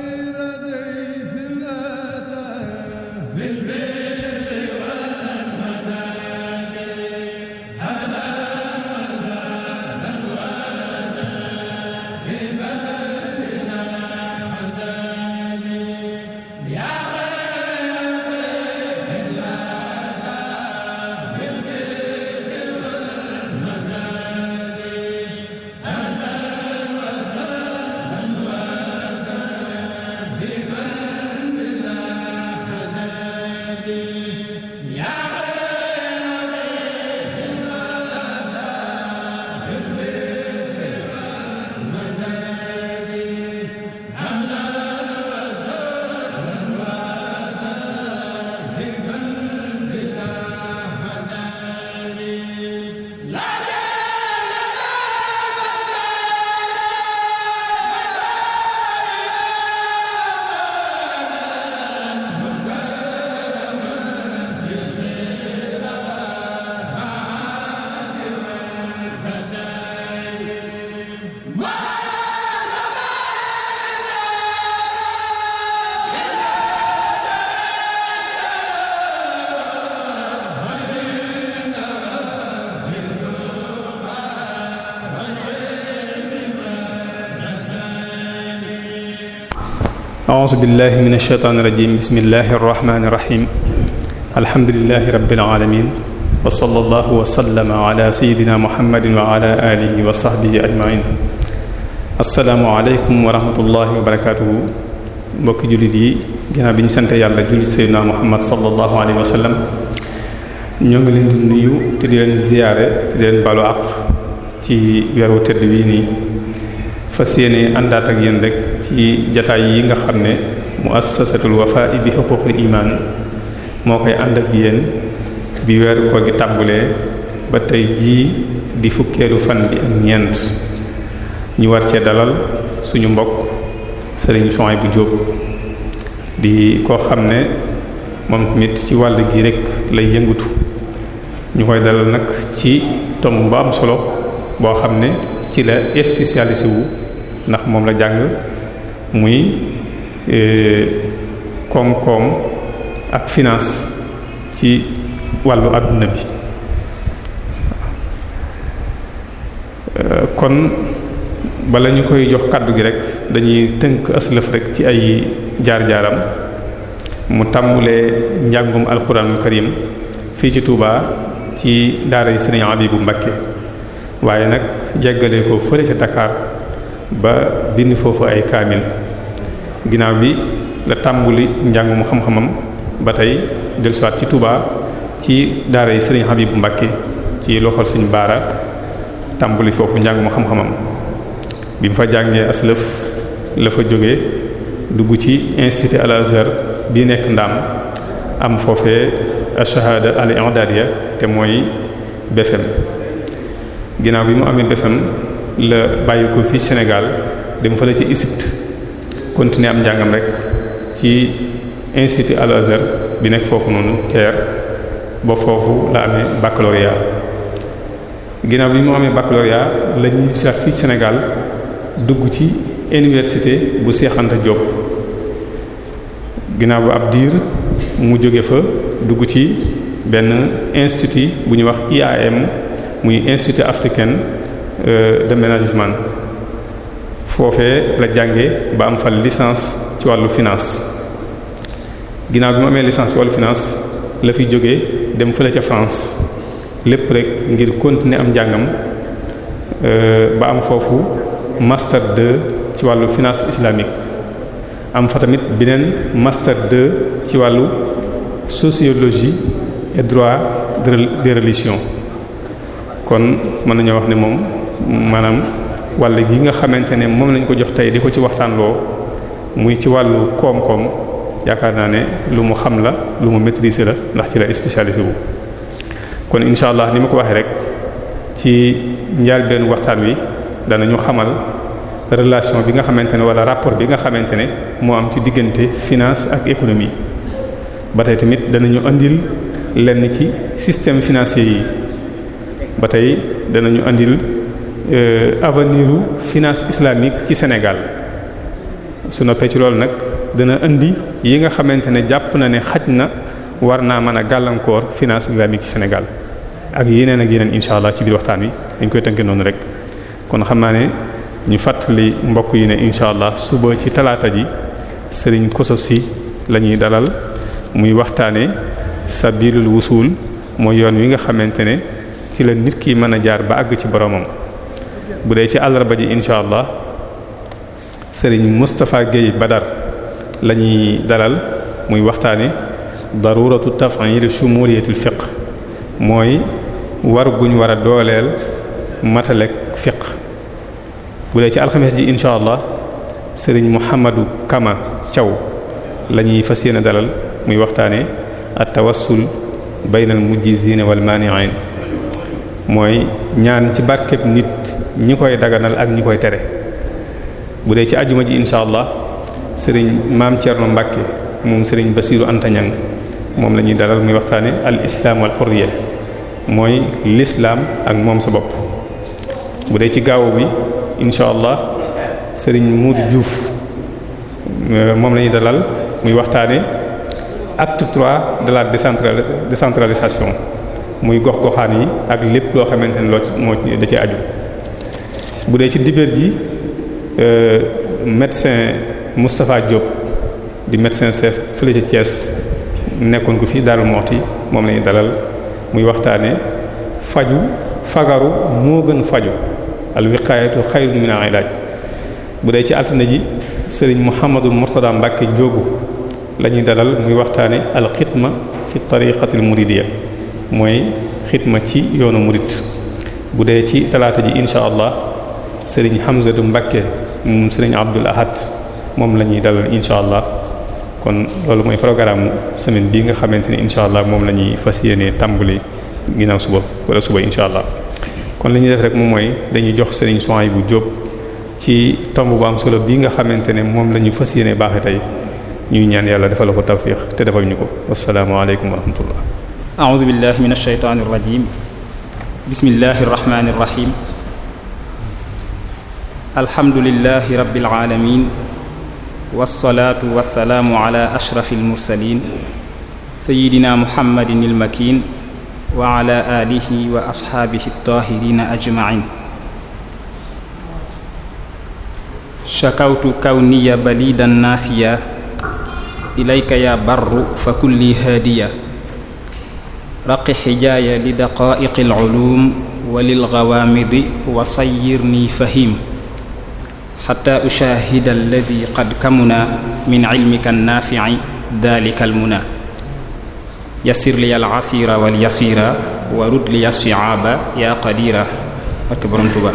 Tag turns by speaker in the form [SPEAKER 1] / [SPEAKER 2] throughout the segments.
[SPEAKER 1] خير دين a'uuzu billahi mina shaytaani rajiim bismillahi rahmaani rahiim alhamdulillahi rabbil aalamiin wa sallallahu wa sallama ala sayyidina muhammadin wa ala aalihi wa sahbihi ajma'iin assalaamu aleykum wa rahmatullahi wa barakaatuhu mbokki jullit yi ginnaaw bi ñu sant yàlla jullit sayyidina muhammad sallallahu alayhi wa sallam ñoo ngi leen di nuyu te di leen ziyaare te di leen balu àq ci weeru tëdd wii nii fas yéene àndaat ak yéen rek ci jataay yi nga xam ne muassasatul wafa'i bi huquqil iman moo koy ànd ak yéen bi weeru koor gi tàmbulee ba tey jii di fukkeelu fan bi ak ñeent ñu war cee dalal suñu mbokk Serigne Souhaïbou bu Diop di koo xam ne moom tamit ci wàll gi rek lay yëngutu ñu koy dalal nag ci tomb ba solo boo xam ne ci la spécialisé wu ndax moom la jàng muy euh, koom-koom ak finance ci wàllu àdduna bi euh, kon bala ñu koy jox kàddu gi rek dañuy tënk aslëf rek ci ay jaar-jaaram mu tàmbulee njàngum alxuraanul karim fii ci Touba ci daara yi Serigne Abibou Mbacké waaye nag jeggalee ko fële ca Dakar ba bind foofu ay kaamil ginnaaw bi la tàmbuli njàngum xam-xamam ba tey dellusiwaat ci Touba ci daara yi Serigne Habib Mbacke ci loxol suñu baara tàmbuli foofu njàngum xam-xamam bi mu fa jàngee aslëf la fa jógee dugg ci institut Al-Azhar bi nekk ndaam am foofee ash-shahada al-i'dadiyya te mooy BFEM ginnaaw bi mu amee BFEM la bàyyi ko fii senegal dem fa la ci Égypte continuer am njàngam rek ci institut Al Azhar bi nekk foofu noonu Caire ba foofu la amee baccalauréat ginnaaw bi mu amee baccalauréat la ñuy si fii senegal dugg ci université bu Cheikh Anta Diop ginnaaw bu ab diir mu jóge fa dugg ci benn institut bu ñuy wax IAM muy institut africain Euh, de management foofee la jànge ba am fa licence ci wàllu finance ginnaaw bi mu amee licence ci wàllu finance la fi jóge dem fële ca France lépp rek ngir continuer am njàngam euh, ba am foofu master 2 ci wàllu finance islamique am fa tamit beneen master 2 ci wàllu sociologie et droit des religions kon mën nañoo wax ne moom maanaam walla gi nga xamante ne moom lañ ko jox tey di ko ci waxtaan loo muy ci wàllu koom-koom yaakaar naa ne lu mu xam la lu mu maîtriser la ndax ci la spécialisé wu. kon incha allah ni ma ko waxee rek ci njaal benn waxtaan wi danañu xamal relation bi nga xamante ne wala rapport bi nga xamante ne moo am ci diggante finance ak économie ba tey tamit danañu andil lenn ci système financier yi ba tey danañu indil Euh, avenir finance islamique ci Sénégal su noppee ci loolu nag dana indi yi nga xamante ne jàpp na ne xaj na war naa mën a gàllankoor finance islamique ci Sénégal ak yeneen ak yeneen incha allah ci biir waxtaan wi dañ koy tënkee noonu rek kon xam naa ne ñu fàttali mbokk yi ne incha allah suba ci talaata ji sëriñ Koso si la dalal muy waxtaane waxtaanee sabilul wusul mooy yoon wi nga xamante ne ci la nit ki mën a jaar ba àgg ci boromam. bu dee ci àllarba ji incha allah sëriñ Moustapha Guèye Badar la ñuy dalal muy waxtaane daruratu taf'il shumuliyatul fiqh mooy war guñ war a dooleel matalek fiqh bu dee ci alxames ji incha allah sëriñ Mouhamadou Kama Thiaw la ñuy fas yéene dalal muy waxtaane at tawassul bayna al mujizina wal mani'in mooy ñaan ci barkeb nit ñi koy daganal ak ñi koy tere bu dee ci ajuma ji incha allah sëriñ maam Thierno Mbacke moom sëriñ Basiru Antañang moom la ñuy dalal muy waxtaane al islam wal hurriya mooy lislaam ak moom sa bopp bu dee ci gaaw bi incha allah sëriñ Muudu Diouf euh, moom la ñuy dalal muy waxtaane acte 3 de la décentralisation muy gox goxaan yi ak lépp loo xamante ni loo ci moo da ci aju bu dee ci dibéer ji euh, médecin Moustapha Diop di médecin chef fële ci Thiès nekkoon ko fii Darou Moukhty moom lañuy dalal muy waxtaane faju fagaru moo gën faju al wiqayatu xayrun naa al ilaaj bu dee ci altine ji Serigne Mouhamadou Mourtada Mbacke Ndiogu la ñuy dalal muy waxtaane al xitma fi tariqatil muridiyya mooy xidma ci yoonu murit bu dee ci talaata ji incha allah sëriñ Hamza du Mbakke moom sëriñ Abdul Ahad moom la ñuy dalal incha allah kon loolu mooy programme semaine bii nga xamante ni incha allah moom la ñuy fas yéenee tàmbali ginnaaw suba wala suba incha allah. kon li ñuy def rek moom mooy dañuy jox sëriñ soin bu jóg ci tomb bu am solo bii nga xamante ne moom la ñu fas yéenee baaxee tey ñuy ñaan yàlla defal ko tawfiix te defal ñu ko wasalaamaaleykum wa rahmatullah
[SPEAKER 2] a'uuzu billahi mina shaytaani rajiim bismillahi rahmaani rahiim alhamdulillahi rabbil aalamiin wassalaatu wassalaamu ala ashrafil mursaliin sayyidina muhammadinil makiin wa ala aalihi wa ashaabihi at-taahiriina ajma'iin shakawtu kawniya baliidan naasiya ilayka ya barru fa kulli haadiya raqi xijaaya li daqaa'iqi alculuum wa lil gawaamidi wa sayyirnii fahiim xataa ushaahida alladi qad kamunaa min cilmika annaafici daalika almunaa yassir li alcasiira wal yasiira wa rud li assicaaba yaa qadiira ak borom Tuuba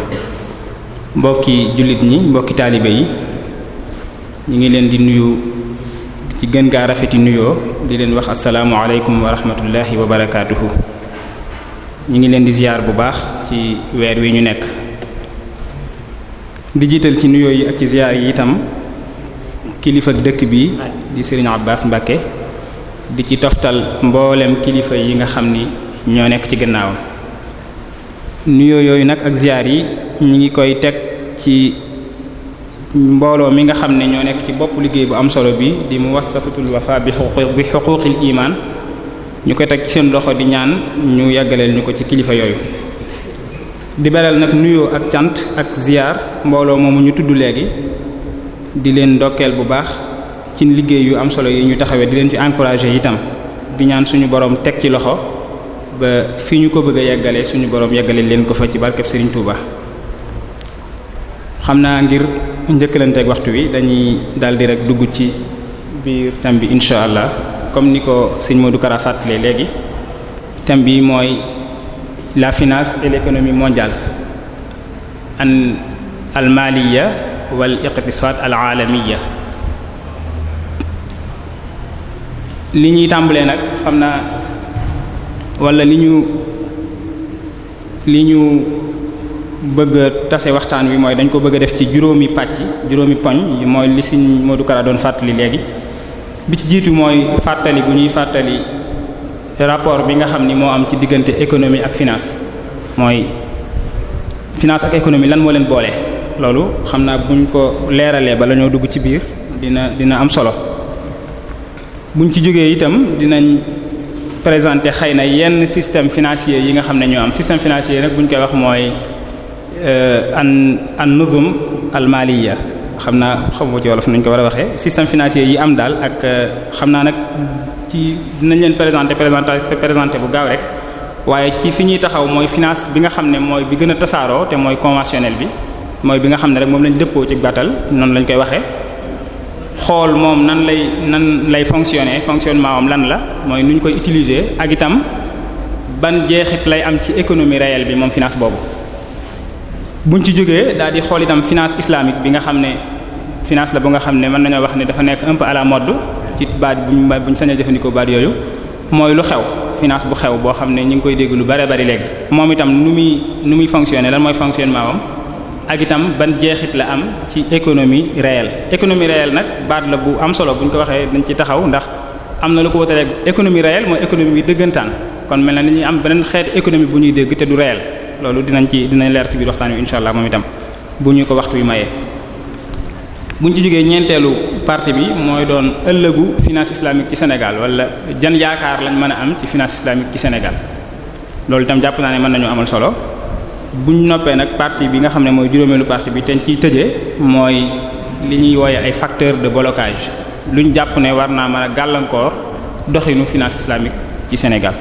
[SPEAKER 2] mbokki jullit ñi mbokki taalibe yi ñu ngi leen di nuyu ci gën gaa rafeti nuyoo di leen wax asalaamualeykum wa rahmatullahi wa barakaatuhu ñu ngi leen di ziyaar bu baax ci weer wi ñu nekk di jiital ci nuyoo yi ak ci ziyaar yi itam kilifa dëkk bi di Serigne Abbas Mbacke di ci toftal mboolem kilifa yi nga xam ni ñoo nekk ci gannaawam nuyoo yooyu nag ak ziyaar yi ñu ngi koy teg ci mbooloo mi nga xam ne ñoo nekk ci bopp liggéey bu am solo bi di mu muwassasatul wafa bi xuquq bi xuquqil imaan ñu ko teg ci seen loxo di ñaan ñu yàggaleel ñu ko ci kilifa yooyu di beral nag nuyoo ak cant ak ziar mbooloo moomu ñu tudd léegi di leen ndokkeel bu baax ci liggéey yu am solo yi ñu taxawee di leen ci encourager itam di ñaan suñu boroom teg ci loxo ba fi ñu ko bëgg a yeggale suñu borom yeggale leen ko fa ci barkeb Serigne Touba xam naa njëkkalanteeg waxtu wi dañuy daldi rek dugg ci biir thème bi incha allah comme ni ko sëñ du Kara fàttalee léegi thème bi mooy la finance et l'économie mondiale an al maliya wal iqtisad al alamiya li ñuy tàmbalee nag xam naa wala li ñu li ñu bëgg tase waxtaan wi mooy dañ ko bëgg def ci juróomi pàcc juróomi poñ mooy li du Modou a doon fàttali léegi bi ci jiitu mooy fàttali bu ñuy fàttali rapport bi nga xam ni moo am ci diggante économie ak finance mooy finance ak économie lan moo leen boole loolu xam naa buñ ko leeralee ba la ñoo dugg ci biir dina dina am solo buñ ci jógee itam dinañ présenter xëy na yenn système financier yi nga xam ne ñoo am système financier nag buñ koy wax mooy Euh, an an nuzum almaliya xam naa xamuma ci wolof nañ ko war a waxee système financier yi am daal ak euh, xam naa nag ci dinañ leen présenté présenter présenter bu gaaw rek waaye ci fi ñuy taxaw mooy finance bi nga xam ne mooy bi gën a tasaaroo te mooy conventionnel bi mooy bi nga xam ne rek moom lañ dëppoo ci battal noonu lañu koy waxee xool moom nan lay nan lay fonctionner fonctionnement am lan la mooy nu ñu koy utiliser ak itam ban jeexit lay am ci économie réelle bi moom finance boobu bu buñ ci jógee daal di xool itam finance islamique bi nga xam ne finance la bu nga xam ne mën nañoo wax ne dafa nekk un peu à la mode ci baat buñ buñ sañoo jëfandikoo baat yooyu mooy lu xew finance bu xew boo xam ne ñu ngi koy dégg lu bari bari léegi. moom itam nu muy nu muy fonctionner lan mooy fonctionnement am ak itam ban jeexit la am ci économie réelle économie réelle nag baat la bu am solo buñ ko waxee dañ ci taxaw ndax am na lu ko wutaleeg économie réelle mooy économie bi dëggantaan kon mel na ni ñuy am beneen xeet économie bu ñuy dégg te du réelle. loolu dinañ ci dinañ leer ci biir waxtaan wi incha allah moom itam bu ñu ko waxtu yu mayee. bu ñu ci jógee ñeenteelu partie bi mooy doon ëllëgu finance islamique ci Sénégal wala jan yaakaar lañ mën a am ci finance islamique ci Sénégal loolu itam jàpp naa ne mën nañu amal solo buñ noppee nag partie bi nga xam ne mooy juróomeelu parti bi te ñu ciy tëjee mooy li ñuy wooye ay facteur de lu ñu jàpp ne war naa mën a gàllankoor doxinu finance islamique ci Sénégal.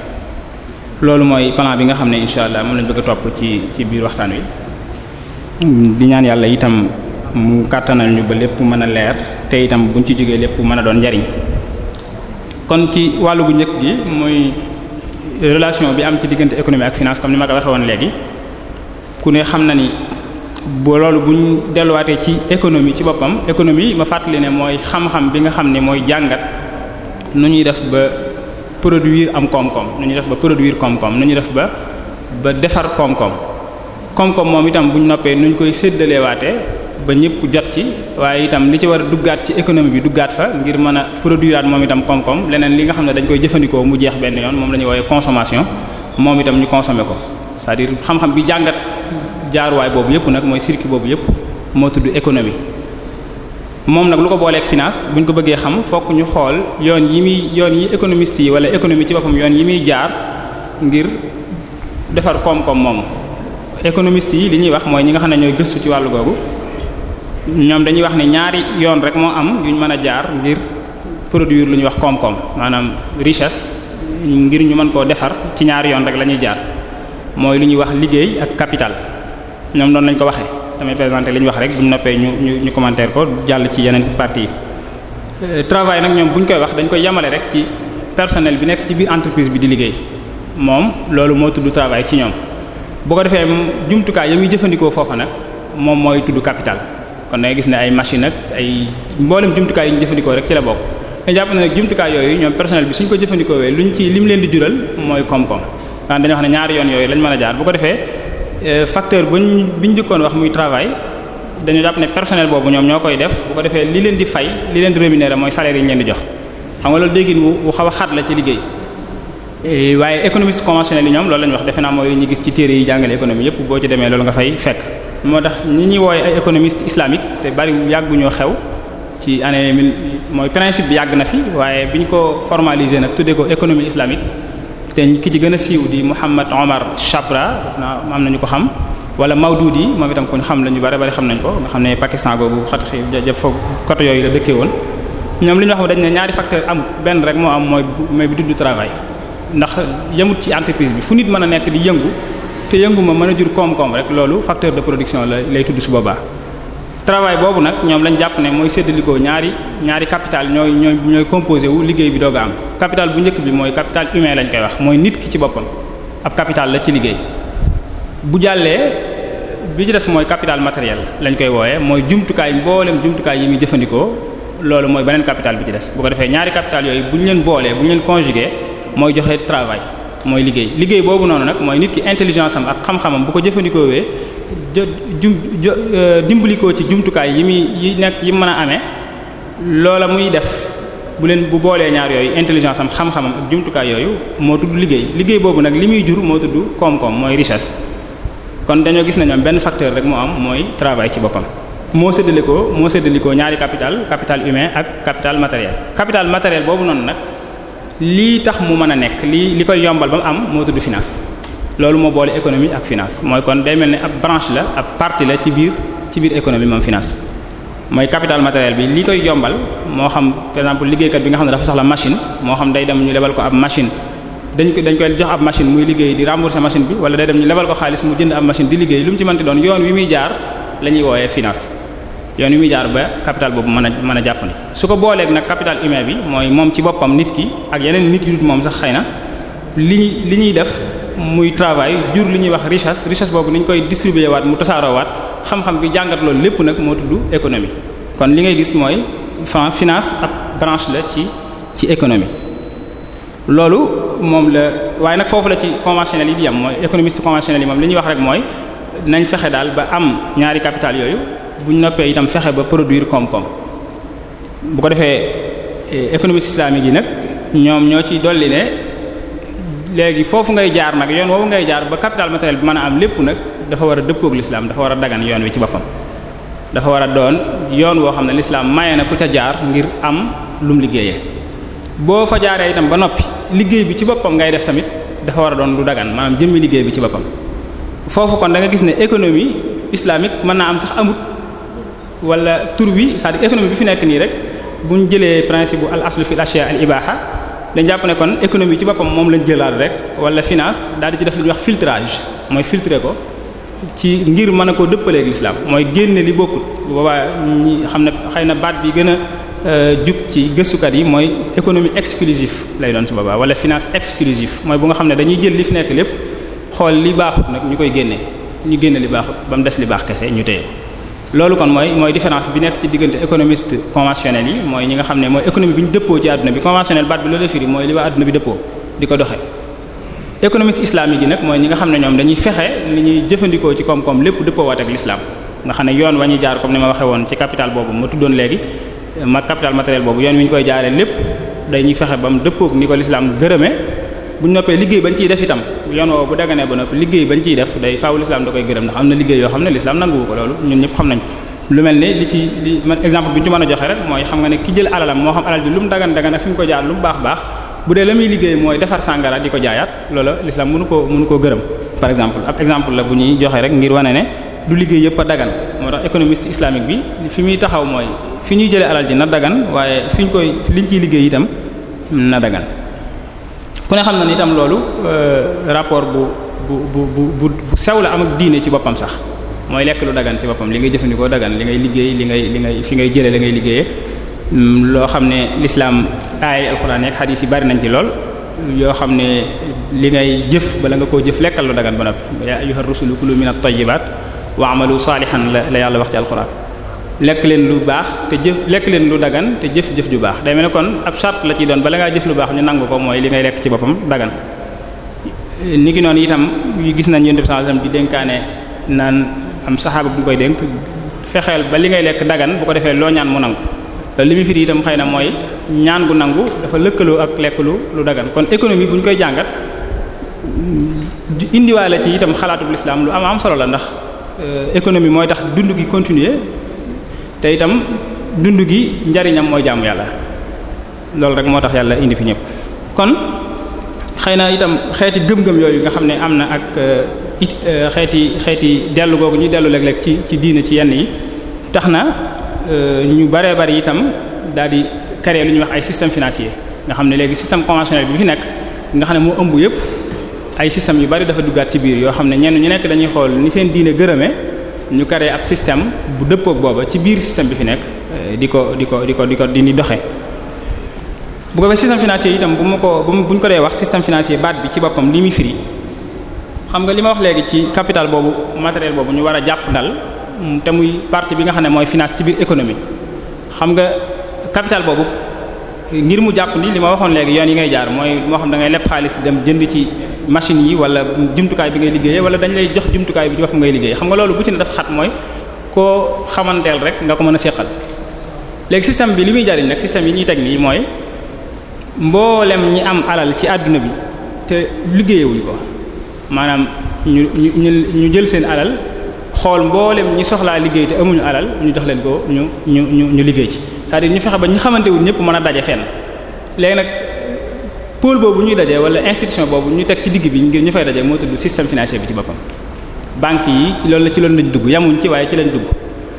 [SPEAKER 2] loolu mooy plan bi nga xam ne incha allah moom lañ bëgg a topp ci ci biir waxtaan wi di ñaan yàlla itam mu kàttanal ñu ba lépp mën a leer te itam buñ ci jógee lépp mën a doon njariñ kon ci wàllu gu njëkk gi muy relation bi am ci diggante économie ak finance comme ni ma ko waxee woon léegi ku ne xam na ni boo loolu bu delluwaatee ci économie ci boppam économie ma fàttali ne mooy xam-xam bi nga xam ne mooy jàngat nu ñuy def ba. produire am koom-koom nu ñu def ba produire koom-koom nu ñu def ba ba defar koom-koom koom moom itam bu ñu noppee nu ñu koy séddaleewaatee ba ñëpp jot ci waaye itam li ci war a duggaat ci économie bi duggaat fa ngir mën a produire aat moom itam koom-koom leneen li nga xam ne dañ koy jëfandikoo mu jeex benn yoon moom lañu ñuy woowee moom itam ñu consommer ko saa à dire xam-xam bi jàngat jaaruwaay boobu yëpp nag mooy circuit boobu yëpp moo tudd économie. moom nag lu ko booleeg finance bu ñu ko bëggee xam fokk ñu xool yoon yi muy yoon yi économistes yi wala économie ci boppam yoon yi muy jaar ngir defar koom-koom moomu. yi li ñuy wax mooy ñi nga xam ne ñooy gëstu ci wàllu googu ñoom dañuy wax ne ñaari yoon rek moo am yuñ mën a jaar ngir produire lu ñuy wax koom-koom maanaam richesse ngir ñu mën koo defar ci ñaari yoon rek la ñuy jaar mooy lu ñuy wax liggéey ak capital ñoom noonu lañ ko waxee. damay présenter li ñu wax rek bu noppee ñu ñu ñu commentaire ko jàll ci yeneen parties yi. Euh, travail nag ñoom bu ñu koy wax dañ koy yemale rek ci personnel bi nekk ci biir entreprise bi di liggéey moom loolu moo tudd travail ci ñoom boo ko defee jumtukaay ya muy jëfandikoo foofa nag moom mooy tudd capital kon dangay gis ne ay machine ak ay mboolem jumtukaay yu ñu jëfandikoo rek ci la bokk. te jàpp na nag jumtukaay yooyu ñoom personnel bi suñ ko jëfandikoo wee luñ ci lim leen di jural mooy koom-koom daanaka dañoo ñaari yoon yooyu lañ mën a jaar bu ko defee. Euh, facteur buñ ñu jëkkoon wax muy travail dañu jàpp ne personnel boobu ñoom ñoo koy def bu ko defee li leen di fay li leen di rémunérer mooy salaire yi ñu leen jox xam nga loolu déggin wu xaw a xat la ci liggéey waaye économiste conventionnel yi ñoom loolu la ñu wax defe naa mooy li ñu gis ci téere yi jàngale économie yépp boo ci demee loolu nga fay fekk moo tax ñi ñuy woowe ay économiste islamique te bari yàgguñoo xew ci année mille mooy principe bi yàgg na fi waaye bi ñu ko formalisé nag tuddee ko économie islamique te ki ci gën a siiw di Mouhamad Omar Chabra am nañu ko xam wala Mawdudi moom itam ku ñu xam lañu bare bari xam nañ ko nga xam ne Pakistan googu xat ja jajëf foofu côté yooyu la dëkkee woon ñoom li ñu wax dañ ne ñaari facteur amul benn rek moo am mooy mooy bi tudd travail ndax yemut ci entreprise bi fu nit mën a nekk di yëngu te yëngu ma mën a jur koom-koom rek loolu facteur de production la lay tudd su boobaa travail boobu nag ñoom lañ jàpp ne mooy séddalikoo ñaari ñaari capital ñooy ñooy ñooy composé wu liggéey bi doog am capital bu njëkk bi mooy capital humain lañ koy wax mooy nit ki ci boppam ab capital la ci liggéey bu jàllee bi ci des mooy capital matériel lañ koy wooyee mooy jumtukaay mboolem jumtukaay yi muy jëfandikoo loolu mooy beneen capital bi ci des bu ko defee ñaari capital yooyu bu ñu leen boolee bu ñu leen conjugué mooy joxe travail mooy liggéey liggéey boobu noonu nag mooy nit ki intelligence am ak xam bu ko jëfandikoowee jum euh, dimbalikoo ci jumtukaay yi muy yi nekk yi mën a amee loola muy def bu leen bu boolee ñaar yooyu intelligence am xam-xamam ak jumtukaay yooyu moo tudd liggéey liggéey boobu nag li muy jur moo tudd koom-koom mooy richesse kon dañoo gis ne benn facteur rek moo am mooy travail ci boppam. moo séddale ko moo séddale ñaari capital capital humain ak capital matériel capital matériel boobu noonu nag lii tax mu mën a nekk lii li koy yombal ba am moo tudd finance. loolu moo boole économie ak finance mooy kon day mel ne ab branche la ab partie la ci biir ci biir économie moom finance mooy capital matériel bi li koy jombal moo xam par exemple liggéeykat bi nga xam ne dafa soxla machine moo xam day dem ñu lebal ko ab machine dañ ko dañ koy jox ab machine muy liggéey di rembourser machine bi wala day dem ñu lebal ko xaalis mu jënd ab machine di liggéey lu mu ci mënti doon yoon wi muy jaar la ñuy wooyee finance yoon wi muy jaar ba capital boobu mën a mën a jàpp su ko booleeg nag capital humain bi mooy moom ci boppam nit ki ak yeneen nit yu moom sax xëy na li ñuy li ñuy def muy travail jur li ñuy wax richesse richesse boobu ni ñu koy distribuer waat mu tasaaroo waat xam-xam bi jàngat loolu lépp nag moo tuddu économie kon li ngay gis mooy finance ak branche la ci ci économie loolu moom la waaye nag foofu la ci conventionnel yi di yam mooy économiste conventionnel yi moom li ñuy wax rek mooy nañ fexe daal ba am ñaari capital yooyu buñ noppee itam fexe ba produire koom-koom bu ko defee eh, économiste islamique yi nag ñoom ñoo ci léegi foofu ngay jaar nag yoon woowu ngay jaar ba capital matériel bi mën a am lépp nag dafa war a dëppoog l'islam dafa war a dagan yoon wi ci boppam dafa war a doon yoon woo xam ne l'islam maye na ku ca jaar ngir am lum liggéeyee boo fa jaaree itam ba noppi liggéey bi ci boppam ngay def tamit dafa war a doon lu dagan maanaam jëmmi liggéey bi ci boppam foofu kon da nga gis ne économie islamique mën naa am sax amut wala tur wi c'est-à-dire bi fi nekk nii rek buñ jëlee principe bu al aslu fi al ashya dañ jàpp ne kon économie ci boppam moom lañ jëlaat rek wala finance daal di ci def lu wax filtrage mooy filtrer ko ci ngir mën a koo dëppaleeg l'islam mooy génne li bokkut boobaa xam ne xëy na baat bi gën a euh, jub ci gëstukat yi mooy économie exclusive lay doon su boobaa wala finance exclusive mooy bu nga xam ne dañuy jël li fi nekk lépp xool li baaxut nag ñu koy génne ñu génne li baaxut ba mu des li baax kese ñu téye loolu kon mooy mooy différence bi nekk ci diggante économiste conventionnel yi mooy ñi nga xam ne mooy économie bi ñu dëppoo ci àdduna bi conventionnel baat bi loolu firi mooy li waa àdduna bi dëppoo di ko doxee économiste islamique yi nag mooy ñi nga xam ne ñoom dañuy fexe li ñuy jëfandikoo ci koom-koom lépp dëppoo waat ak l'islam nga xam ne yoon wa ñuy jaar comme ni ma waxee woon ci capital boobu ma tuddoon léegi ma capital matériel boobu yoon wi ñu koy jaaree lépp dañuy fexe ba mu dëppoog ni ko l'islam bu noppee liggéey bañ ciy def itam yoon woowu bu daganee ba noppi liggéey bañ ciy def day faawu lislaam da koy gërëm ndax am na liggéey yoo xam ne lislaam nanguwu ko loolu ñun ñëpp xam nañ lu mel ni li ci li man exemple bi ñu ci mën a joxe rek mooy xam nga ne ki jël alalam moo xam alal bi lu mu dagan dagan fi mu ko jaar lu mu baax baax bu dee la muy liggéey mooy defar sàngara di ko jaayaat loola lislaam mënu koo mënu koo gërëm par exemple ab exemple la bu ñuy joxe rek ngir wane ne du liggéey yëpp a moo tax économiste islamique bi fi muy taxaw mooy fi ñuy jëlee alal ji na dagan waaye fi ñu koy liñ ciy liggéey itam na dagan ku ne xam na ni itam loolu euh, rapport bu bu bu bu bu sew la am ak diine ci boppam sax mooy lekk lu dagan ci boppam li ngay jëfandikoo dagan li ngay liggéey li ngay li ngay fi ngay jëlee la ngay liggéeyee mm, loo xam ne l'islam ay alxuraan ak xadiis yi bari nañ ci lool yoo xam ne li ngay jëf bala nga koo jëf lekkal lu dagan ba noppi yaa ayyuhar rusulu kulu minat tayyibat wa'malu salihan la yàlla wax ci alxuraan lekk leen lu baax te jëf lekk leen lu dagan te jëf jëf ju baax day mel ne kon ab charte la ciy doon bala ngaa jëf lu baax ñu nangu ko mooy li ngay lekk ci boppam dagan ni ki noonu itam gis nañ yonent bi sallallahu alayhi di dénkaane naan am saxaaba bu koy dénk fexeel ba li ngay lekk dagan bu ko defee loo ñaan mu nangu loolu li muy firi itam xëy na mooy ñaan gu nangu dafa lëkkaloo ak lekk lu lu dagan kon économie bu ñu koy jàngat indiwaale ci itam xalaatu lislaam lu am am solo la ndax euh, économie mooy tax dund gi continuer te itam dund gi njariñam mooy jàmm yàlla loolu rek moo tax yàlla indi fi ñëpp kon xëy na itam xeeti gëm-gëm yooyu nga xam ne am na ak euh, it euh, xeeti xeeti dellu googu ñuy dellu léeg-léeg ci ci diine ci yenn yi tax na euh, ñu baree bari itam daal di créer lu ñuy wax ay système financier nga xam ne léegi système conventionnel bi fi nekk nga xam ne moo ëmb yépp ay système yu bari dafa duggaat ci biir yoo xam ne ñenn ñu nekk dañuy xool ni seen diine gërëme ñu créé ab système bu dëppook booba ci biir système bi fi nekk euh, di ko di ko di ko di ko di doxee bu ko système financier itam bu ma ko bu ñu ko dee wax système financier baat bi ci boppam li muy firi xam nga li ma wax léegi ci capital boobu matériel boobu ñu war a jàpp dal mm, te muy partie bi nga xam ne mooy finance ci biir économie xam nga capital boobu ngir mu jàpp ni li ma waxoon léegi yoon yi ngay jaar mooy moo xam da ngay leb xaalis dem jënd ci machine yi wala jumtukaay bi ngay liggéeyee wala dañ lay jox jumtukaay bi ci boppam ngay liggéey xam nga loolu bu ci ne dafa xat mooy koo xamanteel rek nga ko mën a seqal léegi système bi li muy jariñ nag système yi ñu teg nii mooy mboolem ñi am alal ci àdduna bi te liggéeyewuñ ko maanaam ñu ñu ñu jël seen alal xool mboolem ñi soxlaa liggéey te amuñu alal ñu jox leen ko ñu ñu ñu liggéey ci cest à ñu fexe ba ñi xamante wul ñëpp mën a daje fenn pôle boobu ñuy dajee wala institution boobu ñu teg ci digg bi ngir ñu fay dajee moo tudd système financier bi ci boppam banque yi ci loolu la ci lool lañ dugg yamuñ ci waaye ci lañ dugg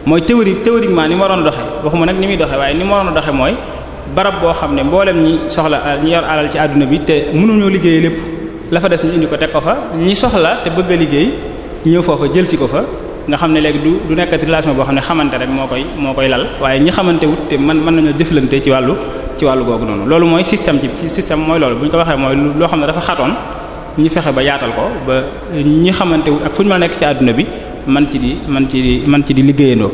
[SPEAKER 2] mooy théorie théoriquement ni mu waroon a doxee waxuma nag ni muy doxee waaye ni mu waroon a doxee mooy barab boo xam ne mboolem ñi soxla ñi yor alal ci àdduna bi te mënuñoo liggéeye lépp la fa des ñu indi ko teg ko fa ñi soxla te bëgg a liggéey ñëw foofa jël si ko fa nga xam ne léegi du du nekkat relation boo xam ne xamante rek moo koy moo koy lal waaye ñi xamante wut man mën nañoo jëflante ci wàllu wàll wàllu googu noonu loolu mooy système ci système mooy loolu bu ñu ko waxee mooy loo xam ne dafa xatoon ñu fexe ba yaatal ko ba ñi xamante ak fu ñu mën nekk ci àdduna bi man ci di man ci di man ci di liggéeyandoo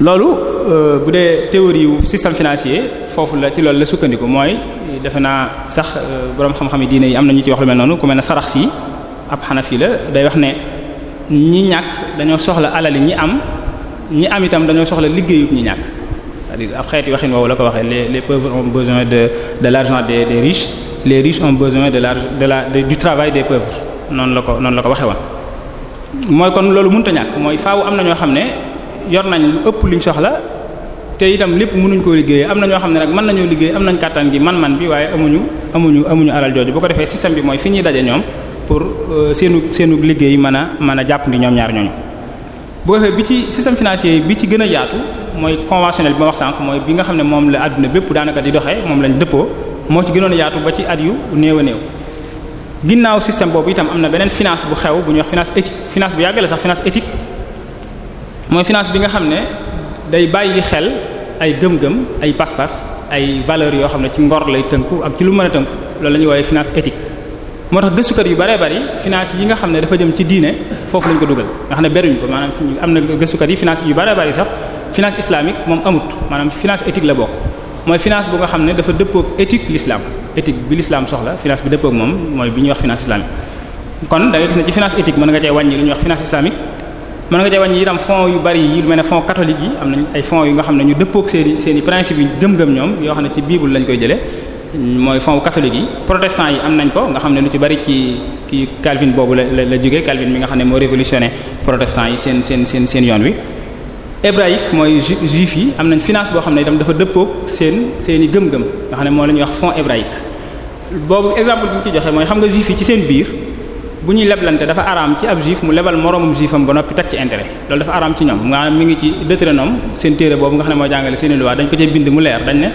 [SPEAKER 2] loolu euh, bu dee théorie wu système financier foofu la ci loolu la sukkandiku mooy defe naa sax euh, boroom xam-xam yi diine yi am na ñu ci wax lu mel noonu ku mel na sarax si ab fii la day wax ne ñi ñàkk dañoo soxla alali ñi am ñi am itam dañoo soxla liggéeyub ñi ñàkk c'est-à-dire ab xeeti waxin woowu la ko waxee les les pauvres besoin de de l'argent des des riches les riches ont besoin de l'argent de la du travail des pauvres noonu la ko noonu la ko waxee woon. mooy kon loolu mun a ñàkk mooy faaw am na ñoo xam ne yor nañ lu ëpp liñ soxla te itam lépp mënuñ koo liggéeyee am na ñoo xam ne nag mën nañoo liggéey am nañ kàttan gi man-man bi waaye amuñu amuñu amuñu alal jooju bu ko defee système bi mooy fi ñuy daje ñoom pour euh, seenu seenu liggéey mën a mën a jàpp ñoom ñaar ñooñu ko defee bi mooy conventionnel bi ma wax sànq mooy bi nga xam ne moom la àdduna bépp daanaka di doxee moom lañ dëppoo moo ci gënoon a yaatu ba ci at yu néew a néew. ginnaaw système boobu itam am na beneen finance bu xew bu ñuy wax finance éthique finance bu yàggale sax finance éthique mooy finance bi nga xam ne day bàyyi xel ay gëm-gëm ay pas-pas ay valeurs yoo xam ne ci ngor lay tënku ak ci lu mën a la ñuy woowee finance éthique. moo tax gëstukat yu bare bari finance yi nga xam ne dafa jëm ci diine foofu lañ ko dugal nga xam ne beruñ ko maanaam am na gëstukat yi finance yu bare bari sax finance islamique moom amut maanaam finance éthique la bokk mooy finance bu nga xam ne dafa dëppook éthique l'islam éthique bi l'islam soxla finance bi dëppook moom mooy bi ñuy wax finance islamique kon da nga gis ne ci finance éthique mën nga cee wàññi lu ñuy wax finance islamique mën nga cee wàññi itam fonds yu bari yi lu mel ne fonds catholique yi am nañ ay fonds yu nga xam ne ñu dëppook seeni seeni principe yu gëm-gëm ñoom yoo xam ne ci bible lañ koy jëlee mooy fonds catholique yi protestant yi am nañ ko nga xam ne lu ci bari ci ci Calvin boobu la nga xam ne moo révolutionné protestant yi seen seen seen seen yoon wi hébraïque mooy juif yi am nañ finance boo xam ne itam dafa dëppoog seen seen i gëm-gëm nga xam ne moo la ñuy wax fonds hébraïque boobu exemple bu ñu ci joxe mooy xam nga juif yi ci seen biir bu ñuy leblante dafa araam ci ab juif mu lebal moroomum juifam ba noppi teg ci intérêt loolu dafa araam ci ñoom nga mi ngi ci Deutéronome seen téere boobu nga xam ne moo jàngale seen i loi dañ ko cee bind mu leer dañ ne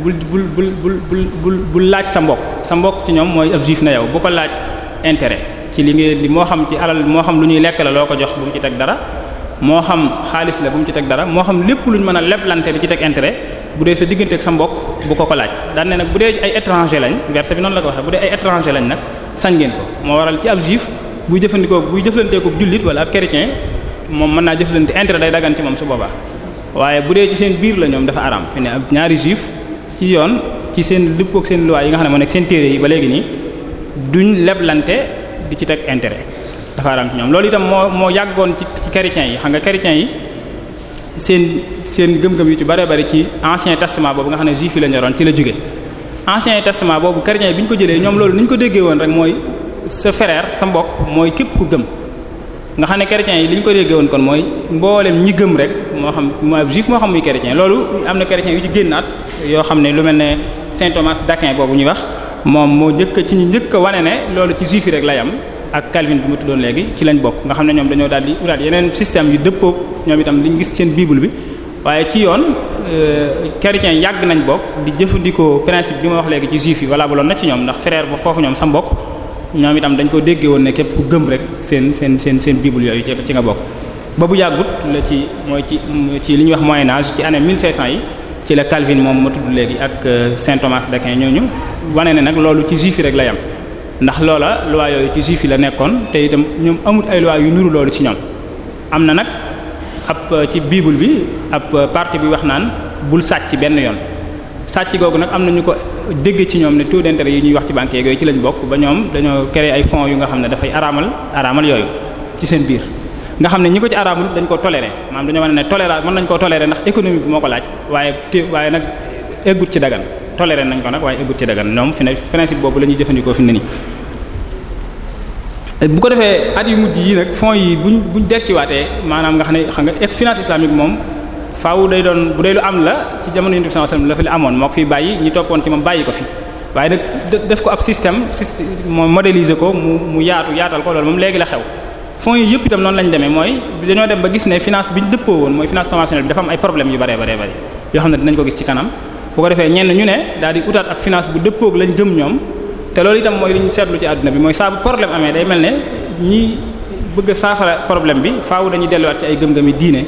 [SPEAKER 2] bul bul bul bul bul bul laaj sa mbokk sa mbokk ci ñoom mooy ab juif na yow bu ko laaj intérêt ci li ngeen di moo xam ci alal moo xam lu ñuy lekk la loo ko jox bu mu ci teg dara moo xam xaalis la bu mu ci teg dara moo xam lépp luñ mën a leblante di ci teg intérêt bu dee sa diggante ak sa mbokk bu ko ko laaj daan ne nag bu dee ay étranger lañ verset bi noonu la ko waxee bu dee ay étranger lañ nag sañ ngeen ko moo waral ci ab juif buy jëfandikoo buy jëflanteeku jullit wala ab chrétien moom mën naa jëflante intérêt day dagan ci moom su boobaa waaye bu dee ci seen biir la ñoom dafa aram fi ne ab ñaari juif ci yoon ci seen lépp ak seen loi yi nga xam ne moo nekk seen téere yi ba léegi nii duñ leblante di ci teg intérêt dafa ñoom loolu itam moo moo yàggoon ci ci chrétiens yi xam nga chrétiens yi seen seen gëm-gëm yu ci bare bare ci ancien testament boobu nga xam ne juif yi la ñoroon ci la jóge ancien testament boobu chrétiens yi bi ñu ko jëlee ñoom loolu ni ñu ko déggee woon rek mooy sa frère sa mbokk mooy képp ku gëm nga xam ne chrétiens yi li ñu ko déggee woon kon mooy mboolem ñi gëm rek moo xam mooy juif moo xam muy chrétien loolu am na chrétiens yu ci génnaat yoo xam ne lu mel ne saint Thomas d'Aquin boobu ñuy wax moom moo njëkk ci ñu njëkk a wane loolu ci juif rek la yam ak Calvin bi mu tuddoon léegi ci lañ bokk nga xam ne ñoom dañoo daal di uraat yeneen système yu dëppook ñoom itam liñ gis seen bible bi waaye ci yoon euh, chrétien yàgg nañ bokk di jëfandikoo principe bi ma wax léegi ci juif yi walla na ci ñoom ndax frère ba foofu ñoom sa mbokk ñoom itam dañ ko déggee woon képp ku gëm rek seen seen seen seen bible yooyu ci nga bokk ba bu yàggut ci mooy ci ci li ñuy wax moyen âge ci année 1500 yi ci la Calvin moom ma tudd léegi ak euh, Saint Thomas d'Aquin ñooñu wane ne nag loolu ci juif yi rek la yam ndax loola loi yooyu ci juif yi la nekkoon te itam ñoom amut ay loi yu nuru loolu ci ñoom am na nag ab euh, ci bible bi ab euh, partie bi wax naan bul sàcc benn yoon sàcc googu nag am na ñu ko dégg ci ñoom ne taux d'intérêt yi ñuy wax ci banque yooyu ci lañ bokk ba ñoom dañoo créer ay fonds yu nga xam ne dafay araamal araamal yooyu ci seen biir nga xam ne ñi ko ci araamul dañ ko tolérer maanaam dañoo mën ne tolérer mën nañ koo tolérer ndax économie bi ko laaj waaye té waaye nag eggut ci dagan toléré nañ ko nag waaye ëggut ci dagan ñoom fi ne principe boobu la ñuy jëfandikoo fi ne nii. Eh, bu ko defee at yu mujj yi nag fonds yi buñ buñ dekkiwaatee maanaam nga xam ne xam nga ek finance islamique moom faaw day doon bu dee lu am la ci jamono Yonent bi la fi la amoon moo ko fi bàyyi ñi toppoon ci moom bàyyi ko fi. waaye nag def ko ab système système moom modéliser ko mu mu yaatu yaatal ko loolu moom léegi la xew fonds yi yëpp itam noonu lañ demee mooy dañoo dem ba gis ne finance bi ay problèmes yu bare bare bare yoo xam ne dinañ ko gis ci kanam. bu ko defee ñenn ñu ne daal di utaat ak finance bu dëppoog lañ gëm ñoom te loolu itam mooy li ñu seetlu ci àdduna bi mooy saa bu problème amee day mel ne ñi bëgg a saafara problème bi faaw dañuy delluwaat ci ay gëm-gëmi diine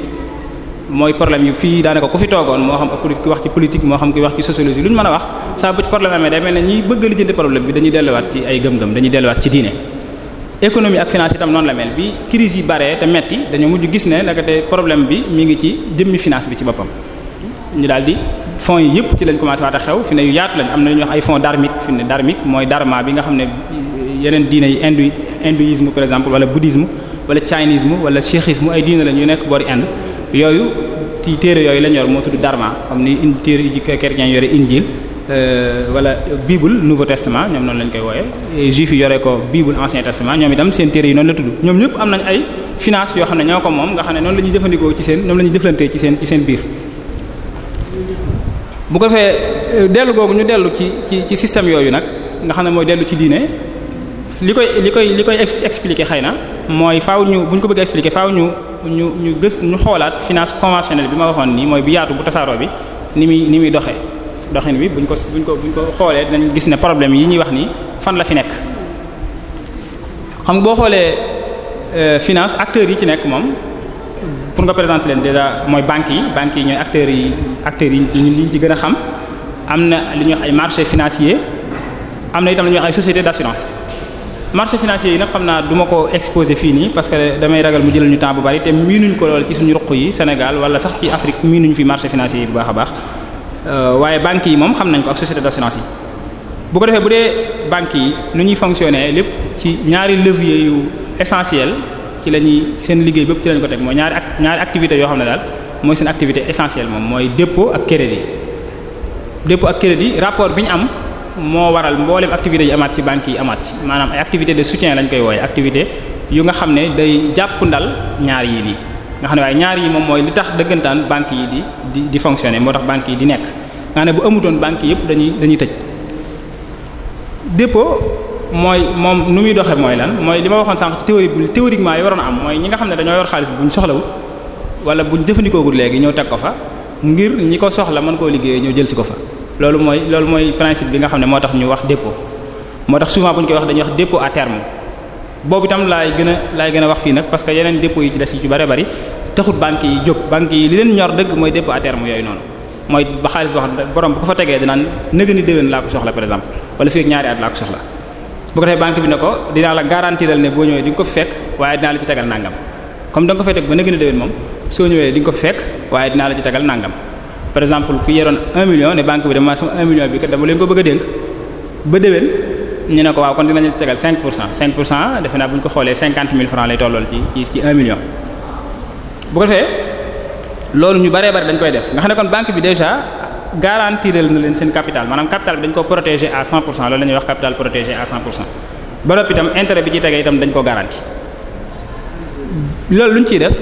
[SPEAKER 2] mooy problème yu fii daanaka ku fi toogoon moo xam ak ki wax ci politique moo xam ki wax ci sociologie a wax saa bu ci problème amee a lijjanti problème bi dañuy delluwaat ci ay gëm-gëm dañuy delluwaat ci diine économie ak finance itam noonu la mel bi crise yi bare te metti dañoo mujj gis ne naka te problème bi mi ngi ci jëmmi finance bi ci boppam ñu daldi fonds yi yëpp ci lañ commencé waat a xew fi ne yu yaatu lañ am na lu ñuy wax ay fonds dharmique fi ne dharmique mooy dharma bi nga xam ne euh, yeneen diine yi hindu hindouisme par exemple wala bouddhisme wala chinisme wala sikhisme ay diine lañ yu nekk boori Inde yooyu ci téere yooyu lañ yor moo tudd dharma comme ni indi téere yi chrétien yore injil euh, wala bible nouveau testament ñoom noonu lañ koy wooye juif yi yore ko bible ancien testament ñoom itam seen téere yi noonu bu ko defee euh, dellu googu ñu dellu ci ci ci système yooyu nag nga xam ne mooy dellu ci diine li koy li koy li koy expliquer xëy na mooy faaw ñu bu ñu ko bëgg expliquer faw ñu ñu ñu gës ñu xoolaat finance conventionnelle bi ma waxoon nii mooy bi yaatu bu tasaaroo bi ni muy ni muy doxee doxin bi bu buñ ko buñ ko buñ ko xoolee dinañ gis ne problème yi ñuy wax nii fan la fi nekk xam boo xoolee euh, finance acteurs yi ci nekk moom pour nga présenter leen déjà mooy banques yi banques yi ñooy acteurs yi acteurs yi ci ñu ci gën a xam am na li ñu wax ay marché financier am na itam lu ñu wax ay société d'assurance marché financier yi nag xam naa du ma ko exposé fii nii parce que damay ragal mu jëlal ñu temps bu bari te miinuñ ko lool ci suñu ruq yi Sénégal wala sax ci Afrique miinuñ fi marché financier yi bu baax a baax euh, waaye banque yi moom xam nañ ko ak société d'assurance yi bu yi nu ñuy fonctionner lépp ci ñaari levier yu essentiel ci la ñuy seen liggéey bépp ci lañ ko teg mooy ñaari ak ñaari activités yoo xam ne daal mooy seen activité essentielle moom mooy dépôt ak crédit dépôt ak crédit rapport bi ñu am moo waral mboolem activité yi amaat ci banque yi amaat ci maanaam ay activité de soutien lañ koy wooye activité yu nga xam ne day jàpp ndal ñaar yi nii nga xam ne waaye ñaar yi moom mooy li tax dëggantaan banque yi di di di fonctionner moo tax banques yi di nekk nga xam ne bu amutoon yëpp dañuy dañuy tëj mooy moom nu muy doxe mooy lan mooy li ma waxoon sànq ci théorie bu théoriquement yi waroon am mooy ñi nga xam ne dañoo yor xaalis buñ soxlawul wala buñ jëfandikoogul léegi ñëw teg ko fa ngir ñi ko soxla man koo liggéeyee ñëw jël si ko fa. loolu mooy loolu mooy principe bi nga xam ne moo tax ñu wax dépôt moo tax souvent bu ñu koy wax dañuy wax dépôt à terme boobu itam laay gën a laay gën a wax fii nag parce que yeneen dépo yi ci des yi ci bari bari taxut banques li leen ñor dëgg mooy dépôt à terme yooyu noonu mooy ba xaalis ne borom bu fa tegee dinaan nëgëni déwén soxla par exemple wala fii ak at laa ko soxla bu ko defee banque bi ne ko dinaa la garantiral ne boo ñëwee di nga ko fekk waaye dinaa la ci tegal nangam comme da ko fay ba na gën a déwén moom soo ñëwee di nga ko fekk waaye dinaa la ci tegal nangam par exemple ku yoroon 1 million ne banque bi dama sama 1 million bi kat dama leen ko bëgg a dénk ba déwén ñu ne ko waaw kon dinañu la tegal 5 pour cent 5 pour cent defe naa bu ñu ko xoolee 50 000 francs lay tollool ci garantiral na leen seen capital maanaam capital bi dañ ko protéger à 100 pour cent loolu la ñuy wax capital protégé à 100 pour cent ba noppi itam intérêt bi ci tegee itam dañ ko garanti loolu lu ñu ciy def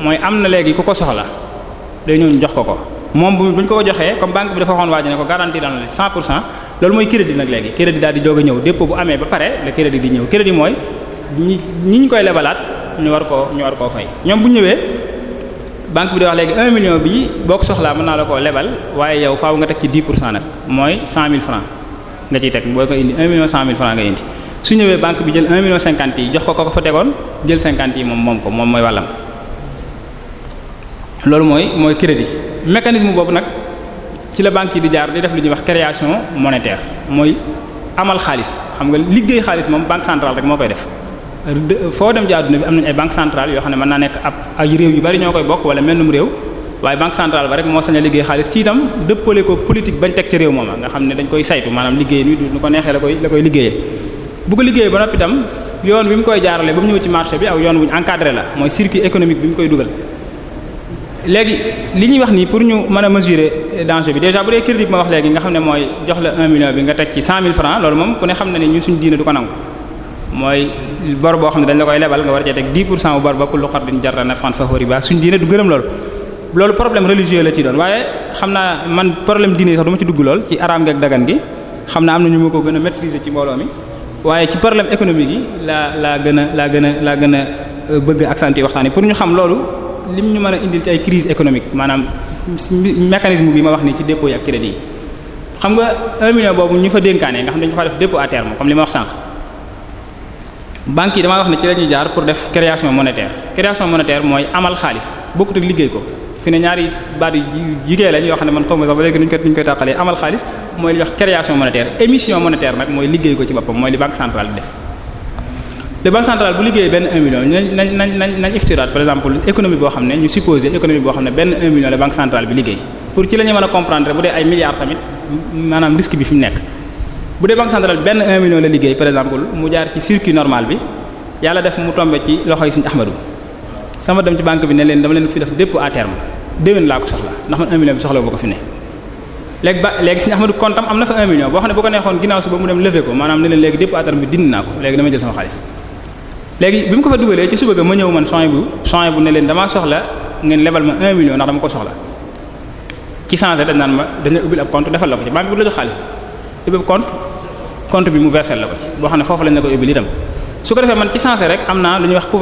[SPEAKER 2] mooy am na léegi ku ko soxla day ñëw ñu jox ko ko moom bu ñu ko ko joxee comme banque bi dafa waxoon waa ji ne ko garantiral na leen 100 pour cent loolu mooy crédit nag léegi crédit daal di doog a ñëw dépôt bu amee ba pare le crédit di ñëw crédit mooy ñi ñi ñu koy lebalaat ñu war koo ñu koo banque bi di wax léegi 1 million bi boo ko soxlaa mën naa la koo lebal waaye yow faaw nga teg ci 10 pour cent nag mooy mill francs nga ciy teg boo ko indi 1 million 100000 francs nga indi su ñëwee banque bi jël 1 million 50 yi jox ko ko ko fa tegoon jël 50 yi moom moom ko moom mooy wàllam. loolu mooy mooy crédit mécanisme boobu nag ci la banque yi di jaar di def lu ñuy wax création monétaire mooy amal xaalis xam nga liggéey xaalis moom banque centrale rek moo koy def. foo dem ci bi am nañu ay banque centrale yoo xam ne mën naa nekk ab ay réew yu bari ñoo koy bokk wala melnum réew waaye banque centrale ba rek moo sañ a liggéey xaalis ci itam dëppale ko politique bañ teg ci réew mooma nga xam ne dañ koy saytu maanaam liggéey bi du ko neexee la yoon wi mu koy jaarale ba mu ñëw yoon wuñ encadré la mooy circuit économique bi mu koy dugal léegi li ñuy wax nii pour ñu mën a mesurer danger bi déjà bu dee crédit bi ma wax léegi nga xam ne mooy jox la 1 million bi nga teg ci moom ku ne na ne ñun suñu mooy bor boo xam ne dañ la koy lebal nga war a teg 10 pour cent bu bor ba kullu qardin jarra naf'an fa huwa riba suñ diine du gërëm loolu loolu problème religieux la ci doon waaye xam naa man problème diine sax du ma ci dugg lool ci araam gi ak dagan gi xam naa am na ñu ma ko gën a maîtriser ci mbooloo mi waaye ci problème économique yi laa laa gën a laa gën a laa gën a euh, bëgg accentuer waxtaan yi pour ñu xam loolu lim ñu mën a indil ci ay crise économique maanaam mécanisme bi ma wax nii ci dépôt yi crédit yi nga 1 ñu fa dénkaane nga xam dañu ko fa ma wax sànq banque yi damaa wax ne ci la ñuy jaar pour def création monétaire création monétaire mooy amal xaalis bokkut ak liggéey ko fi ne ñaari baat yu jigéen lañ yoo xam ne man xaw ma sax ba léegi nuñ koy nuñ koy tàqalee amal xaalis mooy li wax création monétaire émission monétaire nag mooy liggéey ko ci boppam mooy li banque a comprendre bu dee ay milliards tamit maanaam risque bi fi nekk. bu dee banque centrale benn 1 million la liggéey par exemple mu jaar ci circuit normal bi yàlla def mu tombé ci loxo yi suñu Ahmadou sama dem ci banque bi ne leen dama leen fi def dépôt à terme déwén laa ko soxla ndax man ba léegi suñu Ahmadou compte am na fa 1 million boo ko neexoon ginnaaw suba mu dem lever ko bi mu ko fa dugalee ci suba ga ma ñëw man soin ne leen damaa soxla ngeen lebal ma 1 million ndax dama ko soxla ci changé dañ naan ma dañ la ubbil ab compte defal la ko ci banque bi la jox xaalis bi ubbil compte compte bi mu versé la ko ci boo xam ne foofu lañ la ko yóbbu itam su ko defee man ci sensé rek am naa nga xam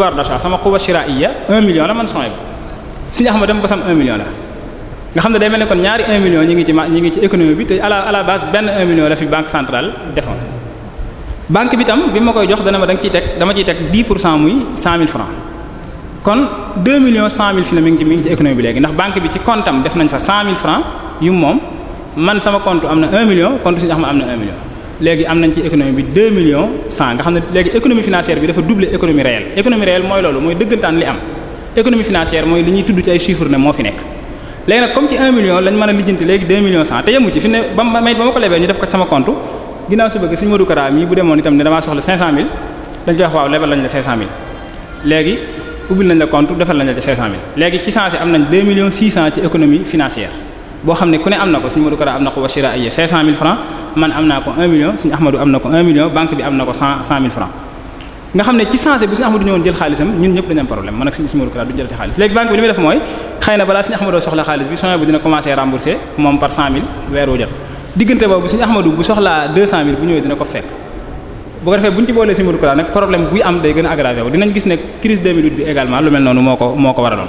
[SPEAKER 2] ne ko day mel ne kon ñaari 1 million ñi ngi ci ma ñi ngi ci économie bi te à benn 1 million la fi banque centrale defoon banque bi tam bi ma koy jox dana ma da nga teg dama pour cent muy 100000 francs kon 2 millions 100000 fi na mi ngi ci mi ngi ci économie bi léegi ndax banque bi ci compte am def nañ fa 100000 francs yu moom man sama compte am na 1 million compte suñu xam am léegi am nañ ci économie bi 2 millions 100 nga xam ne léegi économie financière bi dafa doubler économie réelle économie réelle mooy loolu mooy dëggantaan li am économie financière mooy li ñuy tudd ci ay chiffres ne moo fi nekk léegi nag comme ci 1 million lañ mën a lijjanti léegi 2 millions 100 te yemu ci fi ne ba ma may ba ma ko lebee ñu def ko sama compte ginnaaw si bëgg suñu Modou Kara mii bu demoon itam ne damaa soxla 500000 dañ koy wax waaw lebal lañ la 500000 boo xam ne ku ne am na ko suñu Modou Kara am na ko Bachira Aye 500000 francs man am naa ko 1 million suñu Ahmadou am na ko 1 million banque bi am na ko 100 100000 francs nga xam ne ci sensé bu suñu Ahmadou ñëwoon jël xaalisam ñun ñëpp dañu am problème man ak suñu Modou Kara duñu jëlati xaalis léegi banque bi li muy def mooy xëy na balaa suñu Ahmadou soxla xaalis bi soñé bu dina commencer rembourser moom par 100000 weer wu jot diggante boobu suñu Ahmadou bu soxlaa 200000 bu ñëwee dina ko fekk bu ko defee bu ñu ci boolee suñu Modou Kara nag problème buy am day gën a aggravé wu dinañ gis ne crise 2008 bi également lu mel noonu moo ko moo ko waraloon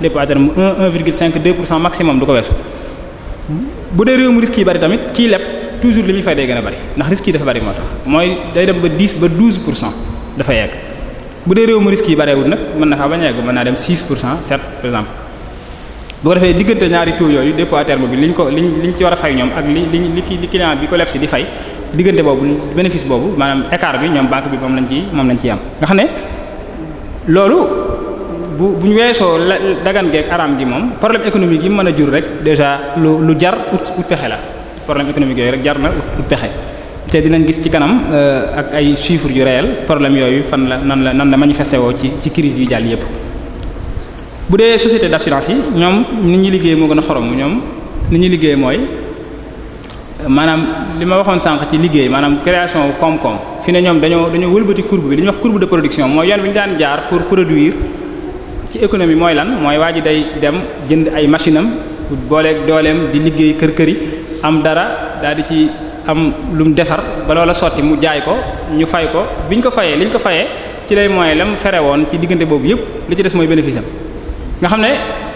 [SPEAKER 2] lépp à terme 1 1 virgule pour cent maximum du ko weesu. bu dee réew mu risques yi bari tamit kii leb toujours li muy fay day gën a bari ndax risques yi dafa bari moo tax mooy day dem ba 10 ba 12 pour cent dafa yegg bu dee réew mu risques yi bareewul nag mën na faa bañ a mën naa dem 6 pour cent 7 par exemple. bu ko defee diggante ñaari taux yooyu dépôt à bi liñ ko liñ liñ ci war a fay ñoom ak li liñ li li client bi ko leb si di fay boobu bénéfice boobu maanaam écart bi ñoom banque bi moom lañ ci moom lañ ciy bu bu ñu weesoo la dagan geek araam gi moom problème économique yi mën a jur rek déjà lu lu jar ut ut pexe la problème économique yooyu rek jar na ut pexe te dinañ gis ci kanam euh, ak ay chiffres yu réel problème yooyu fan la nan la nan la manifesté woo ci ci crise yi jàll yépp bu dee société d'assurance yi ñoom ni ñuy liggéey moo gën a xorom ñoom ni ñuy liggéey mooy maanaam li ma waxoon sanq ci liggéey maanaam création koom-koom fi ne ñoom dañoo dañoo ci économie mooy lan mooy waa ji day dem jënd ay machine am booleeg dooleem di liggéey kër këri am dara daal di ci am lu mu defar ba loola sotti mu jaay ko ñu fay ko biñ ko fayee li liñ ko fayee ci lay moyen lam fere woon ci diggante boobu yëpp li ci des mooy bénéfice am nga xam ne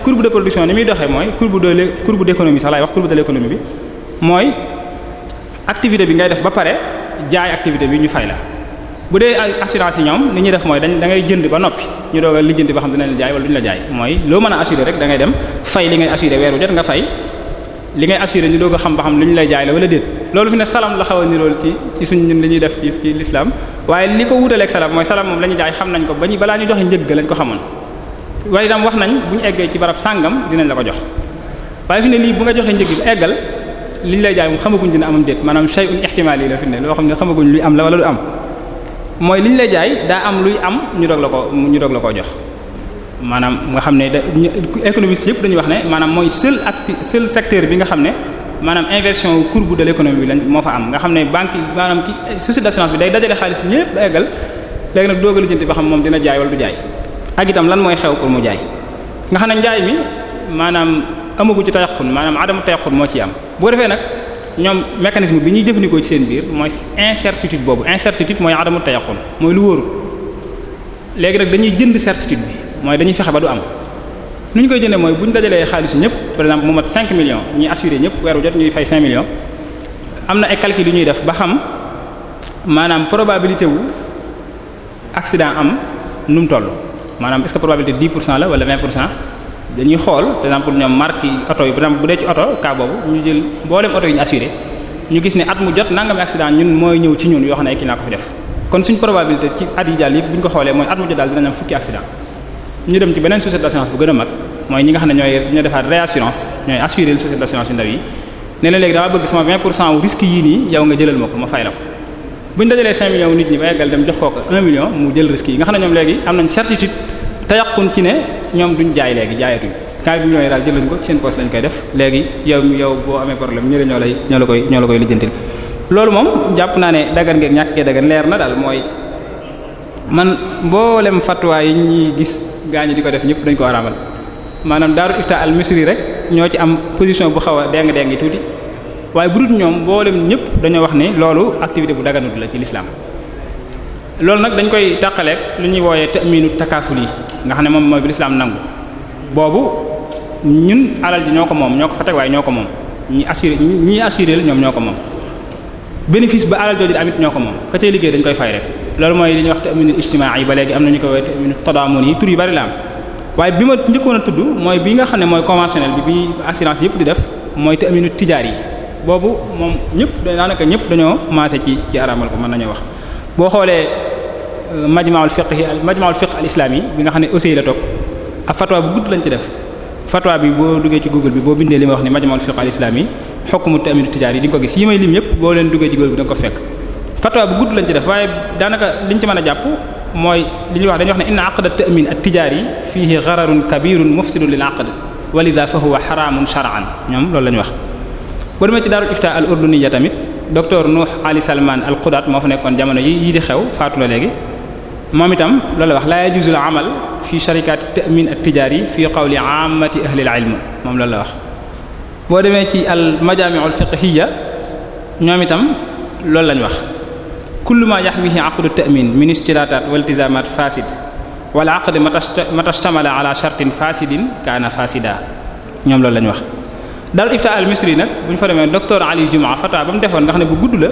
[SPEAKER 2] courbe de production ni muy doxee mooy courbe de courbe d'économie sax lay wax courbe de l'économie bi mooy activité bi ngay def ba pare jaay activité bi ñu fay la bu dee assurance yi ñoom li ñuy def mooy dañ da ngay jënd ba noppi ñu doog a lijjanti ba xam dinañ la jaay wala duñ la jaay mooy loo mën a assurer rek da dem fay li ngay assurer weer jot nga fay li ngay assurer ñu doog a xam ba xam lu ñu lay jaay wala déet loolu fi ne a li ñuy def ci ci l'islam waaye li ko wutaleeg salam mooy salam moom la ñuy jaay xam nañ ko ba ñu balaa ñu joxe njëgg lañ ko xamoon wax nañ bu ñu eggee ci barab sàngam dinañ la ko jox waaye lii bu nga joxee njëg bi li ñu lay jaay moom xamaguñ dina amam déet maanaam shay'un ihtimali loo xam ne xamaguñ luy am la wala lu am mooy li ñu lay jaay daa am luy am ñu doog la ko ñu doog la koo jox maanaam nga xam ne da économistes yëpp dañuy wax ne maanaam mooy seul acti seul secteur bi nga xam ne maanaam inversion courbe de l'économie bi lañ moo fa am nga xam ne banque yi maanaam ki société d'assurance bi day dajale xaalis ñëpp ba eggal léegi nag doog a lijjanti ba xam moom dina jaay wala du jaay ak itam lan mooy xew pour mu jaay nga xam ne njaay mi maanaam amagu ci tayaqun maanaam adamu tayaqun moo ci am ñoom mécanisme bi ñuy jëfandikoo ci seen biir mooy incertitude boobu incertitude mooy adamu tayaqun mooy lu wóorul léegi rek dañuy jënd certitude bi mooy dañuy fexe ba du am nu ñu koy jëndee mooy bu ñu dajalee xaalisu ñëpp par exemple mu cinq 5 millions ñi assuré ñëpp weer wu jot ñuy fay 5 millions am na ay calcul yu ñuy def ba xam maanaam probabilité wu accident am nu mu toll maanaam est-ce que probabilité pour cent la wala 20 pour cent dañuy xool par exemple ñoom marque yi oto yi par exemple bu dee ci oto cas ñu jël mboolem oto yi ñu assuré ñu gis ne at mu jot nangami accident ñun mooy ñëw ci ñun yoo xam ne kii naa ko fi def ñooy ñoo defaat réassurance ñooy assuré société d'assurance yu ndaw yi ne la léegi dama bëgg sama 20 pour nii yow nga jëlal ma ko ma fay la ko bu ñu dajalee 5 millions nit ñi ba eggal dem jox kooku 1 million mu jël risque yi nga xam ne ñoom léegi am nañ certitude te yàqun ci ne ñoom duñ jaay léegi jaayatuñ kaay bi millions yi daal jëlañ ko seen poste lañ koy def léegi yow yow boo amee problème ñële ñoo lay ñoo la koy ñoo la koy lijjantil loolu moom jàpp naa ne dagan ngeeg ñàkkee dagan leer na daal mooy man mboolem fatwa yi ñuy gis gaañu di ko def ñëpp dañ ko araamal maanaam daaru ifta al misri rek ñoo ci am position bu xaw a deng-deng yi tuuti waaye bu ñoom mboolem ñëpp dañoo wax ne loolu activité bu daganut la ci l'islam loolu nag dañ koy tàqaleeg lu ñuy wooyee ta'minu takaaful yi nga xam ne moom mooy bi lislaam nangu boobu ñun alal ji ñoo ko moom ñoo ko fa teg waaye ñoo ko moom ñi assuré ñi assuré ñoom ñoo ko moom bénéfice ba alal jooju ñoo ko moom ka liggéey dañ koy fay rek loolu mooy li ñuy wax ta'minu ijtimaa yi ba léegi am nañu ko wooyee ta'minu tadaamun yi tur yu bari la am waaye bi ma njëkkoon a tudd mooy bi nga xam ne mooy conventionnel bi bi assurance yëpp di def mooy ta'minu tijaar yi boobu moom ñëpp daanaka ñëpp dañoo commencé ci ci aramal ko mën nañu wax boo xoolee majmaul fiqh majmaul fiqh al islami bi nga xam ne aussi la topp ak fatwa bu gudd lañ ci def fatwa bi boo duggee ci google bi boo bindee li ma wax ne majmaul fiqh al islami hukmu ta'min tijaari di nga ko gis yi may lim yëpp boo leen duggee ci google bi da nga ko fekk fatwa bu gudd lañ ci def waaye daanaka liñ ci mën a jàpp mooy li ñuy wax dañuy wax ne inna aqda ta'min at-tijaari fihi ghararun kabirun mufsidun lil aqd walida fa huwa haramun shar'an ñoom loolu la ñu wax boo demee ci daarul ifta al urduniya tamit docteur Nuh Ali Salman al Qudat moo fa nekkoon jamono yi yi di xew faatu na léegi moom itam loolu wax laa yajuuzu amal fi sharikaati ta'min at-tijaari fi qawli aamati ahli al moom loolu la wax boo demee ci al majaami'ul fiqhiyya ñoom itam loolu lañ wax kullu ma yahmihi aqdu ta'min min ishtiraataat wal iltizaamaat faasid wal aqd matastamala ala shartin faasidin kaana faasida ñoom loolu lañ wax darul ifta al misri nag bu ñu fa demee docteur ali jumaa fata ba mu defoon nga xam ne bu gudd la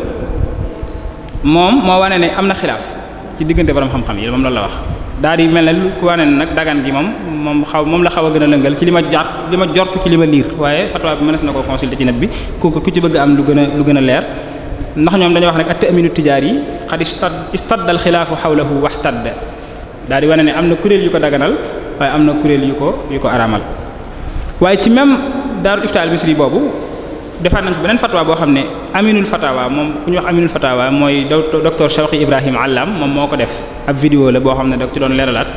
[SPEAKER 2] moom moo wane ne am na xilaaf ci diggante borom xam-xam yi moom loolu la wax daal di mel ne lu ku wane nag dagan gi moom moom xaw moom la xaw a gën a lëngal ci li ma jaat li ma jort ci li ma liir waaye fatwa bi mënees na koo consulter ci net bi ku ku ci bëgg am lu gën a lu gën a leer ndax ñoom dañoo wax nag at-ta'minu tijaari yi qad istadda al-xilaafu hawlahu wahtadda daal di wane ne am na kuréel yu ko daganal waaye am na kuréel yu ko yu ko aramal waaye ci même daarul iftaal misri defaat nañ fi beneen fatwa boo xam ne aminul fatawa moom ku ñuy wax aminul fatawa mooy docteur Shawqi Ibrahim Allam moom moo ko def ab vidéo la boo xam ne da ci doon leeralaat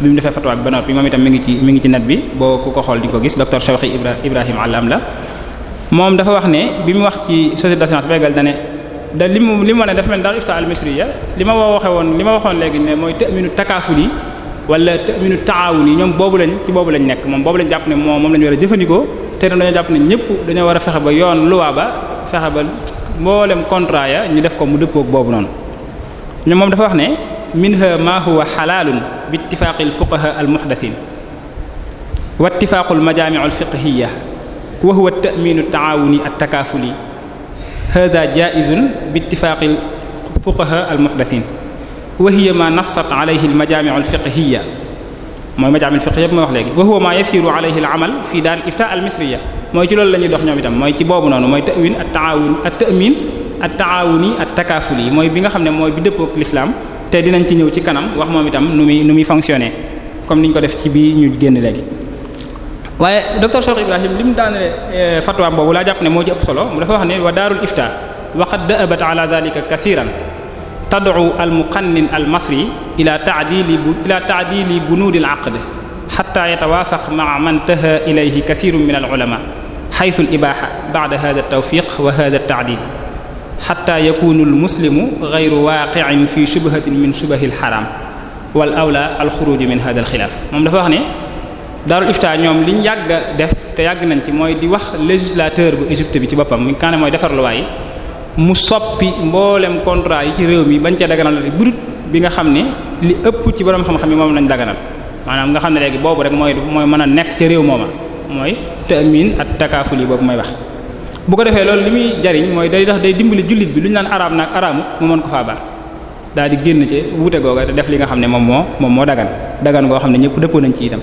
[SPEAKER 2] bi mu defee fatwa noppi moom itam mi ngi ci mi ngi ci net bi boo di ko gis docteur Shawqi Ibrahim Allam la moom dafa wax ne bi mu wax ci société d'assurance béykat da ne da li mu li mu wax ne dafa mel daal ifta al li ma waxe woon li ma waxoon léegi ne mooy ta'minu takaaful yi wala ta'minu taawun yi ñoom boobu lañ ci boobu lañ nekk moom boobu lañ jàpp ne moom moom lañ war a jëfandikoo te dañoo jàpp ne ñëpp dañoo war a fexe ba yoon luwaa ba fexe ba mboolem contrat ya ñu def ko mu dëppook boobu noonu ñu moom dafa wax ne minha ma huwa xalaalun bi ittifaaqil fuqaha al muhdathin wa ittifaaqul majaami'ul fiqhiyya wa huwa at-ta'minu at-ta'awuni at-takaafuli hada jaa'izun bi ittifaaqil fuqaha al muhdathin wa hiya ma nassat alayhi al majaami'ul fiqhiyya mooy majaamil fiqh yépp mooy wax léegi wa huwa ma yasiru alayhi al amal fii daal ifta al misriya mooy ci loolu la ñuy dox ñoom itam mooy ci boobu noonu mooy ta'win at ta'awun at mooy bi nga xam ne mooy bi dëppook l'islam te dinañ ci ñëw ci kanam wax moom itam nu muy nu muy fonctionner comme niñ ko def ci bii ñu génn léegi waaye docteur Cheikh Ibrahim li mu daanale eh, fatwa boobu laa jàpp ne moo ci solo mu dafa wax ne wa daarul ifta waqad da'abat ala dhalika kathiran tad'u al muqannin al masri ila ta'dili ila ta'dili bunuud al aqd hatta yatawaafaq ma'a man taha ilayhi kathirun min al ulama haythu al ibaaha ba'da hadha at tawfiq wa hadha at ta'dil hatta yakunu al muslimu ghayru waaqi'in fi shubhatin min shubahi al haram wal awla al xuruj min hadha al xilaaf moom dafa wax ne Darul Ifta ñoom liñ yàgg def te yàgg nañ ci mooy di wax législateur bu Égypte bi ci boppam mu kaane mooy defar luwaay mu soppi mboolem contrat yi ci réew mi bañ ca daganal la budut bi nga xam ne li ëpp ci borom xam-xam yi moom lañ daganal maanaam nga xam ne léegi boobu rek mooy mooy mën a nekk ca réew mooma mooy ta'min at takaaful yi boobu may wax. bu ko defee loolu li muy jariñ mooy day tax day dimbali jullit bi lu ñu naan araam naag araamu mu mën ko faa baal daal di génn ci wuute googa te def li nga xam ne moom moo moom moo dagan dagan goo xam ne ñëpp dëppoo nañ ci itam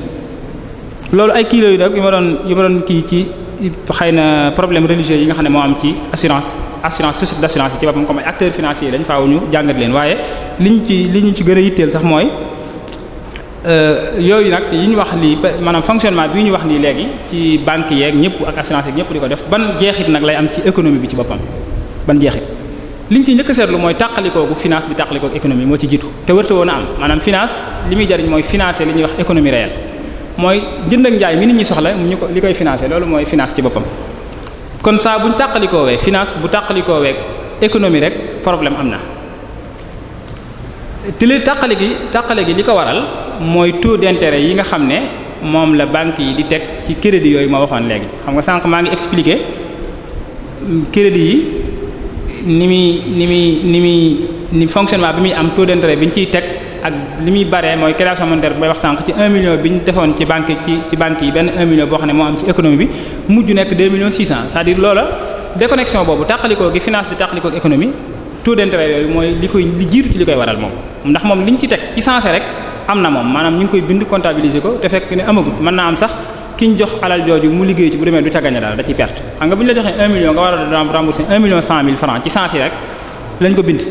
[SPEAKER 2] xëy na problème religieux yi nga xam ne moo am ci assurance assurance société d'assurance yi ci boppam comme ay acteurs financiers lañ faaw ñu jàngat leen waaye liñ ci li ñu ci gën a yitteel sax mooy euh, yooyu nag yi ñu wax lii maanaam fonctionnement bii ñu wax nii léegi ci banque yeeg ñëpp ak assurance yeeg ñëpp di ko def ban jeexit nag lay am ci économie bi ci boppam ban jeexit liñ ci njëkk a seetlu mooy tàqalikoogu finance bi tàqalikoogu économie moo ci jiitu te wërta woon a am maanaam li muy jariñ mooy financer li ñuy wax économie réelle mooy jënd ak njaay mi nit ñi soxla mu ñu ko li koy financer loolu mooy finance ci boppam. kon saa bu ñu wee finance bu tàqalikoowee économie rek problème am na te li tàqali gi tàqali gi li ko waral mooy taux d'intérêt yi nga xam ne moom la banque yi di teg ci crédit yooyu ma waxoon léegi xam nga sànq maa ngi expliquer crédit yi ni muy ni muy ni muy ni fonctionnement bi muy am taux d'intérêt bi ñu ciy teg. ak li muy bare mooy création monétaire bay wax sànq ci 1 million bi ñu defoon ci banque ci ci banque yi benn 1 million boo xam ne li koy li jiitu ci moom ndax am na moom maanaam ñu ngi koy bind comptabiliser ko te fekk ne amagul mën naa am sax ki ñu jox alal jooju mu liggéey ci bu demee du ca gagné daal da ciy perte xam nga bu ñu la joxee 1 million nga war a rembourser 1 million 100 000 francs ci sensé rek lañ ko bind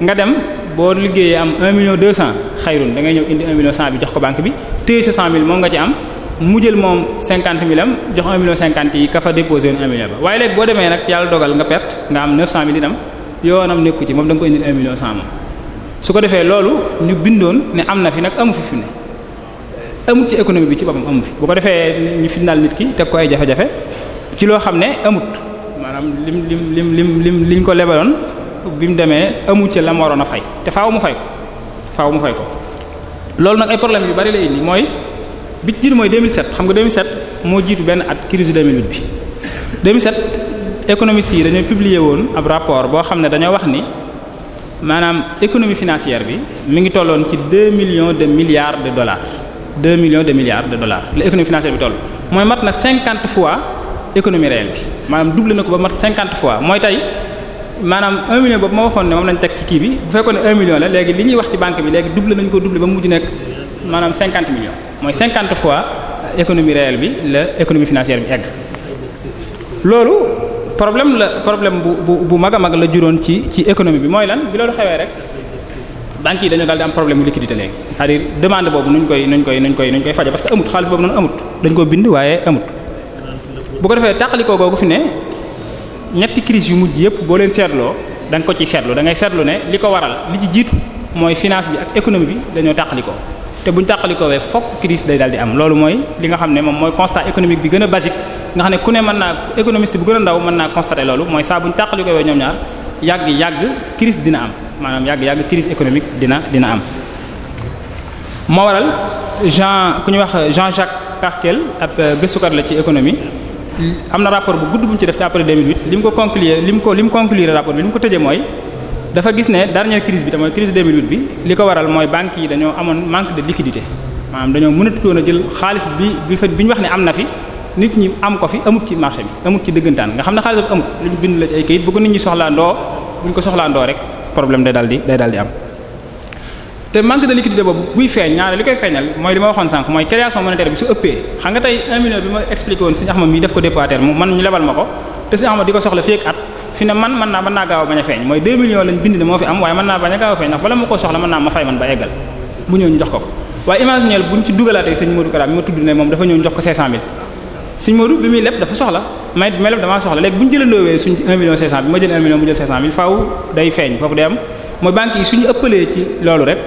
[SPEAKER 2] nga dem boo liggéeyee am 1 million 200 xayrun da ngay ñëw indi 1 million 100 bi jox ko banque bi téye sa 100000 moom nga ci am mu jël moom 50000 am jox 1 million 50 yi ka fa déposé woon 1 million ba waaye léegi boo demee nag yàlla dogal nga perte nga am 900000 itam yoonam nekku ci moom da ko indi 1 million 100 moom. su ko defee loolu ñu bindoon ne am na fi nag amu fi fi mu ne amut ci économie bi ci boppam amu fi bu ko defee ñu fitnaal nit ki teg ko ay ci loo xam ne amut maanaam lim lim lim lim lim liñ ko lebaloon. bi mu demee amu ci fay te faaw mu fay ko faaw mu fay ko loolu nag ay problème yu bari la indi mooy bi ci jiitu mooy 2007 xam nga 2007 moo jiitu benn at crise 2008 bi 2007 économistes yi dañoo publier woon ab rapport boo xam ne dañoo wax ni maanaam économie financière bi mi ngi tolloon ci 2 millions de milliards de dollars 2 millions de milliards de dollars la économie financière bi toll mooy mat na 50 fois économie réelle bi maanaam doublé na ko ba mat fois mooy tey maanaam 1 million boobu ma waxoon ne moom lañ teg ci kii bi bu fekkoon ne 1 million la léegi li ñuy wax ci banque bi léegi double nañ ko double ba mujj nekk maanaam 50 millions mooy 50 fois économie réelle bi la économie financière bi egg loolu problème la problème bu bu bu mag a mag la juróon ci ci économie bi mooy lan bi loolu xewee rek banques yi dañoo daal di am problème mu liquidité léegi c'est-à-dire demande boobu nuñ koy nuñ koy nuñ koy nuñ koy faje parce que amut xaalis boobu noonu amut dañ koo bind waaye amut bu ko defee tàqalikoo googu fi ne ñetti crise yu mujj yëpp boo leen seetloo da ko ci seetlu da ngay seetlu ne li ko waral li ci jiitu mooy finance bi ak économie bi dañoo tàqalikoo te buñ tàqalikoo wee fokk crise day dal di am loolu mooy li nga xam ne moom mooy constat économique bi gën a basique nga xam ne ku ne mën naa économiste bu gën ndaw mën naa constater loolu mooy saa buñ tàqalikoo wee ñoom ñaar yàgg yàgg crise dina am maanaam yàgg yàgg crise économique dina dina am moo waral Jean ku ñuy wax Jean-Jacques Parkel ab euh, gëstukat la ci économie am na rapport bu gudd bu mu ci def ci après 2008 li mu ko conclure li mu ko li mu conclure rapport bi li mu ko tëjee mooy dafa gis ne dernière crise bi te mooy crise 2008 bi li ko waral mooy banques yi dañoo amoon manque de liquidité maanaam dañoo mënatutoon a jël xaalis bi bi fa bi ñu wax ne am na fi nit ñi am ko fi amut ci marché bi amut ci dëggantaan nga xam ne xaalis amut luñ bind la ci ay kayit bu ko nit ñi soxlaandoo buñ ko soxlaandoo rek problème day daldi day am te manque de boobu buy feeñ ñaare li koy feeñal mooy li ma waxoon sànq mooy création monétaire bi su ëppee xam nga tey 1 million bi ma expliqué woon soxla fii ak at fi ne a a feeñ mooy soxla mën bu ñu jox ko ko waaye imaginer buñ ci dugalaatee Serigne Modou bi ma tudd ne moom dafa ñëw ñu jox ko bi muy leb dafa million bi ma jël 1 million mu jël 500000 day feeñ foofu day am mooy banques yi suñu ëppalee ci loolu rek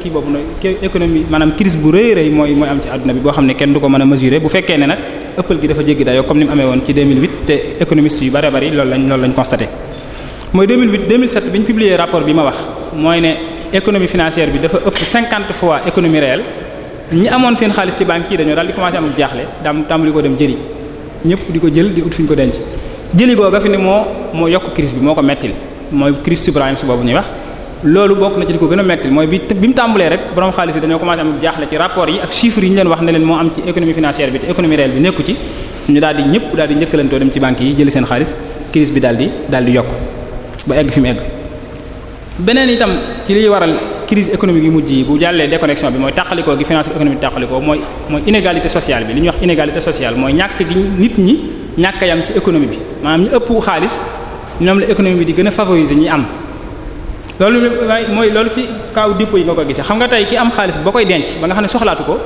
[SPEAKER 2] kii boobu nag économie maanaam crise bu rëy rëy mooy mooy am ci àdduna bi boo xam ne kenn du ko mën a mesurer bu fekkee ne nag ëppal gi dafa jéggi dayoo comme ni mu amee woon ci 2008 te économistes yu bare bari loolu lañ loolu mooy bi ñu publier rapport bi ma wax mooy ne économie financière bi dafa ëpp fois économie réelle ñi amoon seen xaalis ci banque yi dañoo daal di commencé am jaaxle daam tàmbali ko dem jëli ñëpp ko jël di ut fi ko denc jëli googa fi ne moo moo yokk crise bi moo ko mettil mooy crise subprime boobu ñuy wax loolu bokk na ci li ko gën a metti mooy bi bi mu tàmbalee rek borom xaalis yi dañoo commencé am jaaxle ci rapport yi ak chiffres yi ñu leen wax ne moo am ci économie bi di ñëpp daal di njëkkalantoo dem ci banques yi di daal di yokk ba egg fi mu egg waral crise économique yu mujj yi bu jàllee déconnexion bi mooy tàqalikoo gi finance économique tàqalikoo mooy mooy inégalité sociale bi li ñuy wax inégalité sociale mooy ñàkk gi nit ñi ñàkk yam bi maanaam xaalis ñoom la économie bi di gën a favoriser ñi am loolu waaye mooy loolu ci kaw dépôt yi nga ko gisee xam nga tey ki am xaalis boo koy denc ba nga xam ne soxlaatu ko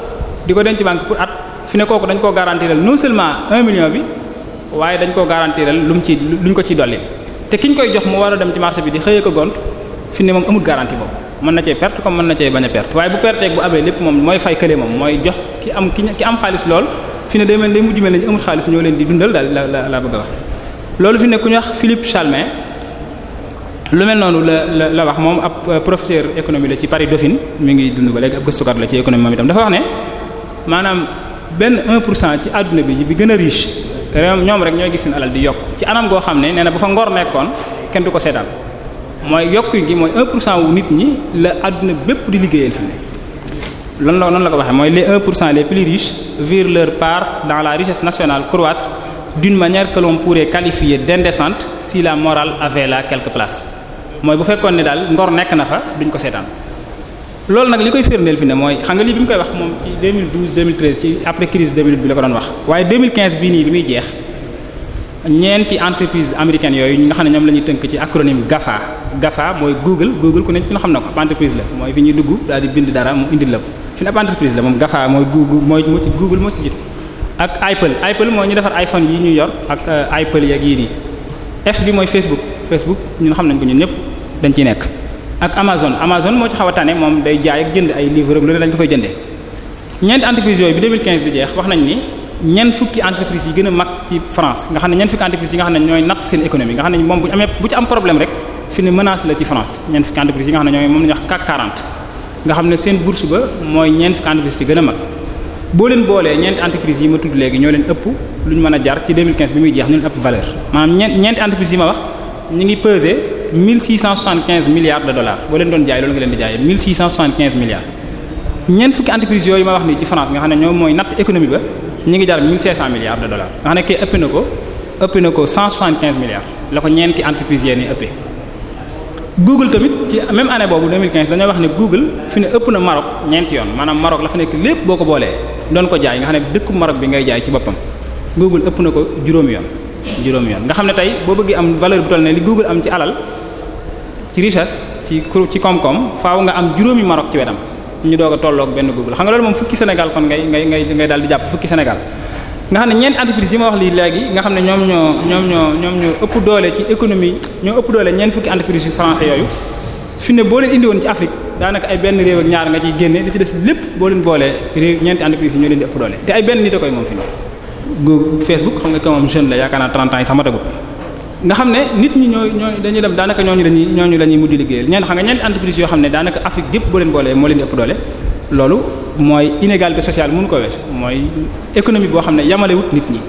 [SPEAKER 2] di ko denc banque pour at fi ne kooku dañ koo garantiral non seulement un million bi waaye dañ koo garantiral luñ ko ciy dolli te kiñ koy jox mu war a dem ci marché bi di xëyee ko gont fi ne moom amul garantie boobu mën na cee perte comme mën na cee bañ a perte waaye bu perteeg bu amee lépp moom mooy fay kële moom mooy jox ki am ki am xaalis lool fi ne day mel day mujj xaalis ñoo leen di dundal daal a wax loolu lu mel noonu la la wax moom ab euh, professeur économie la ci Paris Dauphine mi ngi dund ba léegi ab gëstukat la ci économie moom itam dafa wax ne maanaam benn 1 pour cent ci àdduna bi bi gën a riche ñoom rek ñooy gis seen alal di yokk ci anam goo xam ne nee na bu fa ngor nekkoon kenn du ko seetaan mooy yokk gi mooy 1 pour wu nit ñi la adduna bépp di liggéeyal fi mu ne. lan la noonu la ko waxee mooy les 1 pour cent les plus riches virent leur part dans la richesse nationale croître d'une manière que l'on pourrait qualifier d'indécente si la morale avait là quelque place. mooy bu fekkoon ne daal ngor nekk na fa duñ ko seetaan loolu nag li koy firndeel fi ne mooy xam nga lii bi ñu koy wax moom ci 2012 2013 ci après crise 2008 bi la ko doon wax waaye 2015 bii nii bi muy jeex ñeenti entreprise américaines yooyu ñi nga xam ne ñoom la ñuy tënk ci acronyme GAFA GAFA mooy Google Google ku ne ku ne xam na ko entreprise la mooy fi ñuy dugg daal di bind dara mu indil la ko fi ne ab entreprise la moom GAFA mooy Google mooy moo ci Google moo ci jiit ak Apple Apple ñu defar iPhone yi ñu yor ak euh, Apple yeeg yii nii bi mooy Facebook Facebook ñun xam nañ ko ñun ñëpp. dañ ciy nekk ak Amazon Amazon moo ci xaw moom day jaay ak jënd ay livres lu ne dañ ko fay jëndee ñeenti entreprises yooyu bi di jeex wax nañ ni ñeenti entreprises yi ma tudd léegi ñoo leen ëpp lu ñu mën a jar ci bi muy jeex ñu ëpp valeur maanaam ñeenti entreprises yi ma wax ñu ngi 1675 milliards de dollars boo leen doon jaay loolu nga leen di jaayee 1675 milliards ñeent fukki entreprises yooyu ma wax nii ci France nga xam ne ñoom mooy natt économie ba ñu ngi jar 1500 milliards nga xam ne kay ëpp na ko ëpp na ko 175 milliards la ko ñeenti entreprises yéen ëppee. Google tamit ci même année boobu dañoo wax ne Google fi ne ëpp na Maroc ñeenti yoon maanaam Maroc la fa nekk lépp boo ko boolee doon ko jaay nga xam ne dëkku Maroc bi ngay jaay ci boppam Google ëpp na ko juróomi yoon. juróomi yoon nga xam ne tey boo bëggee am valeur bu toll am ci alal ci richesse ci ci koom-koom faaw nga am juróomi Maroc ci wetam ñu doog a tolloog benn Google xam nga loolu moom fukki Sénégal kon ngay ngay ngay ngay daal di jàpp fukki Sénégal nga xam ne ñeenti entreprise yi ma wax lii léegi nga xam ne ñoom ñoo ñoom ñoo ñoom ñoo ëpp doole ci économie ñoo ëpp doole ñeent fukki entreprise yi français yooyu fi ne boo leen indi woon ci Afrique daanaka ay benn réew ak ñaar nga ciy génne li ci des lépp boo leen boolee réew ñeenti entreprise yi ñoo leen di ëpp doole te ay benn nit a koy moom fi ne Google Facebook nga xam ne nit ñi ñooy ñooy dañuy dem daanaka ñooñu lañuy ñooñu la ñuy mujj liggéeyal ñeen xam nga ñeenti entreprise yoo xam ne daanaka Afrique gépp boo leen boolee moo leen ëpp doole loolu mooy inégalité sociale mënu ko wees mooy économie boo xam ne yamalewut nit ñi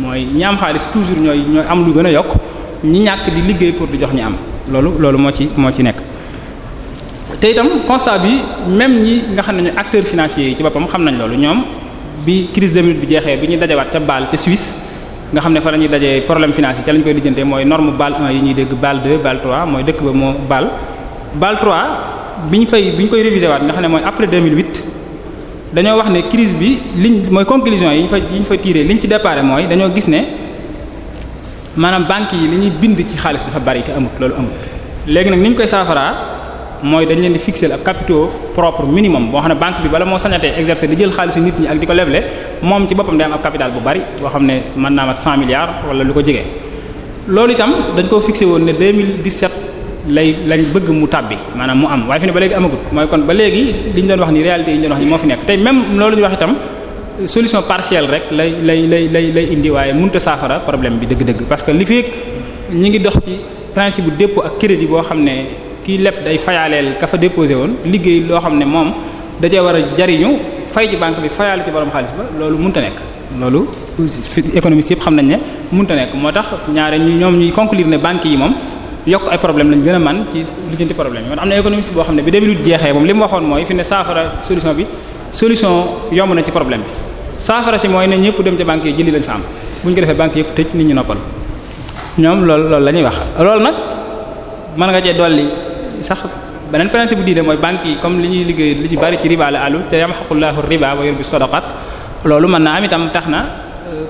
[SPEAKER 2] mooy ñi am xaalis toujours ñooy ñooy am lu gën a yokk ñi ñàkk di liggéey pour di jox ñi am loolu loolu moo ci moo ci nekk te itam constat bi même ñi nga xam ne ñu acteurs financiers yi ci boppam xam nañ loolu ñoom bi crise 2008 bi jeexee bi ñu dajawaat ca Bâle ca Suisse nga xam ne fa la ñuy dajee problème financier ca la ñu koy lijjantee mooy norme BAL 1 yi ñuy dégg BAL 2 BAL 3 mooy dëkk ba moo BAL. BAL 3 bi ñu fay bi ñu koy réviser waat nga xam ne mooy après 2008 dañoo wax ne crise bi liñ mooy conclusion yi ñu fa yi ñu fa tiré liñ ci déparé mooy dañoo gis ne maanaam banques yi li ñuy bind ci xaalis dafa bari te amut loolu amut. léegi nag ni ñu koy saafaraa mooy dañ leen di fixer ab capitaux propre minimum boo xam bi bala moo sañatee exercer di jël xaalisu nit ñi ak di ko leble. moom ci boppam day am ab capital bu bari boo xam ne mën naa mat 100 milliards wala lu ko jege. loolu itam dañ koo fixé woon ne 2017 lay lañ bëgg mu tàbbi maanaam mu am waaye fi ne ba léegi amagut mooy kon ba léegi li ñu doon wax ni réalité yi ñu doon wax ni moo fi nekk tey même loolu ñu wax itam solution partielle rek lay lay lay lay lay indi waaye munta saafara problème bi dëgg-dëgg parce que li fi ñu ngi dox ci principe bu dépôt ak crédit boo xam ne kii lépp day fayaaleel ka déposé woon liggéey loo xam ne moom da war a jariñu fay ci banque bi fayaale ci borom xaalis ba loolu mënta nekk loolu économistes yëpp xam nañ ne mënta nekk moo tax ñaare ñu ñoom ñuy conclure ne banque yi moom yokk ay problème lañ gën a man ci lijjanti problème yi man am na économiste boo xam ne bi 2008 jeexee moom li mu waxoon mooy fi ne saafara solution bi solution yomb na ci problème bi saafara si mooy ne ñëpp dem ca banque yi jëli lañ fa am bu ñu ko defee banque yëpp tëj nit ñi noppal ñoom la ñuy wax loolu nag mën beneen principe bu diine mooy banque yi comme li ñuy liggéey li ci bari ci riba la àllu te yamxaqullahu riba wa yurbi sadaqat loolu mën na am itam tax na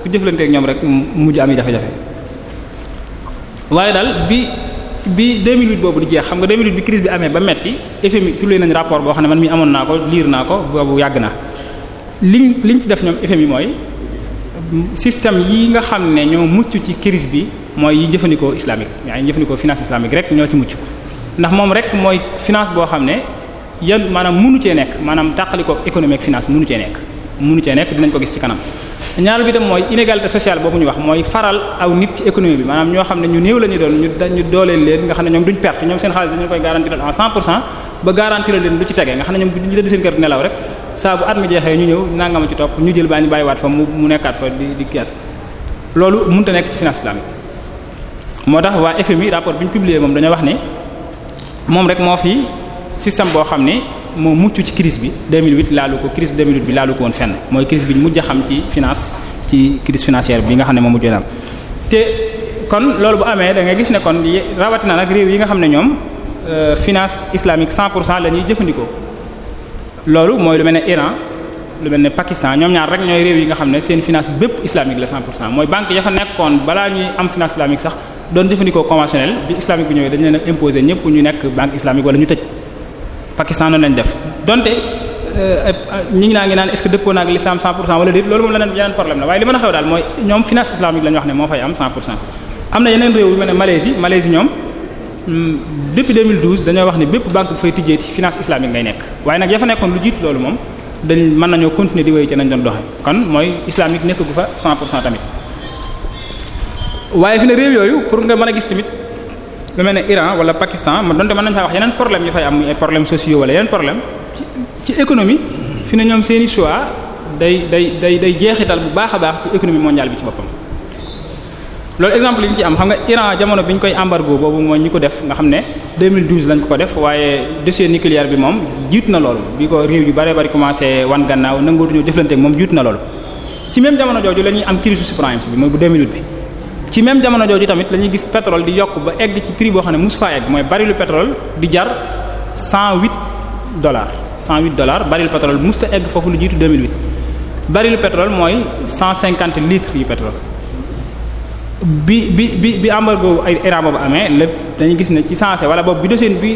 [SPEAKER 2] ku jëflanteek ñoom rek mujj am yi jafe-jafe waaye daal bi bi 2008 boobu di jeex xam nga 2008 bi crise bi amee ba metti FMI tullee nañ rapport boo xam ne man mi amoon naa ko liir naa ko boobu yàgg na li li ñu ci def ñoom FMI mooy système yi nga xam ne ñoo mucc ci crise bi mooy yi jëfandikoo islamique yaa ngi jëfandikoo finance islamique rek ñoo ci mucc ndax moom rek mooy finance boo xam ne yan maanaam munu cee nekk maanaam tàqalikook économie ak finance munu cee nekk munu cee nekk dinañ ko gis ci kanam ñaareel bi tam mooy inégalité sociale boobu ñu wax mooy faral aw nit ci économie bi maanaam ñoo xam ne ñu néew la ñu doon ñu ñu dooleel leen nga xam ne ñoom duñ perte ñoom seen xaalis dañu koy garantir en 100 pour cent ba garantir leen lu ci tegee nga xam ne ñoom ñu dëdd seen kër di nelaw rek saa bu at mi moo tax waa FMI rapport moom dañoo wax ne moom rek moo fi système boo xam ni moo mucc ci crise bi 2008 laalu ko crise 2008 bi laalu ko woon fenn mooy crise bi ñu mujj a xam ci finance ci crise financière bi nga xam ne moo mujj na am te kon loolu bu amee da ngay gis ne kon rawatina nag réew yi nga xam ne ñoom euh, finance islamique 100 pour cent la ñuy jëfandikoo loolu mooy lu mel ne Iran lu mel ne Pakistan ñoom ñaar rek ñooy réew yi nga xam ne seen finance bépp islamique la mooy banque ya fa nekkoon balaa ñuy am finance islamique sax doon jëfandikoo conventionnel bi islamique bi ñëwee dañ leen a imposer ñu nekk banque islamique wala ñu tëj Pakistan noonu lañ def donte euh, ñi naa ngi naan est-ce que dëppoo naa l'islam 100 déet loolu moom leneen yeneen problème la waaye li mën a xew daal mooy ñoom finance islamique la wax ne moo fay am am na yeneen réew yu mel ne Malaisie Malaisie ñoom hmm, depuis dañoo wax ne bépp banque bu fay tijjeeti finance islamique ngay nekk waaye nag ya fa nekkoon lu jiit loolu moom dañ mën waaye fi ne réew yooyu pour nga mën a gis tamit lu mel ne Iran wala Pakistan ma donte mën nañu faa wax yeneen problème yu fay am ay problème sociaux wala yeneen problème ci ci économie fi ne ñoom seeni choix day day day day jeexital bu baax a baax ci économie mondiale bi ci boppam. loolu exemple yi ñu ci am xam nga Iran jamono bi ñu koy embargo boobu mooy ñi ko def nga xam ne 2012 lañ ko ko def waaye dossier nucléaire bi moom jiit na loolu bi ko réew yu bare bari commencé wan gannaaw nangootuñu jëflante ak moom jiitu na loolu. ci jamono jooju la ñuy am crise subprime bi mooy bi. ci même jamono jooju tamit lañuy gis pétrole di yokk ba egg ci prix boo xam ne mus faa egg mooy barilu pétrole di jar 108 dollars 108 dollars barilu pétrole musta egg foofu lu jiitu 2008 barilu pétrole mooy 150 litres yu pétrole bi bi bi bi embargo ay Iran boobu amee lépp dañuy gis ne ci sensé wala boobu bi dossier bi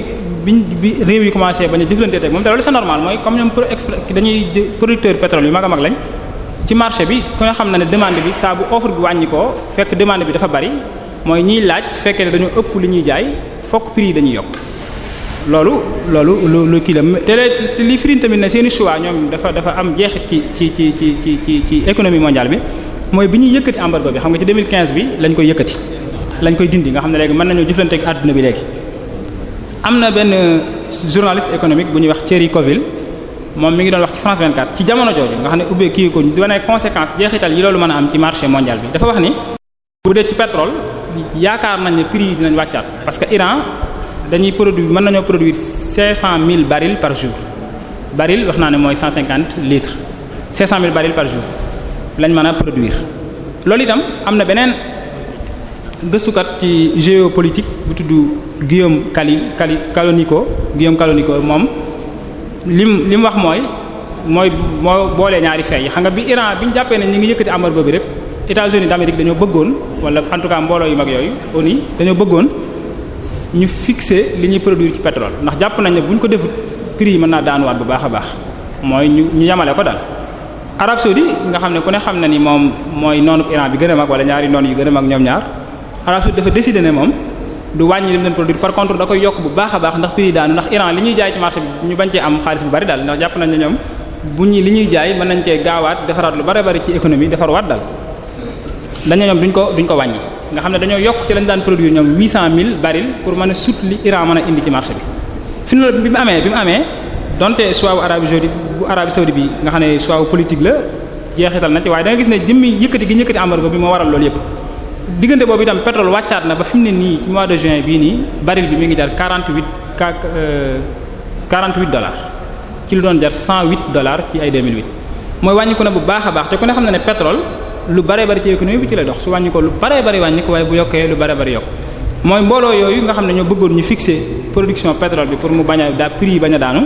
[SPEAKER 2] biñ bi réew yi commencé bañ a jëflante teg moom te loolu c'est normal mooy comme ñoom pro dañuy producteur pétrole yu mag a mag lañ. ci marché bi ku ne xam na ne demande bi saa bu bi wàññi koo fekk demande bi dafa bari mooy ñiy laaj fekkee ne dañoo ëpp li ñuy jaay fokk prix yi dañuy yokk loolu loolu lu lu kii la te li firin tamit ne seeni choix ñoom dafa dafa am jeex ci ci ci ci ci ci ci économie mondiale bi mooy bi ñuy yëkkati embargo bi xam nga ci 2015 bi lañ koy yëkkati lañ koy dindi nga xam ne léegi mën nañoo jëflante ak àdduna bi léegi am na benn journaliste économique bu ñuy wax Thierry Coville moom mi ngi doon wax ci France 24 ci jamono jooju nga xam ne ubbee kii ko ñu doon ay conséquences jeexital yi loolu mën a am ci marché mondial bi dafa wax ni bu dee ci pétrole yaakaar nañ ne prix yi dinañ wàccaat parce que Iran dañuy produire mën nañoo produire 500000 barils par jour baril wax naa ne mooy 150 litres 500000 barils par jour lañ mën a produire. loolu itam am na beneen gëstukat ci géopolitique bu tudd Guillaume Cali Cali Calonico Guillaume kaloniko moom. lim li mu wax mooy mooy moo boolee ñaari fee yi xam nga bi Iran bi ñu jàppee nañ ñu ngi yëkkati embargo bi rek États-Unis d'Amérique dañoo bëggoon wala en tout cas mbooloo yu mag yooyu ONU dañoo bëggoon ñu fixer li ñuy produire ci pétrole ndax jàpp nañ ne bu ñu ko defut prix yi mën naa daanuwaat bu baax a baax mooy ñu ñu yamale ko daal. Arab Saoudi nga xam ne ku ne xam na ni moom mooy noonu Iran bi gën a mag wala ñaari noonu yu gën a mag ñoom ñaar Arab Saoudi dafa décider ne moom. du wàññi li mu doon produire par contre da koy yokk bu baax a baax ndax prix daanu ndax Iran li ñuy jaay ci marché bi ñu bañ cee am xaalis bu bari daal ndax jàpp nañ ñoom bu ñu li ñuy jaay mën nañ cee gaawaat defaraat lu bari bare ci économie defarwaat daal dañu ñoom duñ ko duñ ko wàññi nga xam ne dañoo yokk ci lañ daan produire ñoom 800000 baril pour mën a sut li Iran mën a indi ci marché bi fi mu bi mu amee bi mu amee donte choix wu Arabie bi nga xam ne choix wu la jeexital na ci waaye da nga gis ne jëmmi yëkkati gi waral loolu yëpp diggante boobu itam pétrole wàccaat na ba fi mu ne nii ci mois de juin bii nii baril bi mi ngi jar 48 48 euh, dollars ci lu doon jar 108 dollars ci ay 2008 mooy wàññiku na bu baax a baax te ku ne xam na ne pétrole lu bare bari ci économie bi ci lay dox su wàññi ko lu bare bari wàññi ko waaye bu yokkee lu bare bari yokk mooy mbooloo yooyu nga xam ne ñoo bëggoon ñu fixer production pétrole bi pour mu bañ a daa prix yi bañ daanu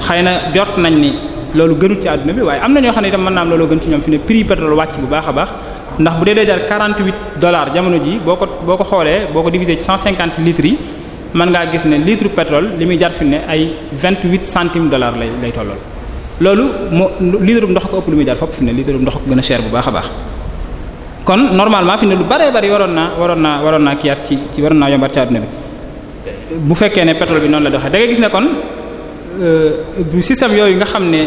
[SPEAKER 2] xëy na jort na ñoo xam ne itam wàcc bu baax a ndax bu dee dee jar 48 dollars jamono ji boo ko boo ko xoolee boo ko divisé ci 150 litres yi mën ngaa gis ne litre pétrole li muy jar fi ne ay 28 centimes dollars lay lay tollool loolu moo litre ndox ko ëpp lu muy jar fopp fi ne litre ndox ko gën a cher bu baax a baax kon normalement fi ne lu baree bari waroon naa waroon naa waroon naa kiyaat ci ci waroon naa yombat ci àdduna bi bu fekkee ne pétrole bi noonu la doxee da ngay gis ne kon euh, système nga xam ne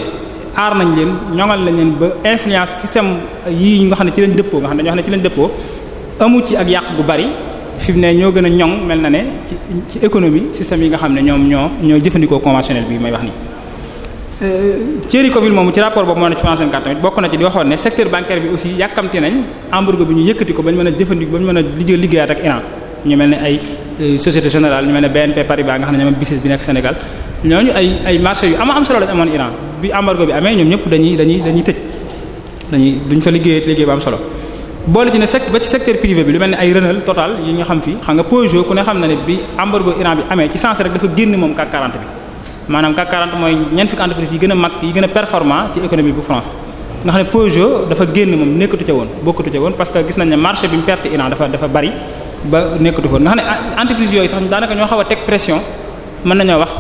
[SPEAKER 2] aar nañ leen ñoŋal nañ leen ba influence système yii nga xam ne ci lañ dëppoo nga xam ne ñoo xam ne ci lañ dëppoo amu ci ak yàq bu bari fi mu ne ñoo gën a ñoŋ mel na ne ci ci économie système yi nga xam ne ñoom ñoo ñoo jëfandikoo conventionnel bi may wax nii.
[SPEAKER 1] Euh,
[SPEAKER 2] Thierry Coville moomu ci rapport boobu moo ne ci France 24 tamit bokk na ci di waxoon ne secteur bancaire bi aussi yàkkamti nañ embargo bi ñu yëkkati ko ba ñu mën a jëfandikoo ba ñu mën mel ne ay euh, Société Générale ñu mel ne BNP ñooñu ay ay marché yu ama am solo lañ amoon Iran bi embargo bi amee ñoom ñëpp dañuy dañuy dañuy tëj dañuy duñ fa liggéeyee liggéey bu am solo boole ci ne sec ba ci secteur privé bi lu mel ne ay Renault Total yi ñu xam fii xam nga Peugeot ku ne xam na ne bi embargo Iran bi amee ci sens rek dafa génn moom CAC 40 bi maanaam CAC 40 mooy ñeent fukki entreprise yi gën a mag yi gën a performant ci économie bu France nga xam ne Peugeot dafa génn moom nekkatu woon bokkatu ca woon parce que gis nañ ne marché bi mu perte Iran dafa dafa bari ba nekkatu foon nga xam ne yooyu sax daanaka ñoo xaw a teg pression mën nañoo wax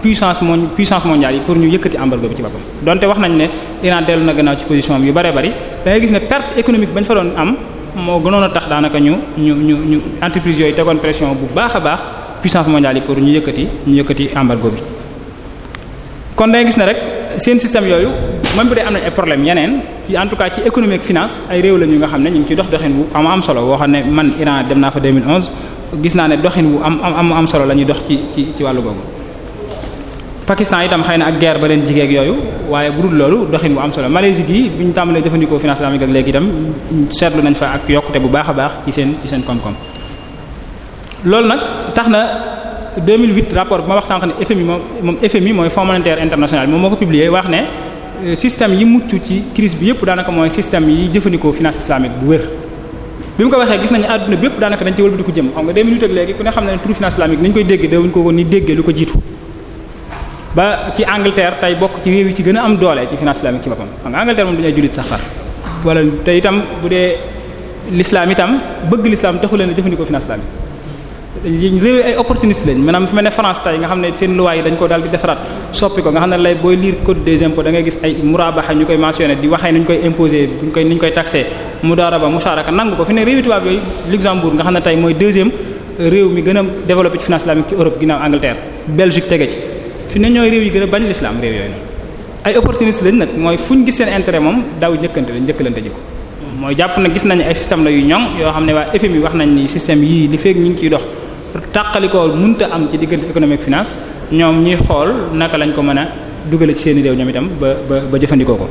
[SPEAKER 2] puissance mon puissance mondiale yi pour ñu yëkkati embargo bi ci boppam donte wax nañ ne Iran dellu na gannaaw ci position am yu bare bari da ngay gis ne perte économique fa doon am moo gënoon a tax daanaka ñu ñu ñu ñu entreprise yooyu tegoon pression bu baax a baax puissance mondiale yi pour ñu yëkkati ñu yëkkati embargo bi. kon da ngay gis ne rek seen système yooyu même bu dee am nañ ay problème yeneen ci en tout cas ci économie ak finance ay réew la ñu nga xam ne ñu ngi ci dox doxin wu am am solo woo xam ne man Iran dem naa fa 2011 gis naa ne doxin wu am am am solo la ñuy dox ci ci ci wàllu googu. Pakistan itam xay na ak guerre ba leen jigeeg yooyu waaye bu dul loolu doxin bu am solo Malaisie gi bi ñu tàmbalee jëfandikoo finance islamique ak léegi bu baax a baax seen seen koom-koom loolu nag na 2008 rapport bu ma wax sànq ne FMI moom moom FMI mooy Fonds monétaire international moom moo euh, ku ne xam ne ne turu finance islamique ni ñu koy dégg dawuñu ko ni déggee lu ko jiitu ba ci Angleterre tey bokk ci réew yi ci gën a am doole ci finance islamique ci boppam xam nga Angleterre moom dañoo jullit sax far wala te itam bu dee l'islam itam bëgg l'islam taxu leen a nga xam ne seen loi yi ko daal di defaraat soppi ko nga xam ne lay booy lire code des impôts da gis ay murabaha ñu koy mentionné di waxee nuñ koy imposer buñ koy koy taxé mudaraba musharaka nangu ko fi ne réewi tubaab yooyu Luxembourg nga xam ne tey mooy deuxième réew mi gën a développé ci finance islamique ci Europe ginnaaw Angleterre Belgique tege ci fi ne ñooy réew yi gën a bañ lislaam réew yooyu nag ay opportuniste lañ nag mooy fu ñu gis seen intérêt moom daaw njëkkante lañ njëkkalante ji ko mooy jàpp na gis nañ ay système la yoo xam ne waa FMI wax nañ ni système yii li feek ñu ngi ciy dox tàqalikoo munta am ci diggante économique finance ñoom ñuy xool naka lañ ko mën a dugale ci seeni réew ñoom itam ba ba ba jëfandikoo ko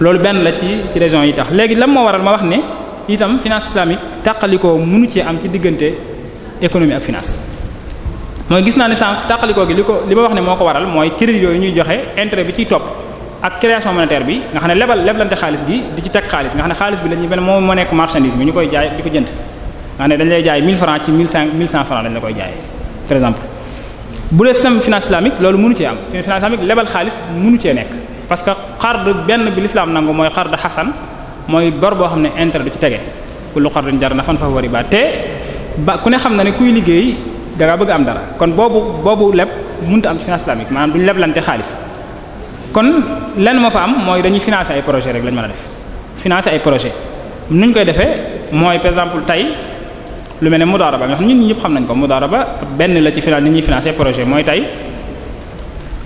[SPEAKER 2] loolu benn la ci ci raison yi tax léegi lan moo waral ma wax ne itam finance islamique tàqalikoo mënu cee am ci diggante économie ak finance mooy gis naa ne sànq tàqalikoo gi li ko li ma wax ne moo ko waral mooy crédit yooyu ñuy joxe intérêt bi ciy topp ak création monétaire bi nga xam ne lebal leblante xaalis gi di ci teg xaalis nga xam ne xaalis bi la ñuy benn moom moo nekk marchandise bi ñu koy jaay di ko jënd nga xam ne dañ lay jaay 1000 francs ci 1500 1100 francs dañ la koy jaay par exemple bu dee système finance islamique loolu mënu cee am finance islamique lebal xaalis mënu cee nekk parce que xard benn bi l'islam nangu mooy xard xasan mooy bor boo xam ne intérêt ci tege kullu xardin jar na fan fa wari ba te ba ku xam na ne kuy liggéey da ngaa bëgg am dara kon boobu boobu leb mënut am finance islamique maanaam duñ leblante xaalis kon lenn ma fa am mooy dañuy financer ay projet rek lañ mën a def financer ay projet nuñ koy defee mooy par exemple tey lu mel ne mudaraba nga xam ñun ñëpp xam nañ ko mudaraba benn la ci finance ni ñuy financer projet mooy tey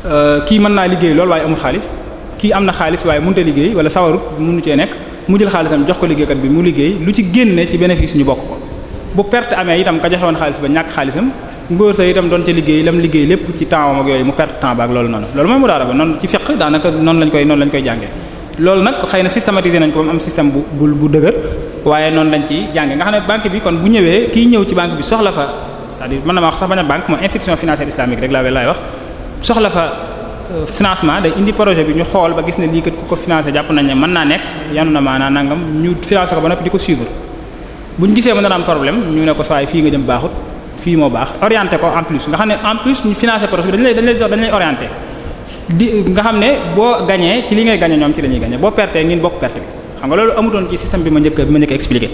[SPEAKER 2] euh, kii mën naa liggéey loolu waaye amul xaalis kii am na xaalis waaye mënut a liggéey wala sawarut mënu cee nekk mu jël xaalisam jox ko liggéeykat bi mu liggéey lu ci génne ci bénéfice ñu bokk ko bu perte amee itam ka joxe woon xaalis ba ñàkk xaalisam ngóor sa itam doon ca liggéey lam liggéey lépp ci temps am ak yooyu mu perte temps ba ak loolu noonu loolu mooy mudaaraba noonu ci fiqh daanaka noonu lañ koy noonu loolu nag na systématiser nañ ko bu bu bu waaye noonu lañ ci jànge nga xam ne banque bi kon bu ñëwee kiy ñëw ci banque bi soxla fa cest à wax sax bañ a banque mooy institution financière islamique rek laa we laay wax soxla euh, day indi projet bi ñu xool ba gis ne lii kat ku ko financé jàpp nañ man naa nekk yanu na maanaa nangam ñu financé ko ba noppi di ko suivre buñ gisee mën na am problème ñu ne ko saay fii nga jëm baaxut fii moo baax orienté ko en plus nga xam ne en plus ñu financé projet bi dañu lay dañu lay orienté di nga xam ne boo gañee ci li ngay gañe ñoom ci la ñuy gañe boo pertee ngeen bokk perte bi xam nga loolu amutoon ci système bi ma njëkk bi ma njëkk expliqué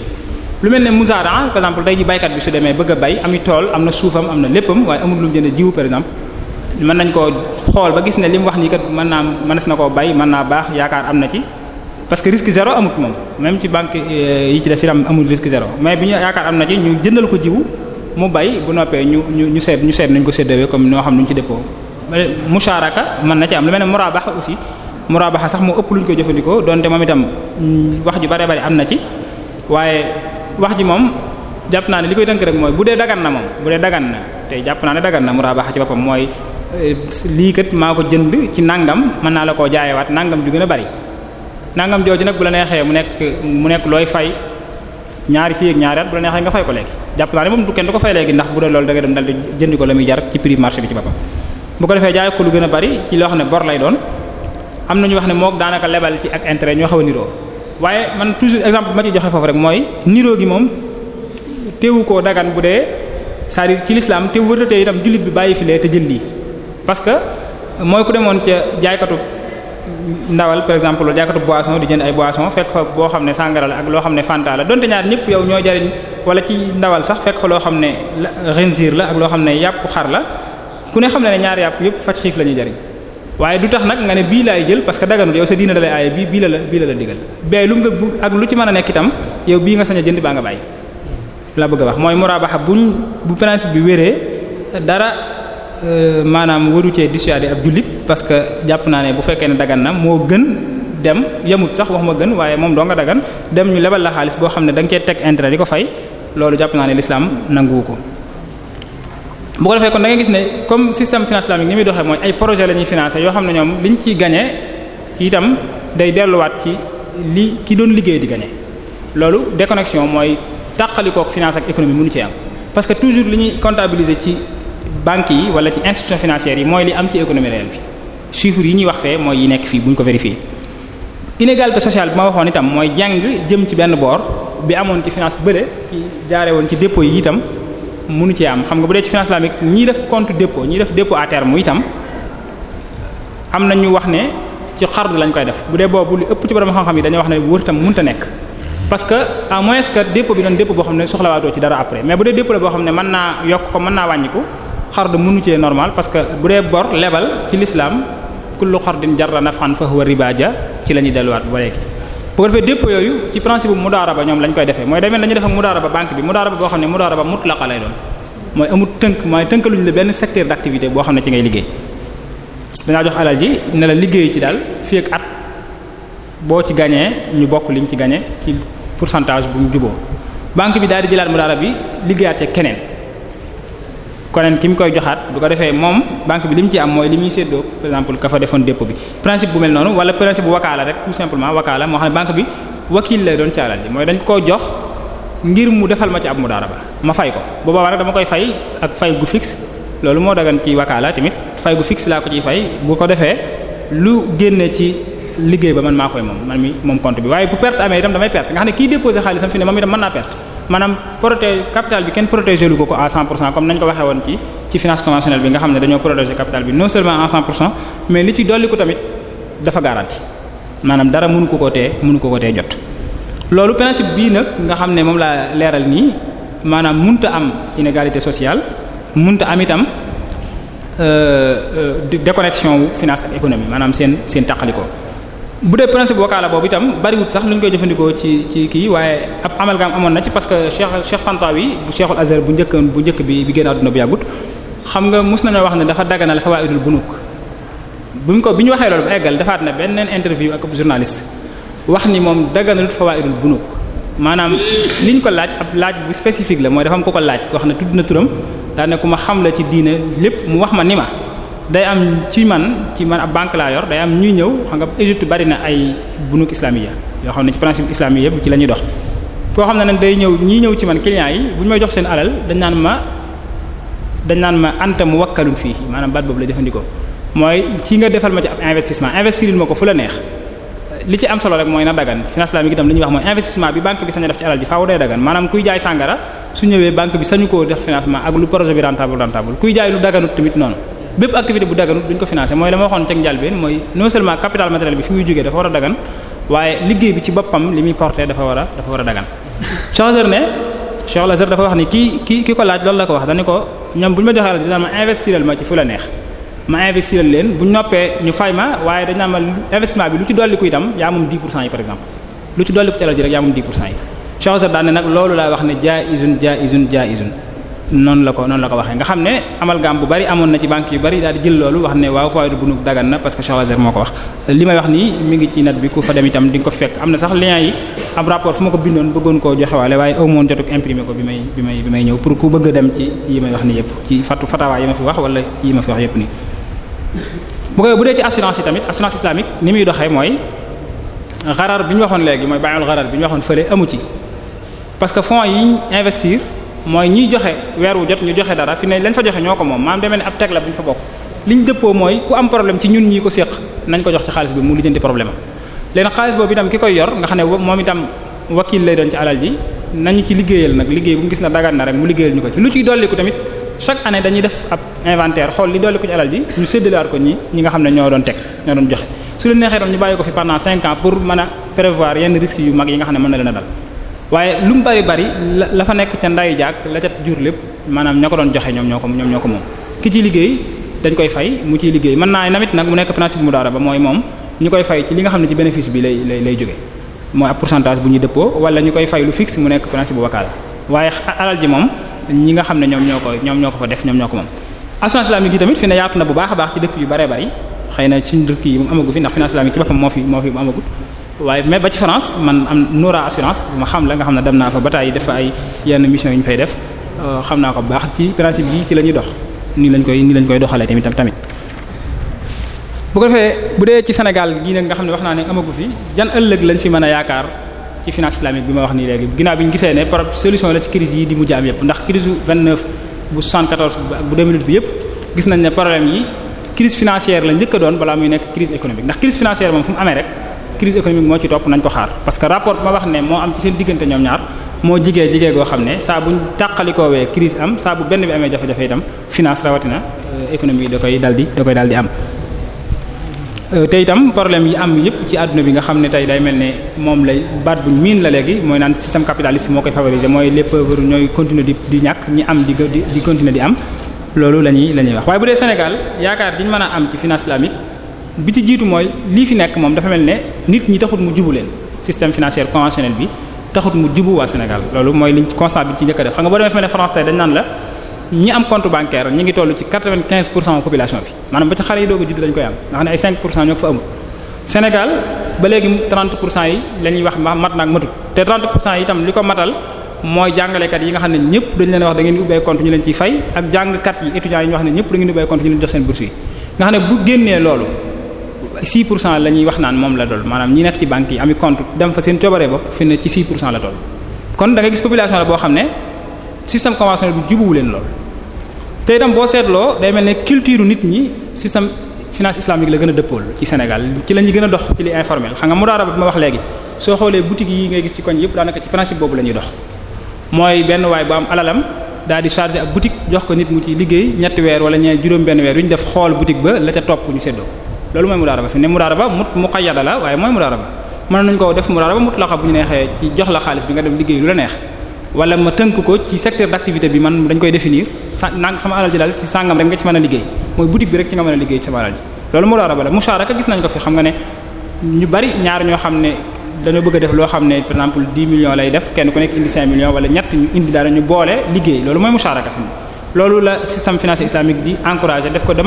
[SPEAKER 2] lu mel ne musaran par exemple tey ji baykat bi su demee bëgg a bay ami tool am na suufam am na léppam waaye amul lu mu jënd jiwu par exemple mën nañ koo xool ba gis ne li mu wax nii kat mën naa mënees na koo bay mën naa baax yaakaar am na ci parce que risque zéro amut moom même ci banque euh, yi ci des yi amul risque zéro na ci ñu ko jiwu mu bay bu noppee ñu ñu ñu seet ñu seet nañ ko séddawee comme noo xam ne ñu ci dëppoo musharaka mën na ci am lu mel ne murabaha aussi murabaha sax moo ëpp lu ñu ko jëfandikoo donte moom itam wax ju bare bari am na ci waaye wax ji moom jàpp naa ne li koy dënk rek mooy bu dee dagan na moom bu dee dagan na te jàpp naa ne dagan na murabaha ci boppam mooy eh, lii kat maa ko jënd ci nangam mën naa la koo jaayewaat nangam ju gën a bari nangam jooju nag bu la neexee mu nekk mu nekk looy fay ñaari fii ak ñaari at bu la nga fay ko léegi jàpp naa ne moom du kenn du ko fay léegi ndax bu dee loolu da nga dem dal di jëndi ko la muy jar ci prix marché bi ci boppam bu ko defee jaay ko lu gën a bari ci loo xam ne bor lay doon am na ñu wax ne moom daanaka lebal ci ak intérêt ñoo xaw a niroo waaye man toujours exemple ma ci joxe foofu rek mooy niroo gi moom teewu koo dagan bu dee c'est-à-dire ci l'islam te wërtate itam jullit bi bàyyi filee te jëndi parce que mooy ku demoon ca jaaykatu ndawal par exemple jàkkatu boisson di jënd ay boisson fekk fa boo xam ne sàngara la ak loo xam ne fanta la donte ñaar ñëpp yow ñoo jariñ wala ci ndawal sax fekk fa loo xam ne xinziir la ak loo xam ne yàpp xar la ku ne xam ne ne ñaar yàpp yëpp faj xiif la ñuy jariñ waaye du tax nag nga ne bii laay jël parce que daganul sa diina dalay aaye bii bii la la bii la la digal bee lu nga ak lu ci mën a nekk itam yow bii nga sañ a jënd baa nga bàyyi la bëgg a wax mooy Euh, maanaam waru cee dissuader ab jullit parce que jàpp naa ne bu fekkee ne dagan na moo gën dem yemut sax wax ma gën waaye moom doo nga dagan dem ñu lebal la xaalis boo xam ne da nga cee teg intérêt di ko fay loolu jàpp naa ne l'islam nanguwu ko. bu ko defee kon da ngay gis ne comme système finance islamique ni muy doxee mooy ay projet la ñuy financer yoo xam ne ñoom liñ ciy gagné itam day delluwaat ci li ki doon liggéey di gagné loolu déconnexion mooy tàqalikook finance ak économie mënu ci am banque yi wala ci institutions financières yi mooy li am ci économie réelle bi chiffres yi ñuy wax fee mooy yi nekk fii bu ñu ko vérifier inégalité sociale bi ma waxoon itam mooy jàng jëm ci benn boor bi amoon ci finance bële ci jaare woon ci dépôt yi itam mënu ci am xam nga bu dee ci finance islamique ñii def compte dépôt ñii def dépôt à terme itam am na ñu wax ne ci xard lañ koy def bu dee boobu lu ëpp ci borom xam-xam yi dañoo wax ne wër itam a nekk parce que à moins que ne mën naa yokk ko mën naa wàññi xar xard mënu cee normal parce que bu dee bor lebal ci l'islam kullu xardin jarra naf'an fa huwa riba ja ci la ñuy delluwaat ba léegi bu ko defee dépôt yooyu ci principe bu ba ñoom lañ koy defe mooy demee dañuy def ak mudaaraba banque bi mudaaraba boo xam ne mudaaraba mutlaqa lay doon mooy amul tënk mooy tënkaluñ la benn secteur d'activité boo xam ne ci ngay liggéey danaa jox alal ji ne la liggéey ci daal fii ak at boo ci gañee ñu bokk liñ ci gañee ci pourcentage bu mu juboo banque bi daal di jëlaat mudaaraba bi liggéeyaat keneen koneen ki mu koy joxaat du ko defee moom banque bi li mu ci am mooy li muy séddoo par exemple ka fa defoon dépp bi principe bu mel noonu wala principe bu wakaala rek tout simplement wakaala moo xam ne banque bi wakiil lay doon ci mooy dañ ko jox ngir mu defal ma ci ab mudaaraba ma fay ko bu boobaa nag dama koy fay ak fay gu fixe loolu moo dagan ci wakaala tamit fay gu fixe laa ko ciy fay bu ko defee lu génne ci liggéey ba man maa koy maanaam proté capital bi kenn protégé lu ko ko à 100% comme nañ ko waxee woon ci ci finance conventionnelle bi nga xam ne dañoo protégé capital bi non seulement à 100% mais li ci dolli ko tamit dafa garanti maanaam dara mënu ko koo tee mënu ko koo tee jot. loolu principe bii nag nga xam ne moom laa leeral nii maanaam mënut a am inégalité sociale munta am itam euh, euh, déconnexion wu finance ak économie maanaam seen seen taqaliko. bu dee principe wakaala boobu itam bariwut sax lu ñu koy jëfandikoo ci ci kii waaye ab amalgame amoon na ci parce que Cheikh Cheikh Tantawi bu bu njëkk bu njëkk bi bi génn àdduna bu yàggut xam nga mus nañoo wax ne dafa daganal xawaidul bunuk bu ko bi ñu waxee loolu ba eggal defaat na beneen interview ak journaliste wax ni moom daganalut xawaidul bunuk maanaam li ñu ko laaj ab laaj bu spécifique la mooy dafa ko ko laaj ko wax na tudd na turam daane ku ma xam la ci diine lépp mu wax ma ni ma day am ci man ci man ab banque laa yor day am ñuy ñëw xam nga Égypte bari na ay bunuk islamiya yoo xam ne ci principe islamique yëpp ci la ñuy dox. koo xam ne day ñëw ñii ñëw ci man clients yi bu ñu may jox seen alal dañ naan ma dañ naan ma anta mu wakkalun fii maanaam baat boobu la jëfandikoo mooy ci nga defal ma ci ab investissement investir ma ko fu la neex. li ci am solo rek mooy na dagan finance islamique itam li ñuy wax mooy investissement bi banque jaay sàngara su ñëwee banque bépp activité bu daganut duñ ko financer mooy la ma waxoon teg njàlbeen mooy non seulement capital matériel bi fi muy jógee dafa war a dagan waaye liggéey bi ci boppam li muy porter dafa war a dafa war a dagan Chaucer ne Cheikh Lazare dafa wax ni ki ki ki ko laaj lool la ko wax dañu ko ñoom bu ñu ma joxee alal dinaan ma investiral ma ci fu la neex ma investiral leen bu ñu noppee ñu fay ma waaye dañ naan ma investissement bi lu ci dolliku itam yaa moom 10 yi par exemple lu ci dolliku ci alal ji rek yaa moom ne nag loolu laa wax ne noonu la ko noonu la ko waxee nga xam ne amalgame bu bari amoon na ci banque yu bari daal jël loolu wax ne waaw fawaydu bu nu dagan na parce que moo ko wax li may wax nii mi ngi ci net bi ku fa dem itam di ko fekk am yi am rapport a dem yi investir mooy ñiy joxe weer wu jot ñu joxe dara fi ne lañ fa joxe ñoo ko moom maam demee ne ab teg la bu ñu fa bokk liñ dëppoo mooy ku am problème ci ñun ñii ko séq nañ ko jox ci xaalis bi mu lijjanti problème am leen xaalis boobu itam ki koy yor nga xam ne moom itam wakiil lay doon ci alal ji nañu ci liggéeyal nag liggéey bu mu gis na dagan na rek mu liggéeyal ñu ko ci lu ciy dolliku tamit chaque année dañuy def ab inventaire xool li dolliku ci alal ji ñu séddalaat ko ñi nga xam ne ñoo doon teg ñoo doon joxe su leen neexee tam ñu bàyyi ko nga xam ne mën na waaye lu mu bari bari la fa nekk ca ndayu jàkk la ca jur lépp maanaam ña ko doon joxe ñoom ñoo ko ñoom ñoo ko moom ki ci liggéey dañ koy fay mu ciy liggéey mën naa namit nag mu nekk principe mu daara ba mooy moom ñu koy fay ci li nga xam ne ci bénéfice bi lay lay lay jóge mooy ab pourcentage bu ñuy dëppoo wala ñu koy fay lu fixe mu nekk principe bu wakaala waaye alal ji moom ñi nga xam ne ñoom ñoo ko ñoom ñoo ko fa def ñoom ñoo ko moom assurance islamique yi tamit a baax ci dëkk yu bare bari xëy na ci dëkk yi moom amagu fi ndax finance islamique ci boppam moo waaye mais ba ci France man am Noura assurance bu ma xam la nga xam ne dem naa fa bataay def ay yenn mission yu ñu fay def euh, xam naa ko bu baax ci principe yi ci la ñuy dox nii lañ koy nii lañ koy doxalee tamit tamit. bu ko defee bu dee ci Sénégal gii nag nga xam ne wax naa ne amagu fi jan ëllëg lañ fi mën a yaakaar ci finance islamique bi ma wax nii léegi ginnaaw bi ñu gisee ne par solution la ci crise yi di mujj am yëpp ndax crise bu 29 bu 74 ak bu 2008 bi yëpp gis nañ crise économique moo ci topp nañ ko xaar parce que rapport bi ma wax ne moo am ci seen diggante ñoom ñaar moo jigee jigee goo xam ne saa buñ tàqalikoowee crise am saa bu benn bi amee jafe-jafe itam finance rawatina euh, économie da koy daldi da koy daldi am euh, te itam problème yi am yépp ci àdduna bi nga xam ne tey day mel ne moom lay baat buñ miin la léegi mooy naan système capitaliste moo koy favoriser mooy les pauvres ñooy continuer di di ñàkk ñi am di di continuer di am loolu la ñuy la ñuy wax waaye bu dee yaakaar diñ mën a am ci finance islamique bi ci jiitu mooy lii fi nekk moom dafa mel ne nit ñi taxut mu jubu leen système financier conventionnel bi taxut mu jubu waa Sénégal loolu mooy liñ constat bi ci njëkk a def xam nga boo demee fi ngi toll ci 95 pour cent population bi yi a xam ne ko fa amul Sénégal ba léegi 30 pour ñuy wax mat naag matut te 30 li ko matal mooy jàngalekat yi nga xam ne ñëpp dañ leen wax da ngeen di ubbee compte ñu leen ciy fay ak jàngkat yi étudiants yi ñu wax ne ñëpp da ngeen di ubbee compte ñu leen jox seen bourse yi nga xam ne bu génnee loolu 6 pour cent la ñuy wax naan moom la dool maanaam ñi nekk ci banque yi ami compte dem fa seen coobare bopp fi ne ci 6 pour cent la dool kon da gis population la boo xam ne système conventionnel bi jubuwu leen lool tey itam boo seetloo day mel ne culture nit ñi système finance islamique la gën a dëppool ci Sénégal ci la ñuy gën a dox ci li informel xam nga mudaaraba bi ma wax léegi soo xoolee boutique yi ngay gis ci koñ yëpp daanaka ci principe boobu la ñuy dox mooy benn waay bu am alalam daal di chargé ab jox ko nit mu ci ñetti weer wala ñeent juróom benn weer yu def xool boutique ba la ca topp ñu séddoo loolu mooy mudaaraba fi ne mudaaraba mut muqayyada la waaye mooy mudaaraba mën nañu ko def mudaaraba mutlaqa bu ñu neexee ci jox la xaalis bi nga dem la neex wala ma tënk ko ci secteur d'activité bi man koy définir sa nang sama alal ji daal ci nga ci mën mooy boutique bi rek ci mudaaraba la musharaka gis nañ ko fi xam nga ne ñu bari ñaar ñoo xam ne dañoo bëgg def loo xam ne par exemple 10 millions lay def kenn ku nekk indi 5 millions wala ñett ñu indi dara ñu boole liggéey loolu mooy musharaka fi loolu la système def ko de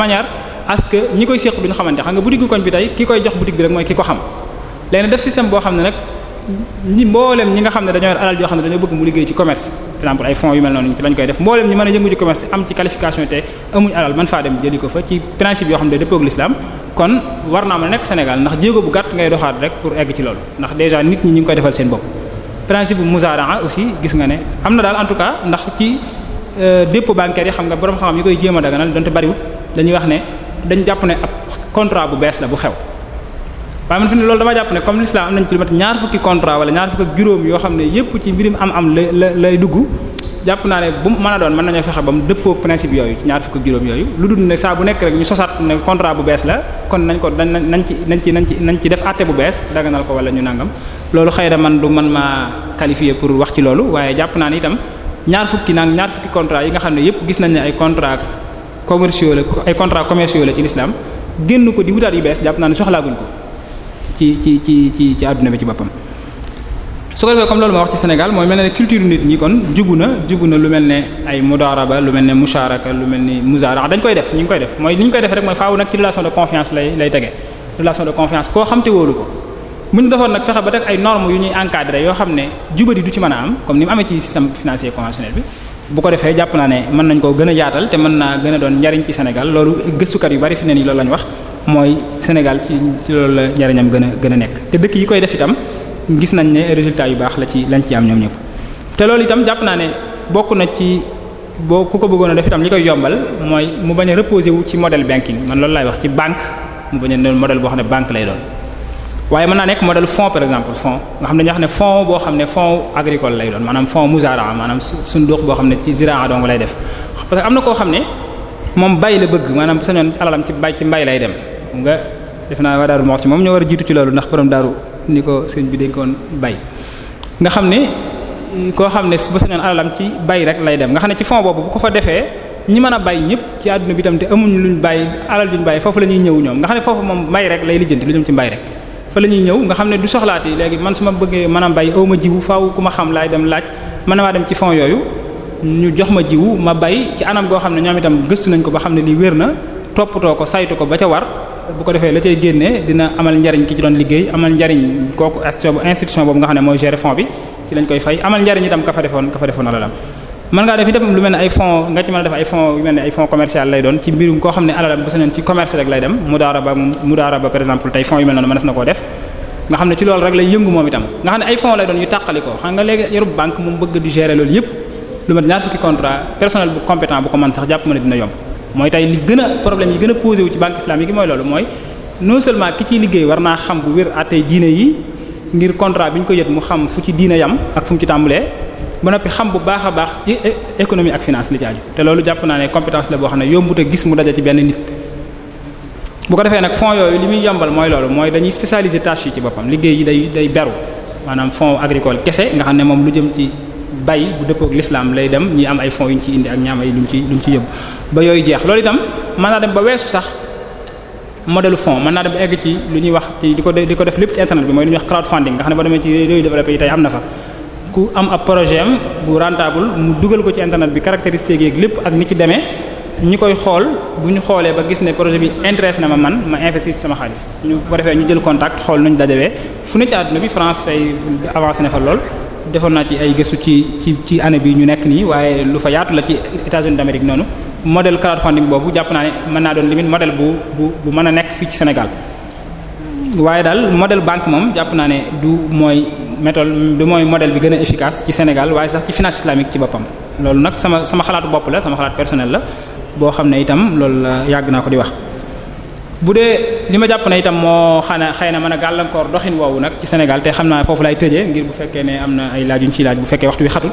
[SPEAKER 2] parce que ñi koy séq bi xamante xam nga boutique koñ bi tey ki koy jox boutique bi rek mooy ki ko xam léegi def système boo xam ne nag ñi mboolem ñi nga xam ne dañoo yor alal yoo xam ne dañoo bëgg mu liggéey ci commerce par exemple ay fonds yu mel noonu ci lañ koy def mboolem ñi mën a yëngu ci commerce am ci qualification te amuñ alal man faa dem jëli ko fa ci principe yoo xam ne dëppoo a nekk Sénégal ndax bu gàtt ngay doxaat pour egg ci ndax déjà nit ñi ñu ngi koy defal seen bopp principe bu musaraa aussi gis nga ne am na daal en tout cas ndax ci euh, dépôt bancaire yi xam nga borom xam-xam yi koy a ne dañ jàpp ne ab contrat bu bees la bu xew waaye man fi ne loolu dama jàpp ne comme l'islam am nañ ci lu mat ñaar fukki contrat wala ñaar fukk ak juróom yoo ne yépp ci mbirim am-am lay lay dugg jàpp naa ne bu mën a doon mën nañoo fexe ba mu dëppoo principe yooyu ñaar fukk ak juróom lu dul ne bu nekk ñu sosaat ne bu bees la kon nañ ko dañ nañ ci nañ ci nañ ci nañ ci def àtte bu bees daganal ko wala ñu nangam loolu xëy na man du man maa qualifié pour wax ci loolu waaye jàpp naa ne itam ñaar fukki nang ñaar fukki contrat yi nga xam ne yépp gis nañ ne ay contrat commerciaux la ay contrats commerciaux la ci l'islam génn ko di wutaat yu bees jàpp naa ne soxlaaguñ ko ci ci ci ci ci àdduna bi ci boppam. su ko defee comme loolu ma wax ci Sénégal mooy mel ne culture nit ñi kon jubu na jubu na lu mel ne ay mudaraba lu mel ne musharaka lu mel ne muzaraxa dañ koy def ñu ngi koy def mooy li ñu koy def rek mooy faaw nag ci relation de confiance lay lay tege relation de confiance koo xam te wóolu ko. bu ñu defoon nag fexe ba teg yoo xam ne jubadi du ci mën a am comme ni mu amee ci système financier conventionnel bi. bu ko defee jàpp naa ne mën nañ koo gën a yaatal te mën naa gën a doon njariñ ci Sénégal loolu gëstukat yu bari fi ne nii loolu lañ wax mooy Sénégal ci ci loolu la njariñam gën a gën a nekk te dëkk yi koy def itam gis nañ ne résultat yu baax la ci lañ ci am ñoom ñëpp te loolu itam jàpp naa ne bokk na ci boo ku ko bëggoon a def itam li koy yombal mooy mu bañ a reposer wu ci modèle banking man loolu laay wax ci banque mu bañ a doon modèle boo xam ne banque lay doon waaye mën naa nekk modèle fonds par exemple fonds nga xam ne xam ne fonds agricole lay doon maanaam fonds muzaraa maanaam sunduux boo xam ne ci ziraa dong na koo xam ne moom bay la bëgg maanaam sañoon alalam ci bay ci mbay lay dem nga def naa waa daaru moo moom ñoo war a jiitu ci loolu ndax borom daaru ko sëñ bi dénkoon bay nga xam ne koo xam ne bu sañoon alalam ci bay rek lay dem nga xam ne ci fonds boobu bu ko fa defee ñi mën a bay ñëpp ci àdduna bi tam te amuñ luñ bay alal luñ bay foofu la ñuy ñëw ñoom nga xam foofu moom mbay rek lay lijjanti lu jëm ci mbay rek fa la ñuy ñëw nga xam ne du yi léegi man su ma bëggee mën a bay aw ma jiwu faaw ku ma xam laay dem laaj mën maa dem ci fonds yooyu ñu jox ma jiw ma bay ci anam goo xam ne ñoom itam gëstu nañ ko ba xam ne lii wér na toppatoo ko saytu ko ba ca war bu ko defee la cay génne dina amal njariñ ki ci doon liggéey amal njariñ kooku institution boobu nga xam ne mooy gérer fonds bi ci lañ koy fay amal njariñ itam ka fa defoon ka fa defoon alalam mën ngaa def itam lu mel ne ay fonds nga ci mën a def ay fonds yu mel ne ay fonds commercial lay doon ci mbirum koo xam ne alalam bu sañoon ci commerce rek lay dem mudaaraba mudaaraba par exemple tey fonds yu mel noonu mënees na koo def nga xam ne ci loolu rek lay yëngu moom itam nga xam ne ay fonds lay doon yu tàqali ko xam nga léegi yorub banque moom bëgg di gérer loolu yépp lu mat ñaar fukki contrat personnel bu compétent bu ko mën sax jàpp ma ne dina yomb mooy tey li gën a a posé wu ci banque islamique yi ko yët mu xam fu ci diine yam ak fu mu ci ba noppi xam bu baax a baax ci économie ak finance li ci aju te loolu jàpp naa ne compétence la boo xam ne yombut a gis mu daja ci benn nit. bu ko defee nag fonds yooyu li muy yombal mooy loolu mooy dañuy spécialiser tâches ci boppam liggéey yi day day beru maanaam fonds agricole kese nga xam ne moom lu jëm ci bay bu dëppoo ak l'islam lay dem ñi am ay fonds yu ñu ci indi ak ñaam ay lu ñu ci lu ñu ci yóbbu ba yooyu jeex loolu itam mën naa dem ba weesu sax modèle fonds mën ku am ab projet am bu rentable mu dugal ko ci internet bi caractéristiques yeeg lépp ak ni ci demee ñi koy xool bu ñu xoolee ba gis ne projet bi intéresse na ma man ma investir ci sama xaalis ñu bu defee ñu jël contact xool nuñ dajawee fu ne ci àdduna bi France ay avancé na fa lool. defoon naa ci ay gëstu ci ci ci année bi ñu nekk nii waaye lu fa yaatu la ci États-Unis d'Amérique noonu modèle crowdfunding boobu jàpp naa ne mën naa doon limite modèle bu bu bu mën a nekk fii ci Sénégal méthode bi mooy modèle bi gën a efficace ci Sénégal waaye sax ci finance islamique ci boppam loolu nag sama sama xalaatu bopp la sama xalaat personnel la boo xam ne itam loolu la yàgg naa ko di wax. bu dee li ma jàpp ne itam moo xanaa xëy na mën a gàllankoor doxin woowu nag ci Sénégal te xam naa foofu lay tëjee ngir bu fekkee ne am na ay laaj yu ñu ciy laaj bu fekkee waxtu wi xatul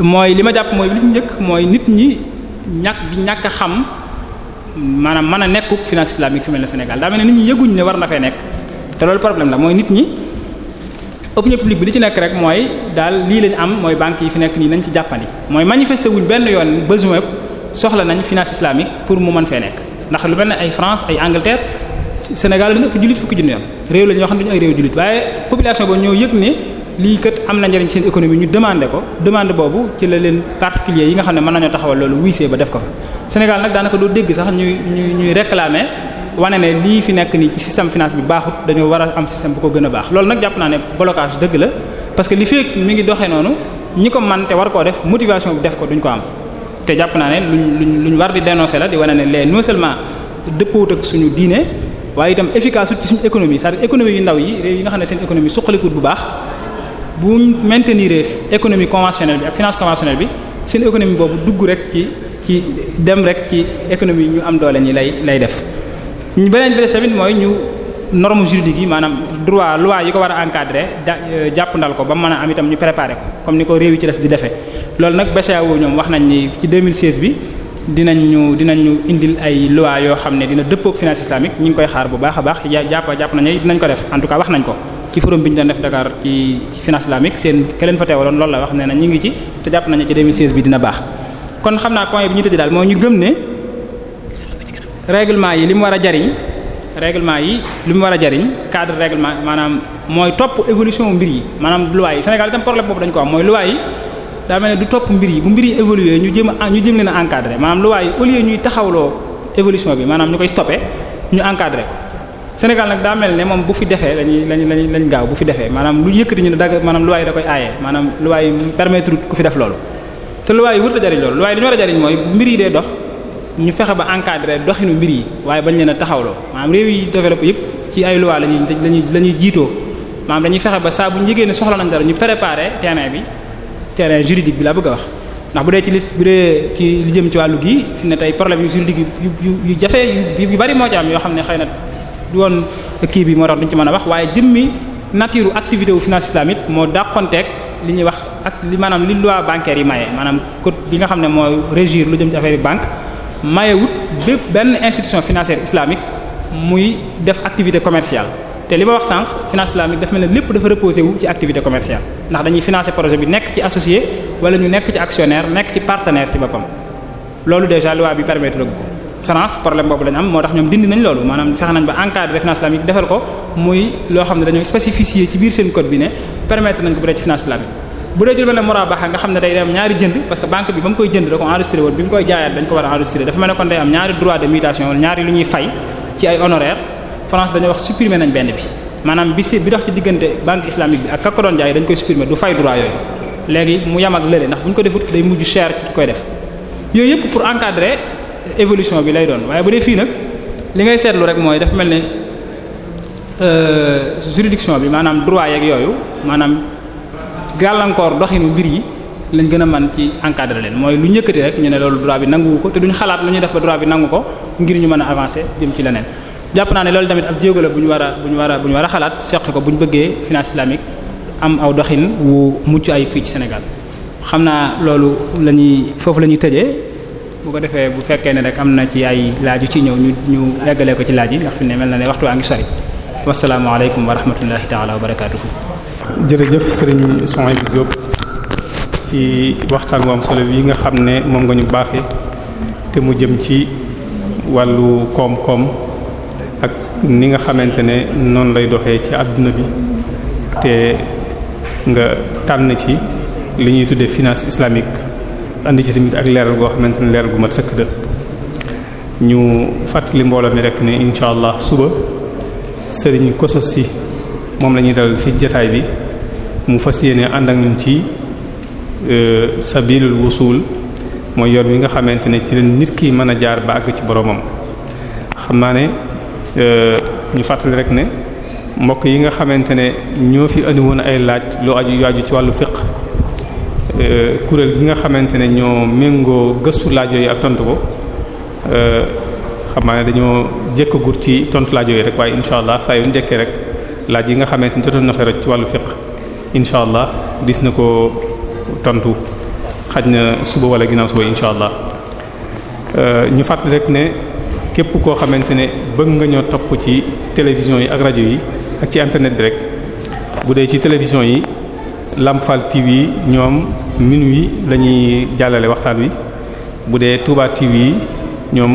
[SPEAKER 2] mooy li ma jàpp mooy li ci njëkk mooy nit ñi ñàkk di ñàkk a xam maanaam mën a nekkuk finance islamique fi mel ne Sénégal daa mel ne ne war na fee nekk opinion publique bi li ci nekk rek mooy daal lii lañ am mooy banques yi fi nekk nii nañ ci jàppandi mooy manifester wuñ benn yoon besoin soxla nañ finance islamique pour mu mën fee nekk ndax lu mel ne ay France ay Angleterre Sénégal dañu ëpp jullit fukki junni yoon réew la ñoo xam ne duñu ay réew jullit waaye population ba ñoo yëg ne lii kat am na njëriñ seen économie ñu demandé ko demande boobu ci la leen particulier yi nga xam ne mën nañoo taxawal loolu wuysee ba def ko wane ne lii fi nekk nii ci système finance bi baaxut dañoo war a am système bu ko gën a baax loolu nag jàpp naa ne blocage dëgg la parce que li fekk mi ngi doxee noonu ñi ko man te war koo def motivation bi def ko duñ ko am te jàpp naa ne luñ luñ war di dénoncer la di wane ne les non seulement dëppoowut ak suñu diine waaye itam efficace ci suñu économie c'est-à-dire économie yu ndaw yi réew yi nga xam ne seen économie suqalikut bu baax bu maintenir économie conventionnelle bi ak bi seen économie boobu dugg rek ci ci dem rek ci économie ñu am doole ñi lay lay def beneen bi des tamit mooy ñu norme juridique yi maanaam droit loi yi ko war a encadrer euh, jàppandal ko ba mën a am itam ñu préparer ko comme ni ko réew yi ci des di defee loolu nag BCEAO ñoom wax nañ ni ci bi dinañ ñu indil ay loi yoo xam ne dina dëppook finance islamique ñu ngi koy xaar bu baax a baax jàpp jàpp nañu dinañ ko def en tout cas wax nañ ko ci forum bi ñu doon def Dakar ci finance islamique seen ke fa teewaloon loolu la wax nee na ñu ngi ci règlement yi li mu war a jariñ règlement yi li mu war a jariñ cadre règlement maanaam mooy topp évolution mbir yi maanaam loi yi Sénégal itam problème boobu dañu ko am mooy loi yi daa mel ne du topp mbir yi bu mbir yi évoluer ñu jéem a ñu jéem leen a encadrer maanaam loi yi au ñuy taxawloo évolution bi maanaam ñu koy stopper ñu encadrer ko Sénégal nag daa moom bu fi defee lañuy lañuy lañuy lañ gaaw bu fi defee maanaam lu yëkkati ñu ne dagg maanaam loi yi da koy aaye ku fi def loolu te loi yi wër la jariñ loolu loi yi li ñu war a jariñ mooy mbir yi dee dox ñu fexe ba encadrer doxinu mbir yi waaye bañ leen a taxawloo maanaam réew yi développé yëpp ci ay lois la ñuy lañuy la ñuy jiitoo maanaam dañuy fexe ba saa bu ñu jigéen soxla nañ dara ñu préparer terrain bi terrain juridique bi laa bëgg a wax ndax bu dee ci liste bu dee ki li jëm ci wàllu gii fi ne tey problème yu juridique yu yu jafe yu bari moo ci yoo xam ne xëy na du woon kii bi moo tax duñ ci mën a wax waaye jëmmi nature activité wu finance islamique moo dàqonteeg li ñuy wax ak li maanaam li loi bancaire yi maye maanaam code bi nga xam ne moo régir lu jëm ci affaire bi mayewut bépp benn institution financière islamique muy def activité commerciale te li ma wax sànq finance islamique dafa mel ne lépp dafa reposé ci activité commerciale ndax dañuy financer projet bi nekk ci associé wala ñu nekk ci actionnaire nekk ci partenaire ci boppam loolu déjà loi bi permettre la ko France problème boobu lañ am moo tax ñoom dindi nañ loolu maanaam fexe nañ ba encadrer finance islamique defal ko muy loo xam ne dañoo spécifié ci biir seen code bi ne permettre nañ ko bu dee ci lu mel ne murabaha nga xam ne day am ñaari jënd parce banque bi ba mu koy jënd da ko enregistré woon bi mu koy jaayaat dañ ko war a enregistré dafa mel ne nañ benn bi maanaam bi si bi dox ci diggante banque islamique bi ak ka ko doon jaay yooyu léegi mu yam ak lële ndax bu ñu ko defut day mujj cher ci koy def yooyu yëpp pour encadrer évolution bi lay doon waaye bu dee fii nag li ngay seetlu rek mooy dafa mel ne euh, juridiction bi maanaam droit yeeg yooyu gàllankoor doxinu mbir yi lañ gën a mën ci encadrer leen mooy lu ñëkkati rek ñu ne loolu droit bi nanguwu ko te duñ xalaat lu ñuy def ba droit bi nangu ko ngir ñu mën a avancer jëm ci leneen jàpp naa ne loolu tamit ab jéego la bu ñu war ñu war a bu ñu war a xalaat seqi ko bu ñu bëggee finance islamique am aw doxin wu mucc ay fii ci senegal xam naa loolu la ñuy foofu la ñuy tëjee bu ko defee bu fekkee ne rek am na ci ay laaj yu ci ñëw ñu ñu eggalee ko ci laaj yi ndax fi ne mel na ne waxtu waa ngi sori wasalaamaaleykum wa rahmatullahi taala wa barakatuhu
[SPEAKER 1] jërëjëf sëriñ Sohaïb Diop ci waxtaan wu am solo yi nga xam ne moom nga ñu baaxee te mu jëm ci wàllu koom-koom ak ni nga xamante ne noonu lay doxee ci àdduna bi te nga tànn ci li ñuy tuddee finance islamique andi ci tamit ak leeral goo xamante ne leeral gu mat sëkk ñu fàttali mboolam mi rek ne incha allah suba sëriñ Kososi moom lañuy ñuy dalal fi jataay bi mu fas yéene ànd ak ñun ci euh, sabilul wusul mooy yoon wi nga xamante ne ci leen nit ki mën a jaar ba àgg ci boroomam xam naa ne euh, ñu fàttali rek ne mbokk yi nga xamante ne ñoo fi andi woon ay laaj lu aju yu aju ci wàllu fiq euh, kuréel gi nga xamante ne ñoo méngoo gëstu laaj yi ak tontu ko xam naa ne dañoo jëkk gur ci tontu laaj yooyu rek waaye incha allah saa yu njëkkee rek laaj yi nga xamante ni jotoon na fee ci wàllu fiq incha allah dis na ko tontu xaj na suba wala ginnaaw suba incha allah euh, ñu fàttali rek ne képp koo xamante ne bëgg nga ñoo topp ci télévision yi ak rajo yi ak ci internet bi rek bu dee ci télévision yi Lamp Fall TV ñoom minuit wi lañuy jàllale waxtaan wi bu dee Touba TV ñoom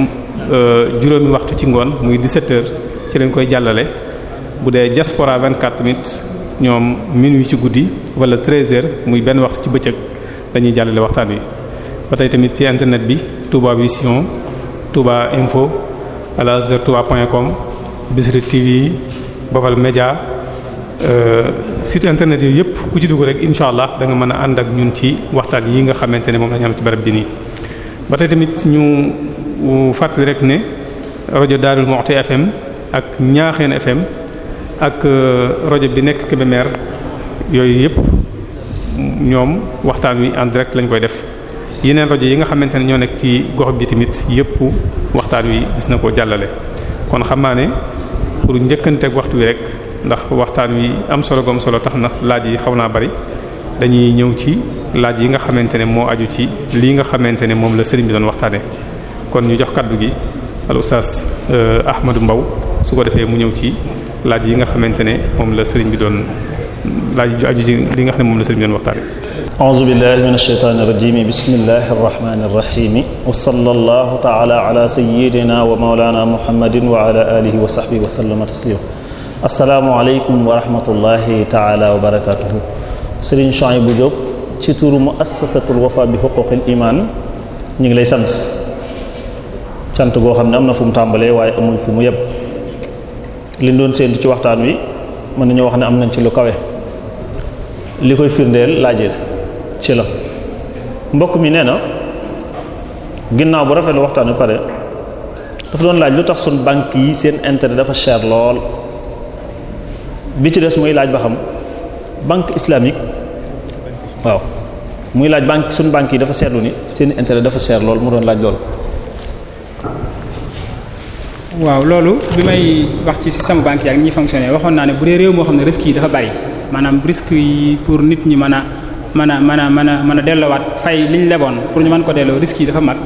[SPEAKER 1] euh, juróomi waxtu ci ngoon muy di heures ci lañ koy jàllale bu dee Diaspora 24 minutes ñoom minuit ci guddi wala 13 muy benn waxtu ci bëccëg dañuy jàllale waxtaan wi. ba tey tamit ci internet bi Touba Vision Touba Info alazhar touba.com Bichri TV Bafal Média euh, site internet yooyu yëpp ku ci dugg rek incha allah da nga mën a ànd ak ñun ci waxtaan yi nga xamante ne moom la am ci barab bi nii. ba tey tamit ñu fàttali rek ne rajo Darou Moukhty FM ak Niakhène FM. ak euh, rajo bi nekk Kébémer yooyu yëpp ñoom waxtaan wi endrek direct lañ koy def yeneen rajo yi nga xamante ne ñoo nekk ci gox bi tamit yëpp waxtaan wi gis na ko jàllale. kon xam naa ne pour njëkkanteeg waxtu wi rek ndax waxtaan wi am solo gom solo tax na laaj yi xaw naa bari dañuy ñëw ci laaj yi nga xamante ne moo aju ci lii nga xamante ne moom la sëriñ bi doon waxtaanee kon ñu jox kaddu gi al oustaz euh, Ahmadou Mbaw su ko defee mu ñëw ci. laaj yi nga xamante ne moom la sëriñ
[SPEAKER 3] bi doon laaj ju aju ci li nga xam ne moom la sëriñ bi doon waxtaane a'uuzu billahi minash shaytaanir rajiim bismillahir rahmaanir rahiim wa sallallahu ta'ala ala sayyidina wa mawlana muhammadin wa ala alihi wa sahbihi wa sallama taslima assalaamu aleykum wa rahmatullahi ta'ala wa barakatuhu sëriñ Chouaïbou Diop ci turu muassasatul wafa bi huquqil iman ñu ngi lay sant cant goo xam ne am na fu mu tàmbalee waaye amul fu mu yeb liñ doon séentu ci waxtaan wi mën nañoo wax ne am nañ ci lu kawe li koy firndeel laajee ci la mbokk mi nee na ginnaaw bu rafet lu waxtaan wi pare dafa doon laaj lu tax suñ banque yi seen intérêt dafa cher lool bi ci des muy laaj ba xam banque islamique waaw muy laaj banque suñ banque yi dafa seetlu ni seen intere dafa cher lool mu doon laaj lool
[SPEAKER 2] waaw loolu bi may wax ci système banque yi ak ñi fonctionné waxoon naa ne bu dee réew moo xam ne risques yi dafa bari maanaam risques yi pour nit ñi mën a mën a mën a mën a mën a delloowaat fay liñ leboon pour ñu mën ko delloo risques yi dafa mag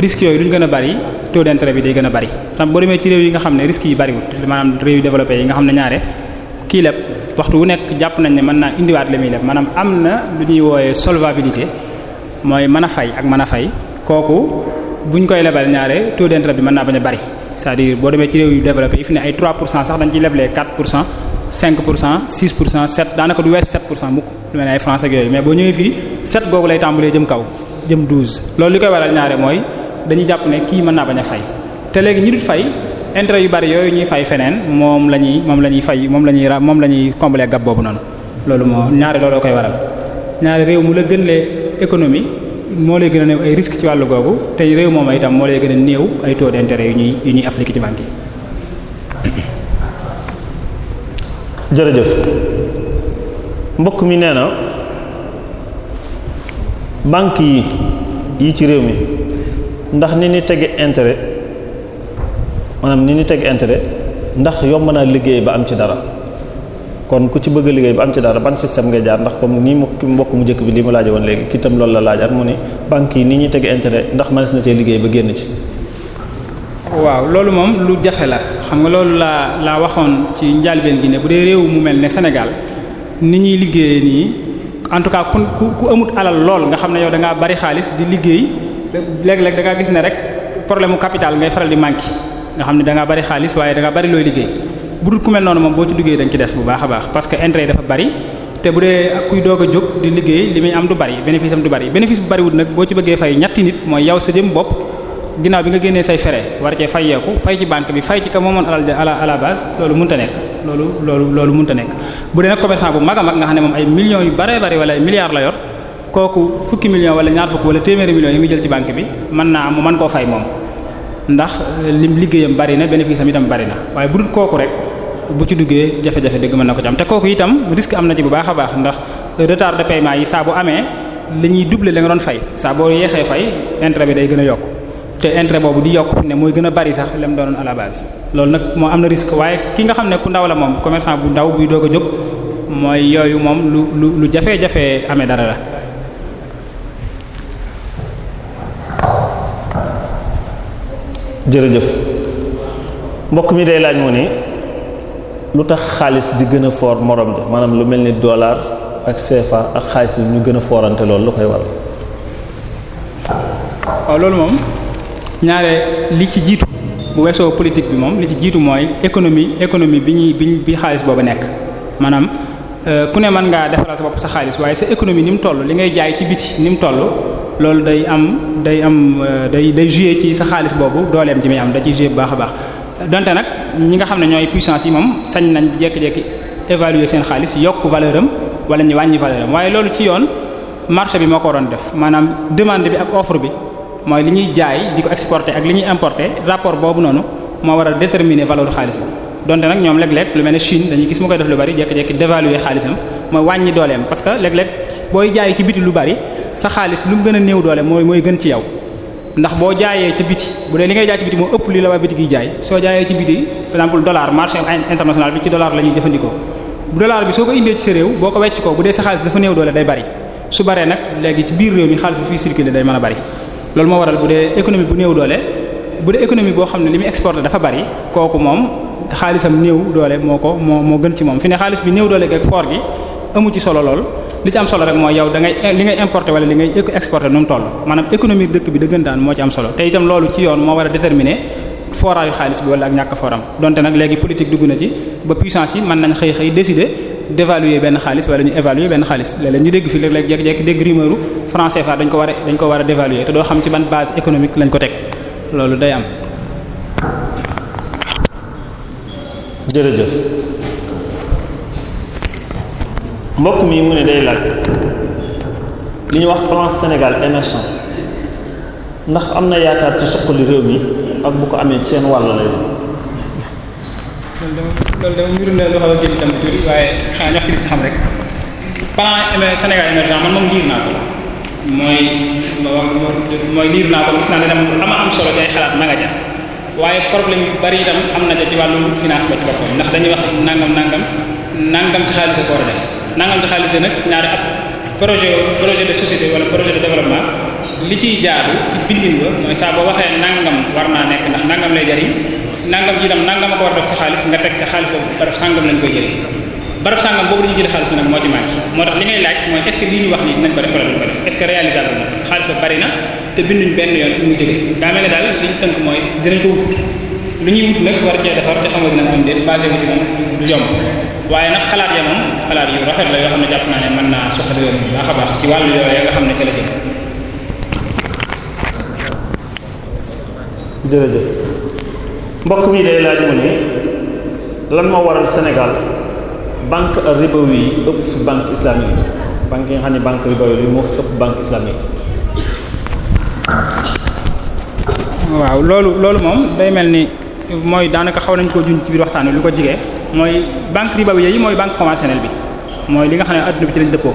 [SPEAKER 2] risques yooyu duñ gën a bari taux d'intérêt bi day gën a bari tam boo demee ci réew yi nga xam ne risques yi bariwul maanaam réew yu développé yi nga xam ne ñaare kii leb waxtu wu nekk jàpp nañ ne mën naa indiwaat li muy leb maanaam am na lu ñuy wooyee solvabilité mooy mën a fay ak mën a fay kooku buñ koy lebal ñaare taux d'intérêt bi mën naa bañ a bari c'est-à-dire boo demee ci réew yu développé yi fi ne ay 3 pour cent sax dañ ciy leblee 4 pour cent 5 pour cent daanaka du weesu 7 pour cent mukk lu mel ne ay France ak yooyu mais boo ñëwee fii 7 googu lay tàmbalee jëm kaw jëm loolu li koy waral ñaare mooy dañuy jàpp ne kii mën naa bañ a fay te léegi ñi dul fay intérêt yu bari yooyu ñuy fay feneen moom la ñuy moom la ñuy fay moom la ñuy moom la ñuy combler gab boobu noonu loolu moo ñaare looloo koy waral moo lay gën a néew ay risques ci wàllu googu te réew moom itam moo lay gën a néew ay taux d'intérêt yu ñuy yu ñuy appliquer ci banque yi.
[SPEAKER 3] mbokk mi nee na banque yi yi ci réew mi ndax ni ni tege intérêt maanaam ni ni teg intérêt ndax yomb naa liggéey ba am ci dara. kon ku ci bëgg a liggéey ba am ci dara ban système ngay jaar ndax comme nii mu mbokk mu njëkk bi li mu laaje woon léegi kii itam loolu la laajaat mu ni banques yi ni ñuy teg intérêt ndax mënees na cee liggéey ba génn ci
[SPEAKER 2] waaw loolu moom lu jafe la xam nga loolu laa laa waxoon ci njaalbeen gi ne bu dee réew mu mel ne Sénégal ni ñuy liggéeyee nii en tout cas ku ku amut alal lool nga xam ne yow da ngaa bari xaalis di liggéey léeg-léeg da gis ne rek problème mu ngay faral di manqué nga xam ne da ngaa bari xaalis waaye da bari looy liggéey bu dul ku mel noonu moom boo ci duggee da nga ci des bu baax a baax parce que intérêt dafa bari te bu dee kuy doog a jóg di liggéey li muy am du bari bénéfice am du bari bu bariwul nag boo ci bëggee fay ñetti nit yow sa jëm bopp ginnaaw bi nga génnee say fere war fay ci banque bi fay ci ka moomoon alal à la à la loolu loolu loolu loolu mënta nekk bu dee nag bu mag a mag moom ay millions yu baree bari wala ay milliards la yor kooku fukki millions wala ñaar fukk wala téeméeri millions yi muy jël ci banque bi mën naa mu koo fay moom ndax euh, lim liggéeyam bari na bénéfice am itam bari na waaye bu dul kooku rek bu ci duggee jafe-jafe dëgg mën na ko ci am te kooku itam risque am na ci bu baax a baax ndax retard de paiement yi saa bu amee la ñuy doubler la nga doon fay saa boo yeexee fay intérêt bi day gën a yokk te intérêt boobu di yokk fi ne mooy gën a bari sax lem doonoon à la base loolu nag moo am na risque waaye ki nga xam ne ku ndaw la moom commerçant bu ndaw buy doog a jóg mooy yooyu moom lu lu lu jafe-jafe ame dara la.
[SPEAKER 3] jërëjëf mbokk mi day laaj moo ne lu tax xaalis di gën a foor moroom ja maanaam lu mel ni dollar ak CFA ak xaalis yi ñu gën a foorante loolu lu koy waral.
[SPEAKER 2] waaw loolu moom ñaare li ci jiitu bu weesoo politique bi moom li ci jiitu mooy économie économie bi ñuy bi bi xaalis boobu nekk maanaam euh, ku ne mën ngaa defaral sa bopp sa xaalis waaye sa économie ni mu toll li ngay jaay ci biti ni mu toll loolu day am day am euh, day day jouer ci sa xaalis boobu dooleem ji muy am da ciy jouer bu baax a baax donte nag. ñi nga xam ne ñooy puissance yi moom sañ nañ jékki-jékki évaluer seen xaalis yokk valeur am wala ñu wàññi valeur am waaye loolu ci yoon marché bi moo ko doon def maanaam demande bi ak offre bi mooy li ñuy jaay di ko exporter ak li ñuy importer rapport boobu noonu moo war a déterminer valeur xaalis bi donte nag ñoom léeg-léeg lu mel ne Chine dañu gis mu koy def lu bari jékki-jékki dévaluer xaalisam mooy wàññi dooleem parce que léeg-léeg booy jaay ci biti lu bari sa xaalis mu gën a néew doole mooy mooy gën ci yow ndax boo jaayee ci biti bu dee li ngay jaay ci biti moo ëpp li la waa biti gi jaay soo jaayee ci biti par exemple dollar marché international bi ci dollar la ñuy jëfandikoo dollar bi soo ko indee ci sa réew boo ko wecc ko bu dee sa xaalis dafa néew doole day bari su baree nag léegi ci biir réew mi xaalis bi fiy circuler day mën a bari loolu moo waral bu dee économie bu néew doole bu dee économie boo xam ne li muy exporté dafa bari kooku moom xaalisam néew doole moo ko moo moo gën ci moom fi ne xaalis bi néew doole geeg foor gi ci solo lool li ci am solo rek mooy yow da ngay li ngay importer wala li ngay exporter nu mu toll maanaam économie dëkk bi dëggantaan moo ci am solo te itam loolu ci yoon moo war a déterminer fooraayu xaalis bi wala ak ñàkk fooram donte nag léegi politique dugg na ci ba puissance yi mën nañ xëy xëy décider d'évaluer benn xaalis wala ñu évaluer benn xaalis léeg-léeg ñu dégg fi léeg-léeg jékki-jékki dégg rumeuru franc CFA dañ ko war a dañ ko war a dévaluer te doo xam ci ban base ko loolu day am
[SPEAKER 3] jërëjëf mbokk mi mu ne day laaj li ñu wax plan Sénégal émergent ndax am na yaakaar ci suqali réew mi ak bu ko amee seen wàll lay loolu
[SPEAKER 2] dama loolu dama ñu waaye xanaa ñoo ci xam rek plan Sénégal émergent man moom naa ko mooy mooy liir naa ko gis naa ne dama am am solo ci ay xalaat ma nga waaye problème yu bari itam am na ja ci wàllu finance ba ci boppam ndax dañuy wax nangam nangam nangam ci xaalis a def nangam di xaalis nag ñaari ab projet projet de société wala projet de développement li ciy jaadu ci bindin ba mooy saa boo waxee nangam war naa nekk ndax nangam lay jariñ nangam ji tam nangam a ko war def ci xaalis nga teg te xaalis boobu barab sàngam lañ koy jëlee barab sàngam boobu dañuy jël xaalis bi nag moo ci màcc moo tax li ngay laaj mooy est ce lii ñu wax nii dinañ ko def wala duñ ko def est ce yoon fi mu jógee dinañ ko wut lu ñuy wut nag war cee defar te xamal na am déet basé wu ci du yomb waaye nag xalaat ya moom xalaat yi rafet la yoo xam ne jàpp naa ne mën naa soxla yoon bu baax a baax ci wàllu yooyu
[SPEAKER 3] mbokk mi day laaj mu ne lan moo waral Sénégal banque ribawi yi ëpp fi banque islamique banque nga xam ne banque ribawi yi moo fi ëpp banque islamique
[SPEAKER 2] waaw loolu loolu moom day mel ni mooy daanaka xaw nañ koo junj ci biir waxtaan wi lu ko jigee mooy banque ribawiya yi mooy banque conventionnelle bi mooy li nga xam ne adduna bi ci lañ dëppoo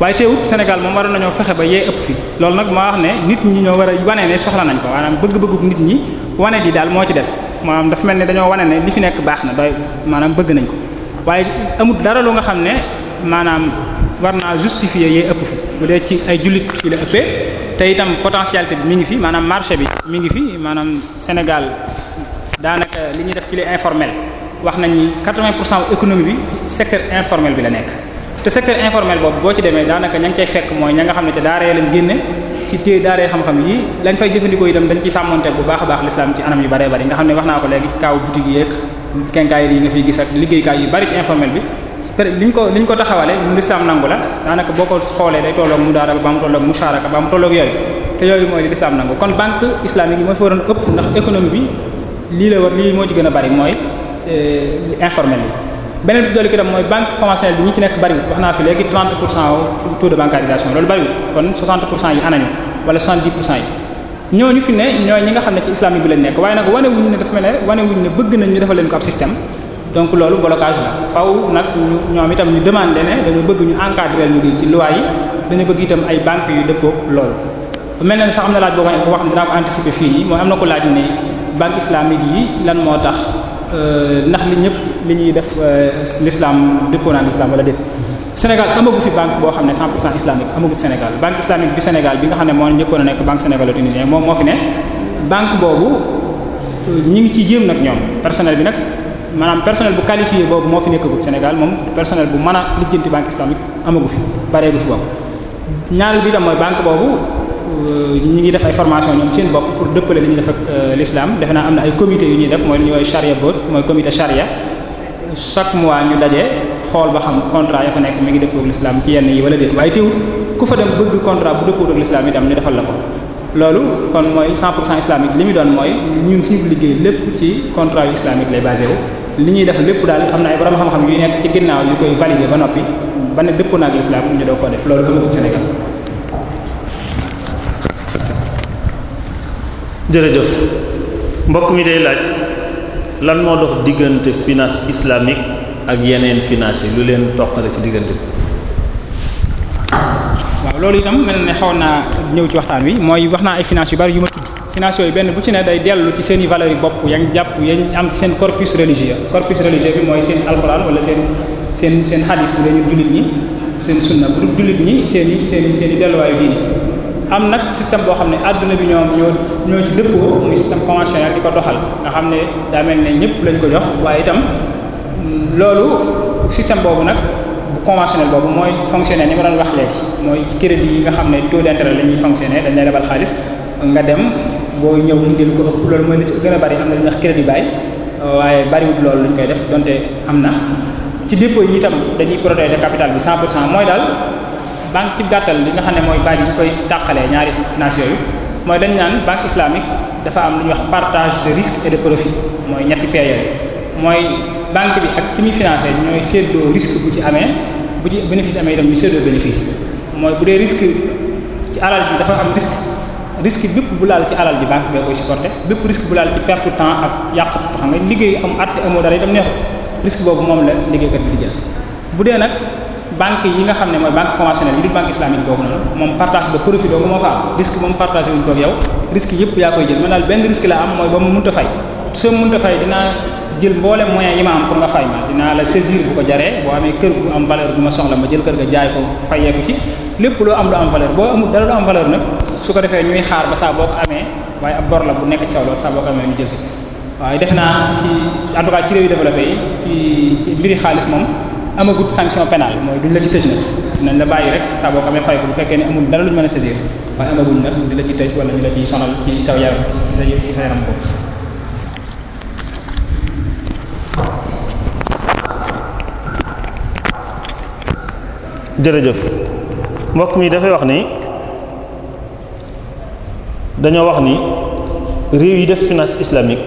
[SPEAKER 2] waaye teewut Sénégal moom waroon nañoo fexe ba yee ëpp fi loolu nag maa wax ne nit ñi ñoo war a wane ne soxla nañ ko maanaam bëgg-bëggu nit ñi wane di daal moo ci des maanaam dafa mel ni dañoo wane ne li fi nekk baax na doy maanaam bëgg nañ ko waaye amul dara lu nga xam ne maanaam war naa justifier yee ëpp fi bu dee ci ay jullit ci la ëppee te itam potentialité bi mi ngi fi maanaam marché bi mi ngi fi maanaam Sénégal daanaka li ñu def ci li informel wax nañ ni 80 pour cent économie bi secteur informel bi la nekk te secteur informel boobu boo ci demee daanaka ña ngi cay fekk mooy ña nga xam ne te daara lañ génne ci téye daara xam-xam yi lañ fay jëfandikoo itam dañ ciy sàmmonte bu baax a baax l'islam ci anam yu bëree bëri nga xam ne wax naa ko léegi ci kaw boutique yeeg kenkaay yi nga fiy gis ak liggéeykaay yu bari ci informel bi liñ ko liñ ko taxawale mu lislaam nangu la daanaka ko xoolee day tolloog mudaaraba ba mu tolloog musharaka ba mu tolloog yooyu te yooyu mooy li lislaam nangu kon banque islamique yi lii la war lii moo ci gën a bari mooy euh, informel yi beneen bi dolli ki tam mooy banque conventionnelle bi ñu ci nekk bariwul wax naa fi léegi 30 pour cent taux de bancarisation loolu bariwul kon yi anañu ne ñooy ñi nga xam ne ci islam bi lañ nekk waaye nag wane wuñ ne dafa mel ne wane wuñ ne ñu loolu blocage faw nag ñoom itam ñu demande ne dañu bëgg ñu encadrer ñu di ci loi yi dañu bëgg itam ay banques yu dëppoo loolu mel na ne sax am na laaj boo xam ne dinaa ko anticiper fii nii mooy am na ko laaj ne banque islamique yi lan moo tax euh, ndax li ñëpp li ñuy def euh, l'islam dëppoo naan l'islam wala déet Sénégal amagu fi banque boo xam ne 100% islamique amagu fi Sénégal banque islamique bi Sénégal bi nga xam ne moo njëkkoon a banque moo fi ne banque boobu euh, ñu ngi ciy jéem nag ñoom personnel bi nag maanaam personnel bu qualifié boobu moo fi nekkagul Sénégal moom personnel bu man a lijjanti banque islamique amagu fi bareegu fi boobu ñaareel bi itam mooy banque boobu Euh, ñi ngi def ay formation ñoom seen bopp pour dëppale li ñuy def ak euh, l'islam defe naa am na ay comité yu ñuy def mooy mois ñu xool ba xam contrat ya nekk mi ngi dëppoo ak l'islam ci yenn yi wala déet waaye teewul ku fa dem bëgg contrat bu dëppoo ak l'islam ñu defal li mu doon mooy ñun suñu liggéey lépp ci contrat yu islamique lay basé li ñuy def lépp daal am na ay borom xam-xam yu nekk ci ginnaaw yu koy valider ba noppi ba ne dëppoo na ak l'islam ñu doo ko def loolu dama ko Sénégal jërëjëf mbokk mi day laaj
[SPEAKER 3] lan moo dox diggante finance islamique ak yeneen finance yi lu leen toqale ci diggante bi.
[SPEAKER 2] waaw loolu itam mel ne xawoon naa ñëw ci waxtaan wi mooy wax naa ay finance yu bari yu ma tudd finance yooyu benn bu ci ne day dellu ci seen i valeurs bopp yaa ngi jàpp yaa ngi am seen corpus religieux corpus religieux bi mooy seen alxuraan wala seen seen seen xadis bu dañu jullit ñi seen sunna bu jullit ñi seen i seen i seen i delluwaayu am nag système boo xam ne àdduna bi ñoom ñoo ñoo ci dëppoo muy système conventionnel di ko doxal nga xam ne daa mel ne ñëpp lañ ko jox waaye itam loolu système boobu nag bu conventionnel boobu mooy fonctionner ni ma doon wax léegi mooy ci crédit yi nga xam ne taux d'intérêt la ñuy fonctionner dañ lay lebal xaalis nga dem boo ñëw indi lu ko loolu mooy li ci gën a bari am na lu ñuy wax crédit bail waaye bariwul loolu luñ koy def donte am na ci dépôt yi itam dañuy protéger capital bi 100 pour mooy daal banque ci gàttal li nga xam ne mooy baaj bu koy tàqalee ñaari finance yooyu mooy dañ naan banque islamique dafa am lu ñuy wax partage de risque et de profit mooy ñetti paire yooyu mooy banque bi ak ci muy financé ñooy séddoo risque bu ci amee bu ci bénéfice amee itam ñu séddoo bénéfice mooy bu dee risque ci alal ji dafa am risque risque bépp bu laal ci alal ji banque bee koy supporté bépp risque bu laal ci perte temps ak yàqu xam nga liggéey am at amoo dara itam neexut risque boobu moom la liggéeykat bi di banque yi nga xam ne mooy banque conventionnelle yi di banque islamique boobu noonu moom partage de profit doogu moo fa am risque moom partagé wuñ ko ak yow risque yëpp yaa koy jël man daal benn risque laa am mooy ba mu munta fay soo munta fay dinaa jël mboolem moyen yi ma am pour nga fay ma dinaa la saisir bu ko jaree boo amee kër bu am valeur bu ma soxla ma jël kër ga jaay ko fayee ko ci lépp loo am lu am valeur boo amul dara lu am valeur nag su ko defee ñuy xaar ba saa boo ko amee waaye ab bor la bu nekk ci saw loolu saa boo ko amee ñu jël si waaye def naa ci en tout cas ci réew yi développé yi ci ci mbiri xaalis moom amagut sanction pénale mooy duñ la ci tëj nag dinañ bàyyi rek saa boo xamee fay ko bu fekkee ne amul dara luñ mën a saisir waaye amaguñ nag di la ci tëj wala ñu la ciy sonal ci sa yaram ci sa ci sa yaram
[SPEAKER 3] mbokk mi dafay wax ni dañoo wax ni réew yi def finance islamique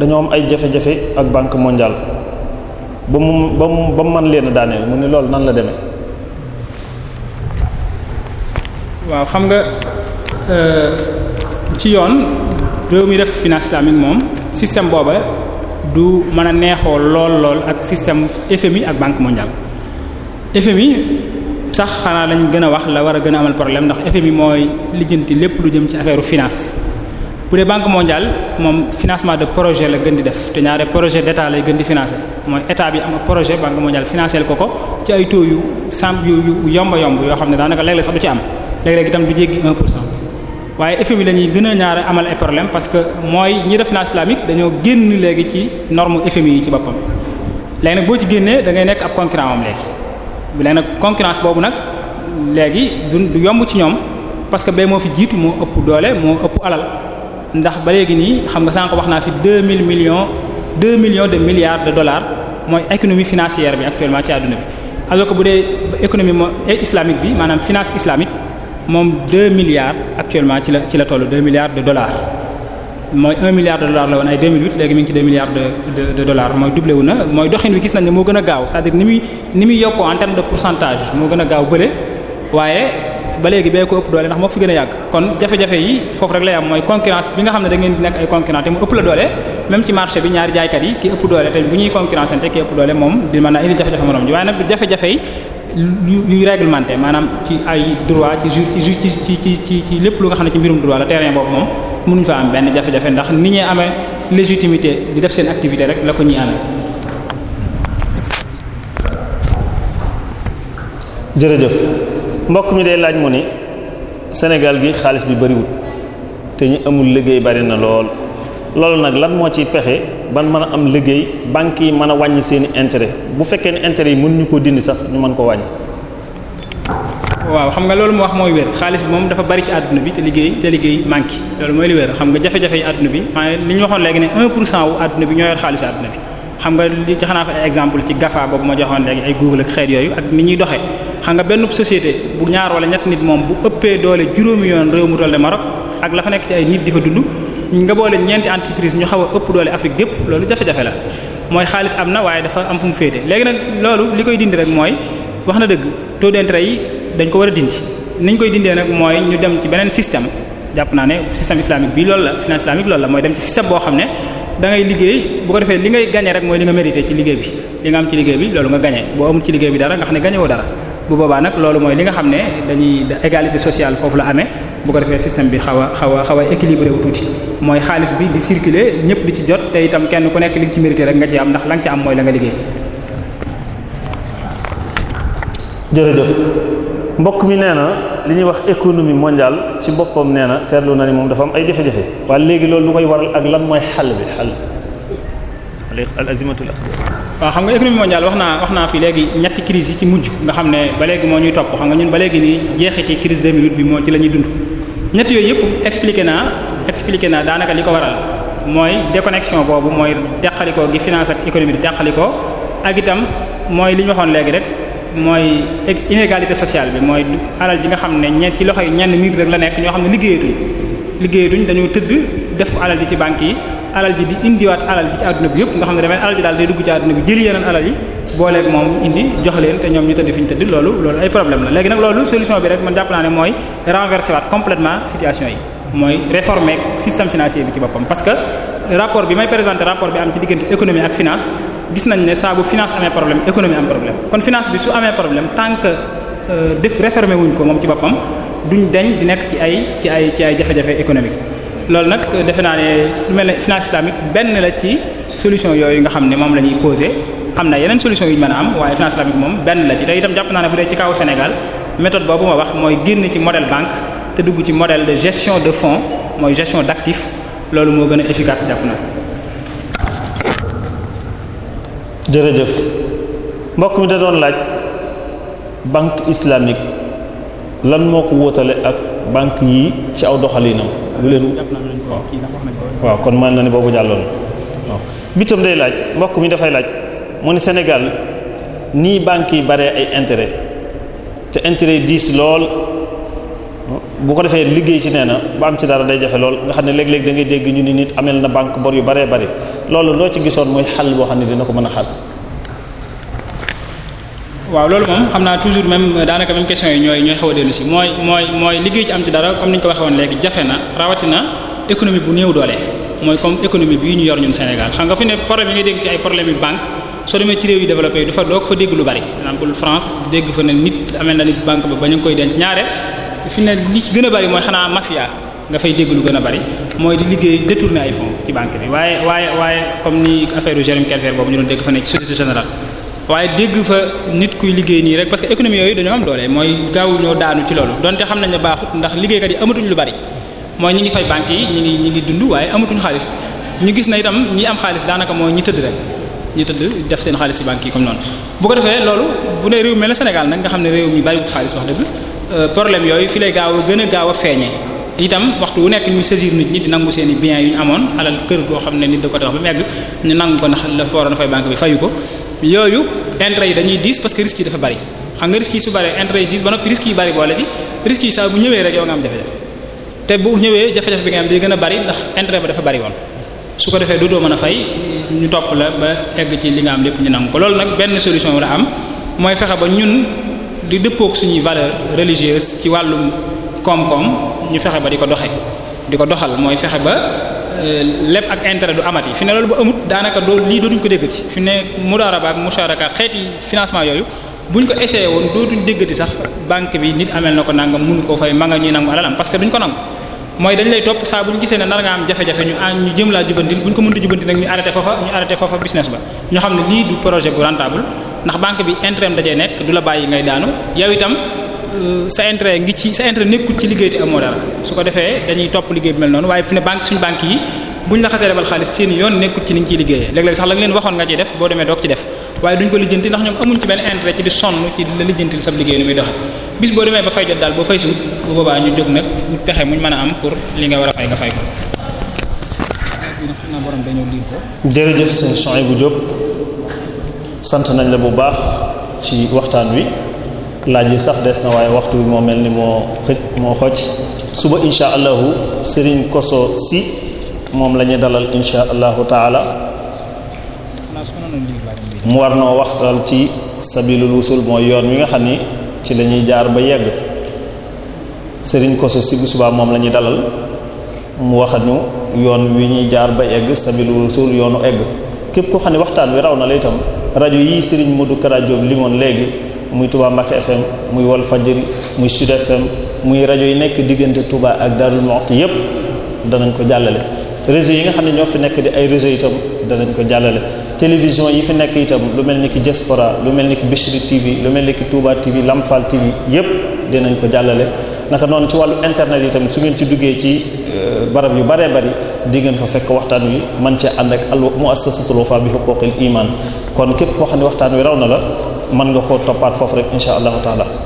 [SPEAKER 3] dañoo am ay jafe-jafe ak banque mondiale. ba mu ba mu ba mu mën leen daaneel mu ni loolu nan la demee.
[SPEAKER 2] waaw xam nga euh, ci yoon réew mi def finance islamique moom système booba du mën a neexoo lool lool ak système FMI ak banque mondiale FMI. sax xanaa lañ gën a wax la war a gën a amal problème ndax FMI mooy lijjanti lépp lu jëm ci affaire finance bu dee banque mondiale moom financement de projet la gën di def te ñaare projet d'état lay gën di financer mooy état bi am projet banque mondiale financer ko ko ci ay taux yu yu yomba yomb yoo xam ne daanaka léeg sax du ci am léeg itam du jéggi waaye effet bi la ñuy a amal ay problème parce mooy ñi finance islamique dañoo génn léegi ci norme FMI yi ci boppam léegi nag boo ci génnee da ngay nekk ab concurrence boobu léegi du ndax ba léegi nii xam nga sànq wax naa fi deux mille millions deux millions de milliards de dollars mooy économie financière bi actuellement ci àdduna bi alors que bu dee économie mo eh, islamique bi maanaam finance islamique moom deux milliards actuellement ci la ci la tollu deux milliards de dollars mooy un milliard de dollars la woon ay 2008 léegi mi ngi de de mooy doublé na mooy doxin wi gis nañ ne moo gën a gaaw c'est-à-dire ni muy ni muy yokkoo en pourcentage moo gën a gaaw bële ba léegi bee ko ëpp doole ndax moo fi gën a yàgg kon jafe-jafe yi foofu rek lay am mooy concurrence bi nga xam ne da ngeen di nekk ay concurrent te mu ëpp la doole même ci marché bi ñaari jaaykat yi ki ëpp doole te bu ñuy concurrence te ki ëpp doole moom di mën naa indi jafe-jafe morom ji waaye nag jafe maanaam ci ay droit ci ci ci ci ci ci lépp lu nga xam ne ci mbirum droit la terrain boobu moom mënuñ fa am benn jafe-jafe ni ñuy amee légitimité di def seen activité rek la ko ñuy amee.
[SPEAKER 3] jërëjëf. mbokk mi de laaj mu ni Sénégal gi xaalis bi bariwul te ñu amul liggéey bari na lool loolu nag lan moo ci pexe ban man a am liggéey banques yi man a wàññi seeni intere bu fekkee ne intérêt yi mun ñu ko dindi sax ñu mën ko wàññi.
[SPEAKER 2] waaw xam nga loolu mu wax mooy wér xaalis bi moom dafa bari ci àdduna bi te liggéey te liggéey manqué loolu mooy li wér xam nga jafe-jafe yi àdduna bi li ñu waxoon léegi ne 1 pour cent wu àdduna bi ñoo yor xaalis àdduna bi. xam nga li jox naa fa exemple ci GAFA boobu ma joxoon léegi ay Google ak xeet yooyu ak ni ñuy doxee xam nga benn société bu ñaar wala ñett nit moom bu ëppee doole juróomi yoon réew mu toll Maroc ak la fa nekk ci ay nit di fa dund nga boole ñeenti entreprise ñu xaw a ëpp doole Afrique gépp loolu jafe-jafe la mooy xaalis am na waaye dafa am fu mu féete léegi nag loolu li koy dindi rek mooy wax na dëgg taux d'intérêt yi dañ ko war a dindi niñ koy dindee nag mooy ñu dem ci beneen système jàpp naa ne système islamique bi loolu la finance islamique la mooy dem ci système boo xam ne da liggéey bu ko defee li ngay gagné rek mooy li nga mérité ci liggéey bi li nga am ci liggéey bi loolu nga gagné boo amul ci liggéey bi dara nga xam ne gagné woo dara bu boobaa nag loolu mooy li nga xam ne dañuy égalité social foofu la amee bu ko defee système bi xaw a xaw a xaw a équilibré wu tuuti mooy xaalis bi di circuler ñëpp di ci jot te itam kenn ku nekk li nga ci mérité rek nga ci am ndax la nga ci am mooy la nga liggéey
[SPEAKER 3] jërëjëf mbokk mi nee na li ñuy wax économie mondiale ci boppam nee na seetlu na ni moom dafa am ay jafe-jafe waaye léegi loolu lu koy waral ak lan mooy xal bi xal
[SPEAKER 2] al azimatul waaw xam nga économie mondiale wax naa wax naa fi léegi ñetti crise yi ci mujj nga xam ne ba léegi moo ñuy xam nga ñun ba léegi nii jeexiti crise 2008 bi moo ci la ñuy dund ñett yooyu yëpp expliqué naa expliqué naa daanaka li ko waral mooy déconnexion boobu mooy teqalikoo gi finance ak économie di teqalikoo ak itam mooy li ñu waxoon léegi rek mooy inégalité sociale bi mooy alal ji nga xam ne ñeent ci loxo yi ñenn nit rek la nekk ñoo xam ne liggéeyatuñ liggéeyatuñ dañoo tëdd def ko alal ji ci banque yi alal ji di indiwaat alal ji ci àdduna bi yëpp nga xam ne damay alal ji daal day dugg ci àdduna bi jëli yeneen alal yi booleeg moom indi jox leen te ñoom ñu tëdd fi ñu tëdd loolu loolu ay problème la léegi nag loolu solution bi rek man jàpp naa ne mooy renverser waat complètement situation yi mooy parce que rapport bi may présenter rapport bi am ci diggante gis nañ ne saa bu finance amee problème économie am problème kon finance bi su amee problème tant que euh, def réformer wuñ ko moom ci boppam duñ dañ di nekk ci ay ci ay ci ay jafe-jafe économique loolu nag euh, defe naa ne su mel ne finance islamique benn la ci solution yooyu nga xam ne moom la ñuy poser am na yeneen solution yu ñu mën a am waaye finance islamique moom benn la ci te itam jàpp naa ne bu dee ci kaw Sénégal méthode boobu ma wax mooy génn ci modèle banque te dugg ci modèle de gestion de fonds mooy gestion d'actifs loolu moo gën a efficace jàpp na jërëjëf mbokk mi da doon laaj
[SPEAKER 3] banque islamique lan moo ko wóotale ak banque yi ci aw doxalinam lu kon mën na ne boobu jàlloon waaw bitam de laaj mbokk mi dafay laaj mu ne Sénégal nii banque yi baree ay intérêt te intérêt diis lool bu ko defee liggéey ci nee ba am ci dara day jafe lool nga xam ne léeg-léeg da dégg ñu ni nit amel na banque bor yu baree bari loolu loo ci mooy xal boo xam ne dina ko mën a xal
[SPEAKER 2] waaw loolu xam naa toujours même daanaka même yi ñooy ñooy xaw a si mooy mooy mooy liggéey ci am ci dara comme ni ñu bu néew doole mooy comme économie bii ñu yor ñun Sénégal xam nga fi ne problème yi ngay yu banque soo demee ci réew yu développé yi dafa doo ko fa dégg lu bari par amee na nit banque ba ba ñu ngi koy denc ñaare fi ne li ci gën a bari mooy xanaa mafia nga fay dégg lu gën a bari mooy di liggéey détourner ay fonds ci banque bi waaye waaye waaye comme ni affaire Jérôme Kelfer boobu ñu doon dégg fa nekk ci Société Générale waaye dégg fa nit kuy liggéey nii rek parce que économie yooyu dañoo am doole mooy gaaw ñoo daanu ci loolu donte xam nañ ne baaxut ndax liggéeykat yi amatuñ lu bari mooy ñi ngi fay banques yi ñi ngi ñi ngi dund waaye amatuñ xaalis ñu gis na itam ñ am xaalis daanaka mooy ñi tëdd rek ñi tëdd def seen xaalis ci banques yi comme noonu ko defee loolu bu ne réew mel ne Sénégal nag nga xam ne réew mi bariwut xaalis wax dëgg Euh, problème yooyu fi gaaw a gën a gaaw a feeñee itam waxtu wu nekk ñu saisir nit ñi di nangu seen i biens yu ñu amoon alal kër goo xam ne nit da ko tax ba mu egg a fay banque bi fayu ko yooyu intérêt yi dañuy parce que dafa su bari ba noppi risque yi bari boole ci risque yi saa bu ñëwee rek yow nga am jafe-jafe te bu ñëwee jafe-jafe bi nga am day gën a bari ndax intérêt ba dafa bari woon su ko defee dootoo mën a fay ñu topp la ba egg ci li nga am lépp ñu nangu ko loolu nag benn solution wala am mooy fexe ba ñun di dëppook suñuy valeur religieuse ci wàllum koom-koom ñu fexe ba di ko doxe di ko doxal mooy fexe ba euh, lépp ak intérêt du amat yi fi ne loolu ba amut daanaka doo lii dootuñ ko déggati fi ne mudaraba ak musharaka xeeti financement yooyu buñ ko essayé woon dootuñ déggati sax banque bi nit amel na ko nangam mënu koo fay ma nga ñuy nangu alalam parce duñ ko nangu mooy dañ lay topp saa bu ñu gisee ne nar nga am jafe-jafe ñu ñu jëm laa jubantil bu ñu ko mënut a jubantil nag ñu arrêté foofa ñu arrêté foofa business ba ñu xam ne lii du projet bu rentable ndax banque bi intérêt dajee nekk du la bàyyi ngay daanu yow itam euh, sa intérêt ngi ci sa intérêt nekkul ci liggéey te amoo dara su ko defee dañuy topp liggéey bi mel noonu waaye fi ne banque suñu banque yi buñ la xasee lebal xaalis seen yoon nekkul ci niñ ciy liggéeyee demee doog ci waaye duñ ko lijjanti ndax ñoom amuñ ci benn intérêt ci di sonn ci la lijjantil sab liggéey ni muy doxe bis boo demee ba fay jot daal boo fay si wut bu boobaa ñu jóg nag wut pexe muñ mën a am pour li nga war a fay nga fay ko jërëjëf
[SPEAKER 3] sëñ Souhaïbou Diop sant nañ la bu baax ci waxtaan wi laaj yi sax des na waaye waxtu wi moo mel ni moo xëj moo xoj suba insha allahu sëriñ Kosso si moom la ñuy dalal insha allahu taala mu war noo waxtal ci sabilul wusul mooy yoon wi nga xam ni ci lañuy jaar ba yegg sëriñ Kosso si bu subaa moom la ñuy dalal mu wax yoon wi ñuy jaar ba egg sabilul wusul yoonu egg képp ko xam ne waxtaan wi raw na la itam rajo yii sëriñ Modou Kara Diop limoon léegi muy Touba Mbacké FM muy Walf Fadjri muy Sud FM muy rajo yi nekk diggante tubaa ak Darou Moukhty yépp danañ ko jàllale réseau yi nga xam ne ñoo fi nekk di ay réseau itam danañ ko jàllale télévision yi fi nekk itam lu mel ni ki Diaspora lu mel ni ki Bichri TV lu mel ni ki Touba TV Lamfal TV yépp nañ ko jàllale naka noonu ci wàllu internet yi tamit su ngeen ci duggee ci euh, barab yu baree bari di ngeen fa fekk waxtaan wi man cee ànd ak al muassasatul wafa bi huquqil iman kon képp koo xam ne waxtaan wi raw na la mën nga koo toppaat foofu rek incha allah taala